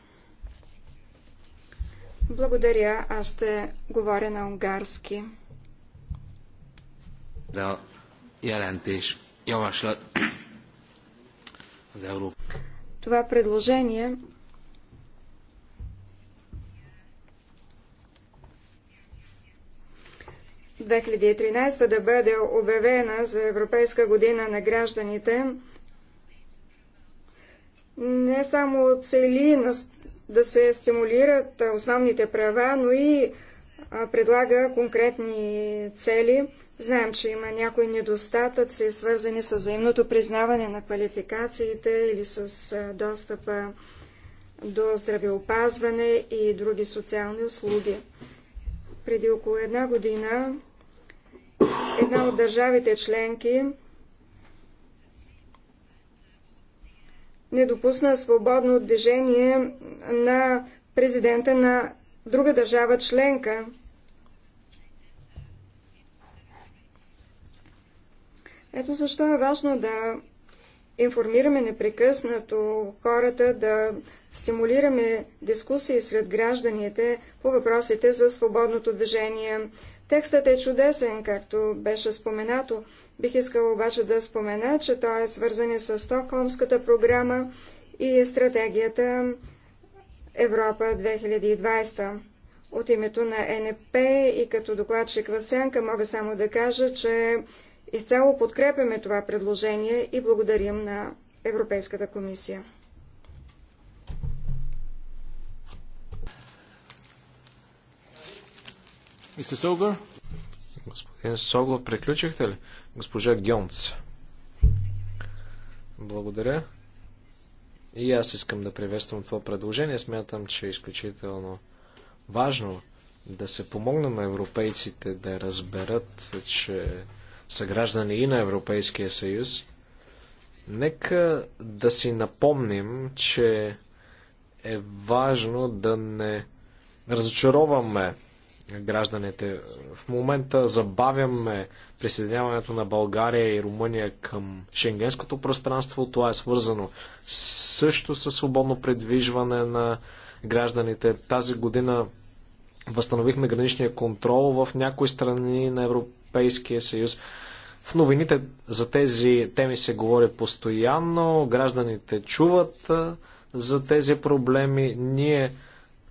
Благодаря. Аз ще говоря на унгарски. За jelentés, javaslat az Európa това предложение. В 2013 да бъде обявена за Европейска година на гражданите не само цели да се стимулират основните права, но и предлага конкретни цели Знаем, че има някои недостатъци, свързани с взаимното признаване на квалификациите или с достъпа до здравеопазване и други социални услуги. Преди около една година една от държавите членки не допусна свободно движение на президента на друга държава членка – Ето защо е важно да информираме непрекъснато хората, да стимулираме дискусии сред гражданите по въпросите за свободното движение. Текстът е чудесен, както беше споменато. Бих искала обаче да спомена, че той е свързан с Стокхолмската програма и стратегията Европа 2020. От името на НП и като докладчик в Сянка мога само да кажа, че Изцяло подкрепяме това предложение и благодарим на Европейската комисия. Мистер Согър? Господин Согър, приключихте ли? Госпожа Гьонц. Благодаря. И аз искам да приветствам това предложение. Смятам, че е изключително важно да се помогнем европейците да разберат, че съграждани и на Европейския съюз, нека да си напомним, че е важно да не разочароваме гражданите. В момента забавяме присъединяването на България и Румъния към шенгенското пространство. Това е свързано също с свободно предвижване на гражданите. Тази година възстановихме граничния контрол в някои страни на Европейския Европейския съюз. В новините за тези теми се говори постоянно, гражданите чуват за тези проблеми. Ние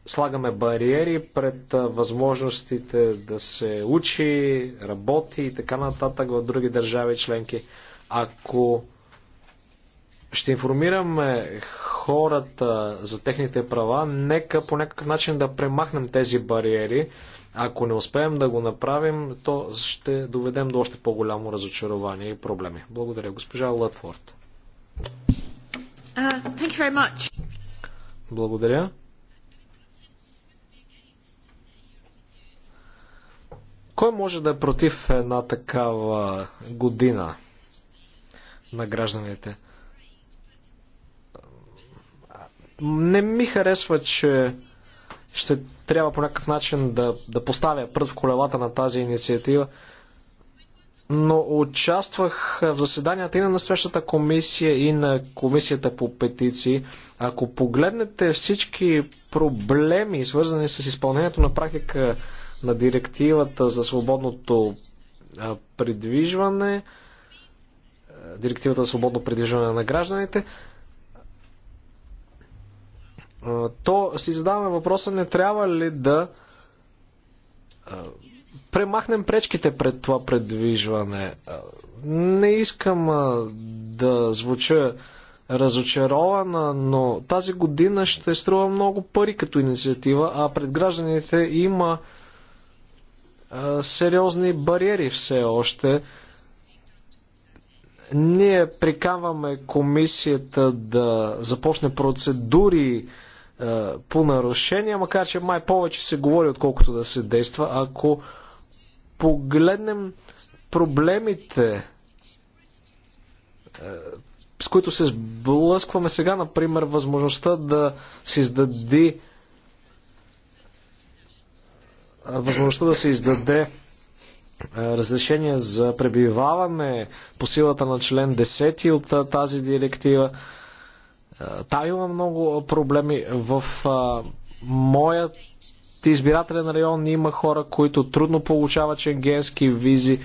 слагаме бариери пред възможностите да се учи, работи и така нататък в други държави членки. Ако ще информираме хората за техните права, нека по някакъв начин да премахнем тези бариери. Ако не успеем да го направим, то ще доведем до още по-голямо разочарование и проблеми. Благодаря, госпожа Лътфорд. Uh, Благодаря. Кой може да е против една такава година на гражданите? Не ми харесва, че ще трябва по някакъв начин да, да поставя пръв в колелата на тази инициатива. Но участвах в заседанията и на настоящата комисия, и на комисията по петиции. Ако погледнете всички проблеми, свързани с изпълнението на практика на директивата за свободното придвижване, директивата за свободно придвижване на гражданите, то си задаваме въпроса, не трябва ли да премахнем пречките пред това предвижване. Не искам да звуча разочарована, но тази година ще струва много пари като инициатива, а пред гражданите има сериозни бариери все още. Ние приканваме комисията да започне процедури е, по нарушения, макар че май повече се говори, отколкото да се действа. Ако погледнем проблемите, е, с които се сблъскваме сега, например, възможността да се издаде е, възможността да се издаде разрешение за пребиваване по силата на член 10 от тази директива. Е, там има много проблеми. В моят избирателен район има хора, които трудно получават шенгенски визи. Е,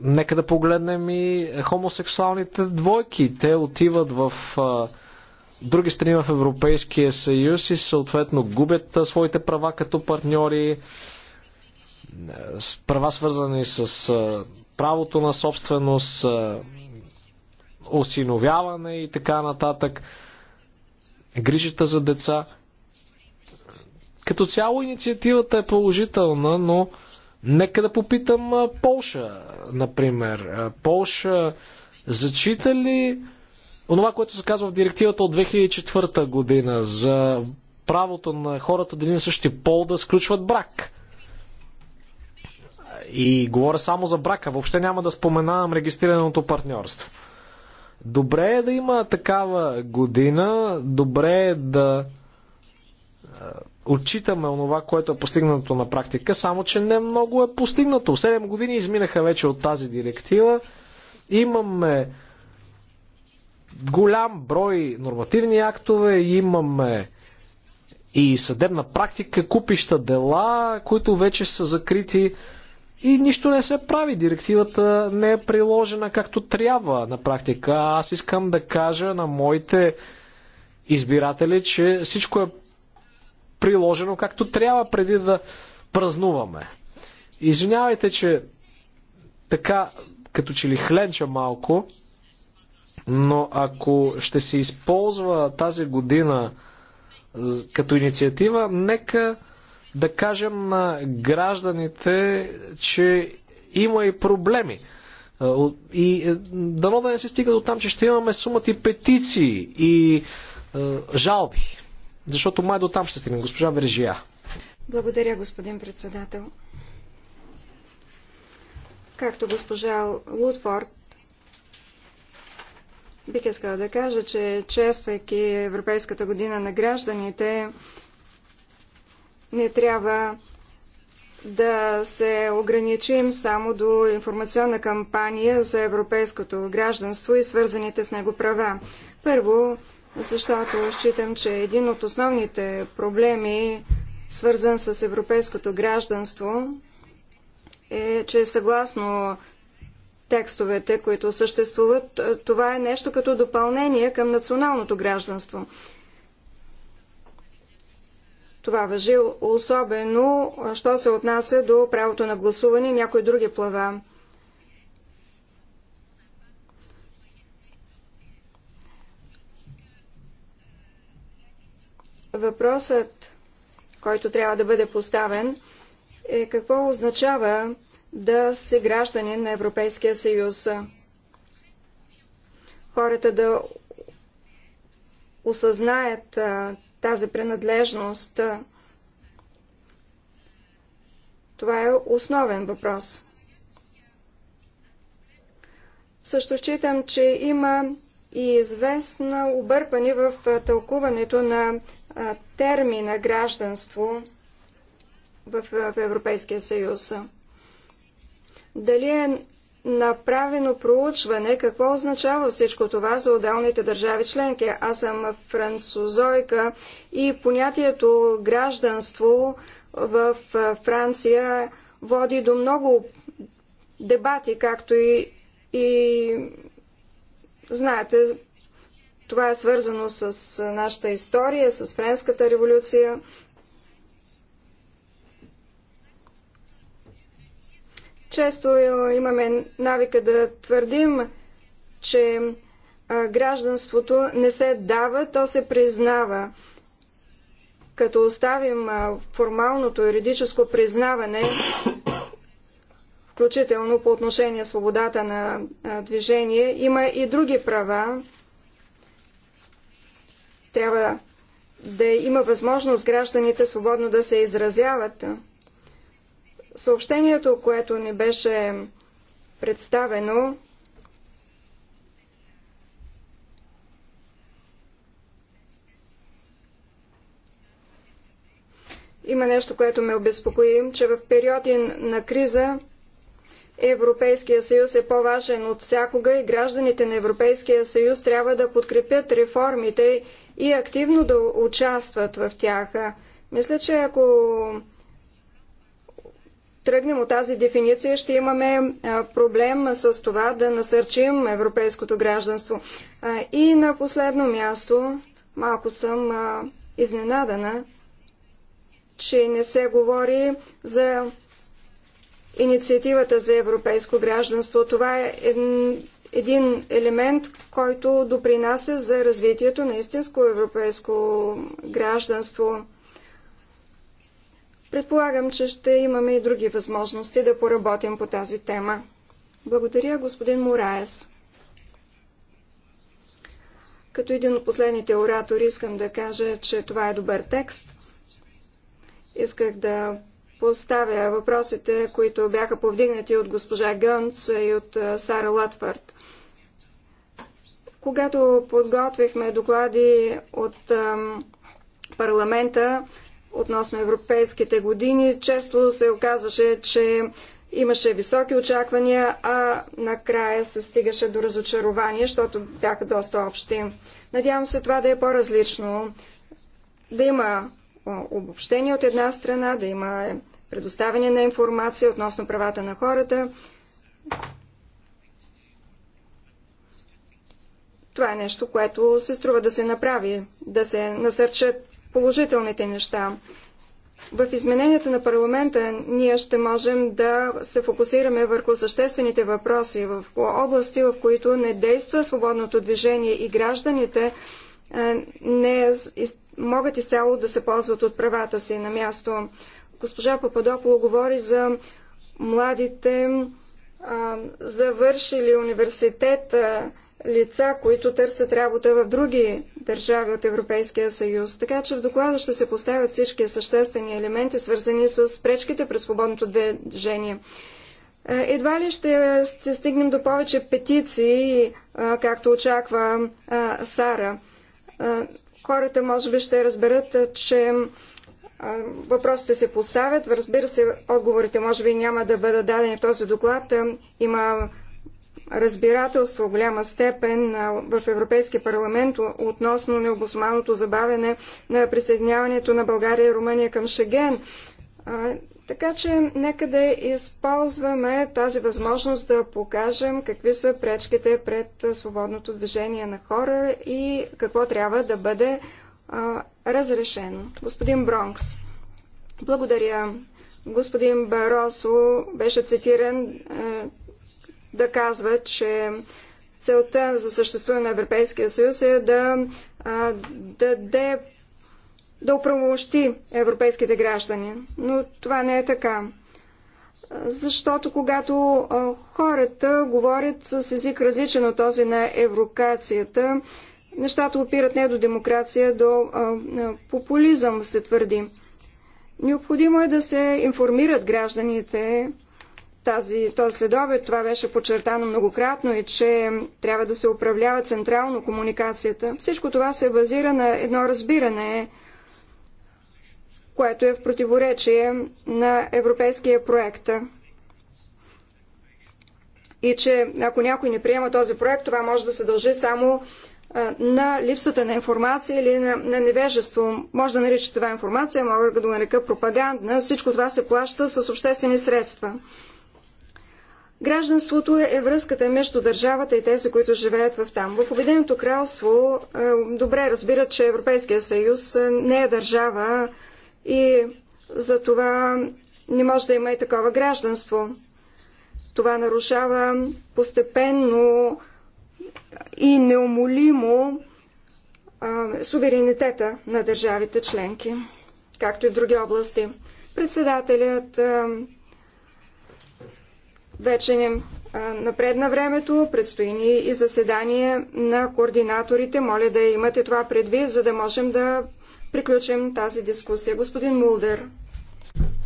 нека да погледнем и хомосексуалните двойки. Те отиват в други страни в Европейския съюз и съответно губят своите права като партньори, е, права свързани с правото на собственост, осиновяване и така нататък, грижата за деца. Като цяло инициативата е положителна, но нека да попитам Полша, например. Полша зачита ли онова, което се казва в директивата от 2004 година за правото на хората да един същи пол да сключват брак? И говоря само за брака, въобще няма да споменавам регистрираното партньорство. Добре е да има такава година, добре е да е, отчитаме онова, което е постигнато на практика, само че не много е постигнато. 7 години изминаха вече от тази директива. Имаме голям брой нормативни актове, имаме и съдебна практика, купища дела, които вече са закрити и нищо не се прави. Директивата не е приложена както трябва на практика. Аз искам да кажа на моите избиратели, че всичко е приложено както трябва преди да празнуваме. Извинявайте, че така като че ли хленча малко, но ако ще се използва тази година като инициатива, нека да кажем на гражданите, че има и проблеми. И е, дано да не се стига до там, че ще имаме сумата и петиции и жалби. Защото май до там ще стигнем. Госпожа Вержия. Благодаря, господин председател. Както госпожа Лутфорд Бих искала да кажа, че чествайки Европейската година на гражданите, не трябва да се ограничим само до информационна кампания за европейското гражданство и свързаните с него права. Първо, защото считам, че един от основните проблеми, свързан с европейското гражданство, е, че съгласно текстовете, които съществуват, това е нещо като допълнение към националното гражданство. Това въжи особено, що се отнася до правото на гласуване и някои други плава. Въпросът, който трябва да бъде поставен, е какво означава да си гражданин на Европейския съюз. Хората да осъзнаят тази принадлежност? Това е основен въпрос. Също считам, че има и известна объркване в тълкуването на термина гражданство в Европейския съюз. Дали е направено проучване какво означава всичко това за отделните държави членки. Аз съм французойка и понятието гражданство в Франция води до много дебати, както и, и знаете, това е свързано с нашата история, с Френската революция. Често е, имаме навика да твърдим, че гражданството не се дава, то се признава. Като оставим формалното юридическо признаване, включително по отношение свободата на движение, има и други права. Трябва да има възможност гражданите свободно да се изразяват. Съобщението, което ни беше представено, има нещо, което ме обезпокои, че в периоди на криза Европейския съюз е по-важен от всякога и гражданите на Европейския съюз трябва да подкрепят реформите и активно да участват в тях. Мисля, че ако тръгнем от тази дефиниция, ще имаме проблем с това да насърчим европейското гражданство. И на последно място, малко съм изненадана, че не се говори за инициативата за европейско гражданство. Това е един елемент, който допринася за развитието на истинско европейско гражданство. Предполагам, че ще имаме и други възможности да поработим по тази тема. Благодаря, господин Мораес. Като един от последните оратори искам да кажа, че това е добър текст. Исках да поставя въпросите, които бяха повдигнати от госпожа Гънц и от Сара Лътвард. Когато подготвихме доклади от парламента, относно европейските години, често се оказваше, че имаше високи очаквания, а накрая се стигаше до разочарование, защото бяха доста общи. Надявам се това да е по-различно. Да има обобщение от една страна, да има предоставяне на информация относно правата на хората. Това е нещо, което се струва да се направи, да се насърчат положителните неща. В измененията на парламента ние ще можем да се фокусираме върху съществените въпроси в области, в които не действа свободното движение и гражданите не могат изцяло да се ползват от правата си на място. Госпожа Пападопол говори за младите завършили университета лица, които търсят работа в други държави от Европейския съюз. Така че в доклада ще се поставят всички съществени елементи, свързани с пречките през свободното движение. Едва ли ще стигнем до повече петиции, както очаква Сара. Хората може би ще разберат, че Въпросите се поставят. Разбира се, отговорите може би няма да бъдат дадени в този доклад. Има разбирателство в голяма степен в Европейския парламент относно необосмалното забавяне на присъединяването на България и Румъния към Шеген. Така че нека да използваме тази възможност да покажем какви са пречките пред свободното движение на хора и какво трябва да бъде разрешено. Господин Бронкс. Благодаря. Господин Баросо беше цитиран е, да казва, че целта за съществуване на Европейския съюз е да а, даде да оправомощи европейските граждани. Но това не е така. Защото когато хората говорят с език различен от този на еврокацията, Нещата опират не до демокрация, до а, популизъм, се твърди. Необходимо е да се информират гражданите. Тази, този следобед това беше подчертано многократно и е, че трябва да се управлява централно комуникацията. Всичко това се базира на едно разбиране, което е в противоречие на европейския проект. И че ако някой не приема този проект, това може да се дължи само на липсата на информация или на, на невежество. Може да нарича това информация, мога да го нарека пропагандна. Всичко това се плаща с обществени средства. Гражданството е, е връзката между държавата и тези, които живеят в там. В Обединеното кралство добре разбират, че Европейския съюз не е държава и за това не може да има и такова гражданство. Това нарушава постепенно и неумолимо а, суверенитета на държавите членки, както и в други области. Председателят а, вече не напредна времето, предстои ни и заседание на координаторите. Моля да имате това предвид, за да можем да приключим тази дискусия. Господин Мулдер.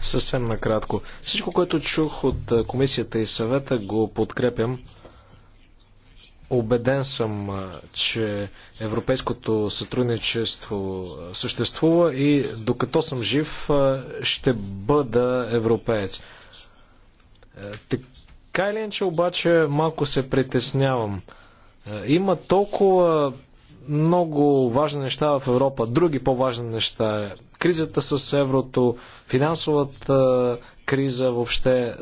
Съвсем накратко. Всичко, което чух от комисията и съвета, го подкрепям. Обеден съм, че европейското сътрудничество съществува и докато съм жив, ще бъда европеец. Е, така или иначе, обаче, малко се притеснявам. Е, има толкова много важни неща в Европа, други по-важни неща. Кризата с еврото, финансовата криза въобще,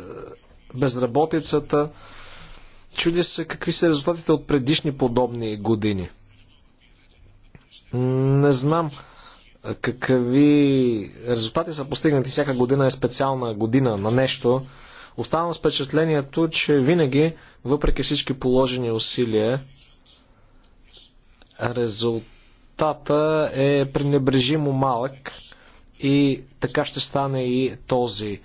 безработицата. Чудя се какви са резултатите от предишни подобни години. Не знам какви резултати са постигнати. Всяка година е специална година на нещо. Оставам с впечатлението, че винаги, въпреки всички положени усилия, резултата е пренебрежимо малък и така ще стане и този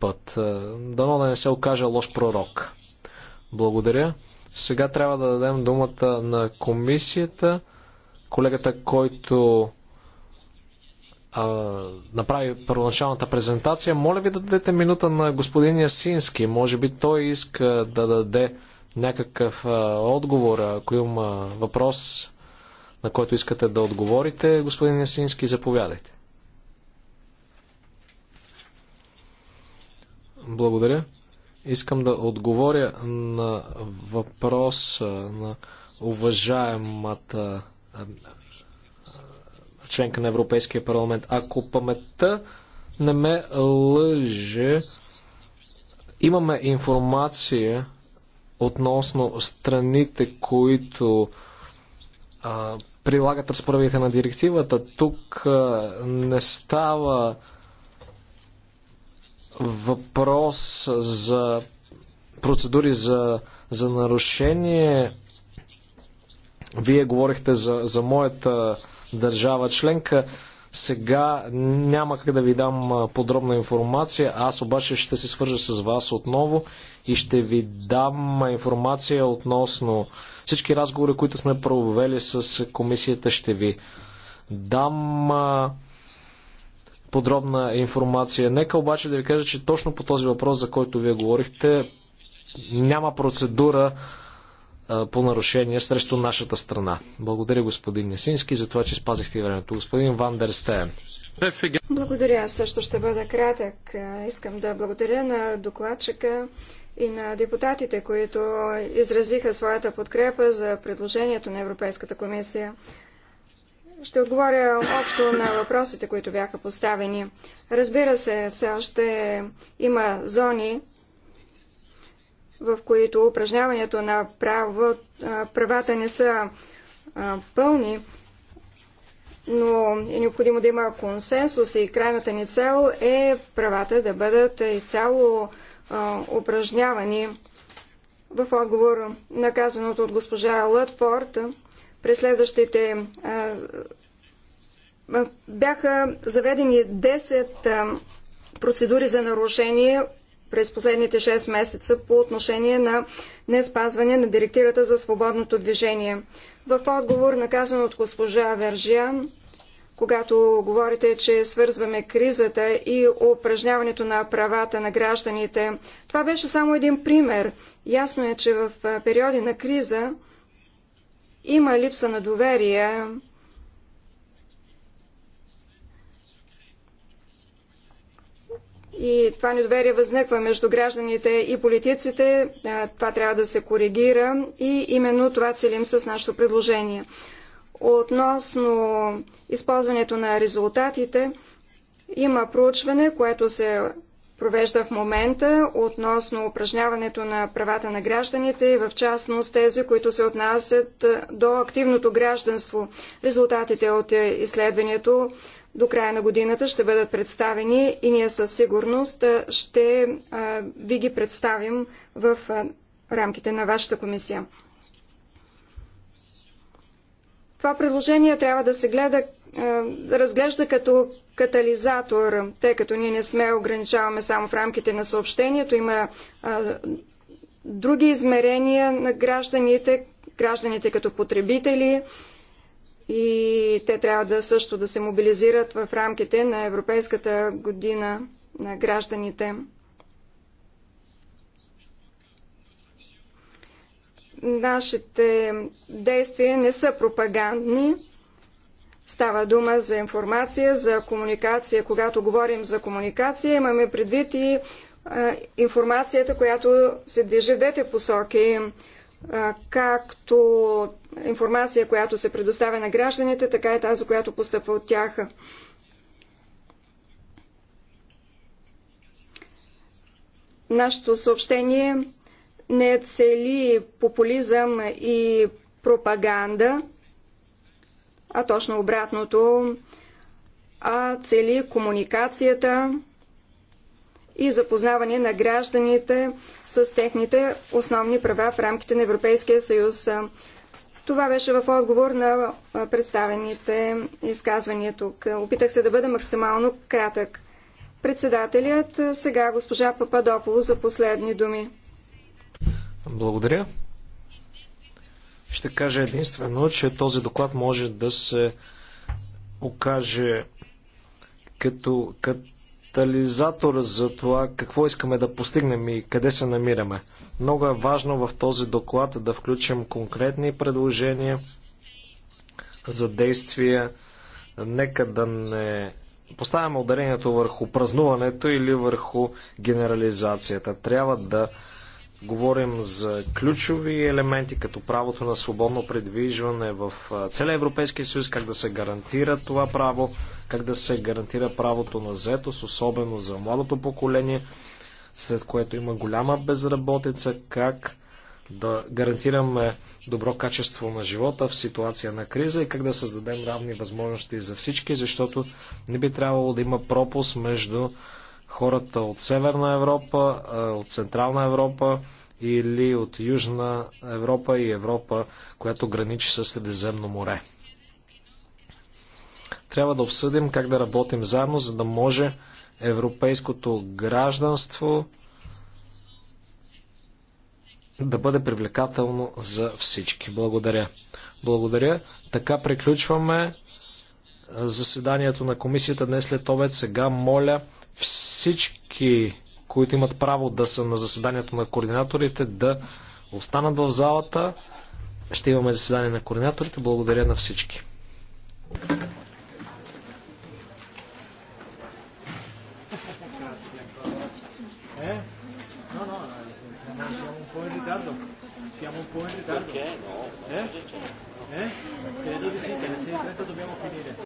път. Дано да не се окаже лош пророк. Благодаря. Сега трябва да дадем думата на комисията. Колегата, който а, направи първоначалната презентация, моля ви да дадете минута на господин Ясински. Може би той иска да даде някакъв а, отговор, ако има въпрос, на който искате да отговорите. Господин Ясински, заповядайте. Благодаря. Искам да отговоря на въпроса на уважаемата е, членка на Европейския парламент. Ако паметта не ме лъже, имаме информация относно страните, които а, прилагат разправите на директивата. Тук а, не става а, въпрос за процедури за, за нарушение. Вие говорихте за, за моята държава членка. Сега няма как да ви дам подробна информация. Аз обаче ще се свържа с вас отново и ще ви дам информация относно всички разговори, които сме провели с комисията. Ще ви дам подробна информация. Нека обаче да ви кажа, че точно по този въпрос, за който вие говорихте, няма процедура по нарушение срещу нашата страна. Благодаря господин Несински за това, че спазихте времето. Господин Ван Дерстеен. Благодаря. Аз също ще бъда кратък. Искам да благодаря на докладчика и на депутатите, които изразиха своята подкрепа за предложението на Европейската комисия. Ще отговоря общо на въпросите, които бяха поставени. Разбира се, все още има зони, в които упражняването на право, правата не са пълни, но е необходимо да има консенсус и крайната ни цел е правата да бъдат изцяло упражнявани. В отговор на казаното от госпожа Лътфорд, през следващите бяха заведени 10 процедури за нарушение през последните 6 месеца по отношение на не спазване на директивата за свободното движение. В отговор наказан от госпожа Вержия, когато говорите, че свързваме кризата и упражняването на правата на гражданите, това беше само един пример. Ясно е, че в периоди на криза има липса на доверие. И това недоверие възниква между гражданите и политиците. Това трябва да се коригира и именно това целим с нашето предложение. Относно използването на резултатите, има проучване, което се провежда в момента относно упражняването на правата на гражданите и в частност тези, които се отнасят е, до активното гражданство. Резултатите от е, изследването до края на годината ще бъдат представени и ние със сигурност е, ще ви ги представим в рамките на вашата комисия. Това предложение трябва да се гледа разглежда като катализатор, тъй като ние не сме ограничаваме само в рамките на съобщението. Има други измерения на гражданите, гражданите като потребители и те трябва да също да се мобилизират в рамките на Европейската година на гражданите. Нашите действия не са пропагандни Става дума за информация, за комуникация. Когато говорим за комуникация, имаме предвид и информацията, която се движи в двете посоки, както информация, която се предоставя на гражданите, така и тази, която постъпва от тях. Нашето съобщение не цели популизъм и пропаганда а точно обратното, а цели комуникацията и запознаване на гражданите с техните основни права в рамките на Европейския съюз. Това беше в отговор на представените изказвания тук. Опитах се да бъда максимално кратък. Председателят, сега госпожа Пападополо за последни думи. Благодаря. Ще кажа единствено, че този доклад може да се окаже като катализатор за това какво искаме да постигнем и къде се намираме. Много е важно в този доклад да включим конкретни предложения за действия. Нека да не поставяме ударението върху празнуването или върху генерализацията. Трябва да Говорим за ключови елементи, като правото на свободно предвижване в целия Европейския съюз, как да се гарантира това право, как да се гарантира правото на заетост, особено за младото поколение, след което има голяма безработица, как да гарантираме добро качество на живота в ситуация на криза и как да създадем равни възможности за всички, защото не би трябвало да има пропуск между хората от Северна Европа, е, от Централна Европа или от Южна Европа и Европа, която граничи с Средиземно море. Трябва да обсъдим как да работим заедно, за да може европейското гражданство да бъде привлекателно за всички. Благодаря. Благодаря. Така приключваме заседанието на комисията днес след обед. Сега моля всички, които имат право да са на заседанието на координаторите, да останат в залата. Ще имаме заседание на координаторите. Благодаря на всички. siamo un po' in ritardo. Perché? No, eh? Eh? Credo di sì, che alle 6.30 e dobbiamo finire.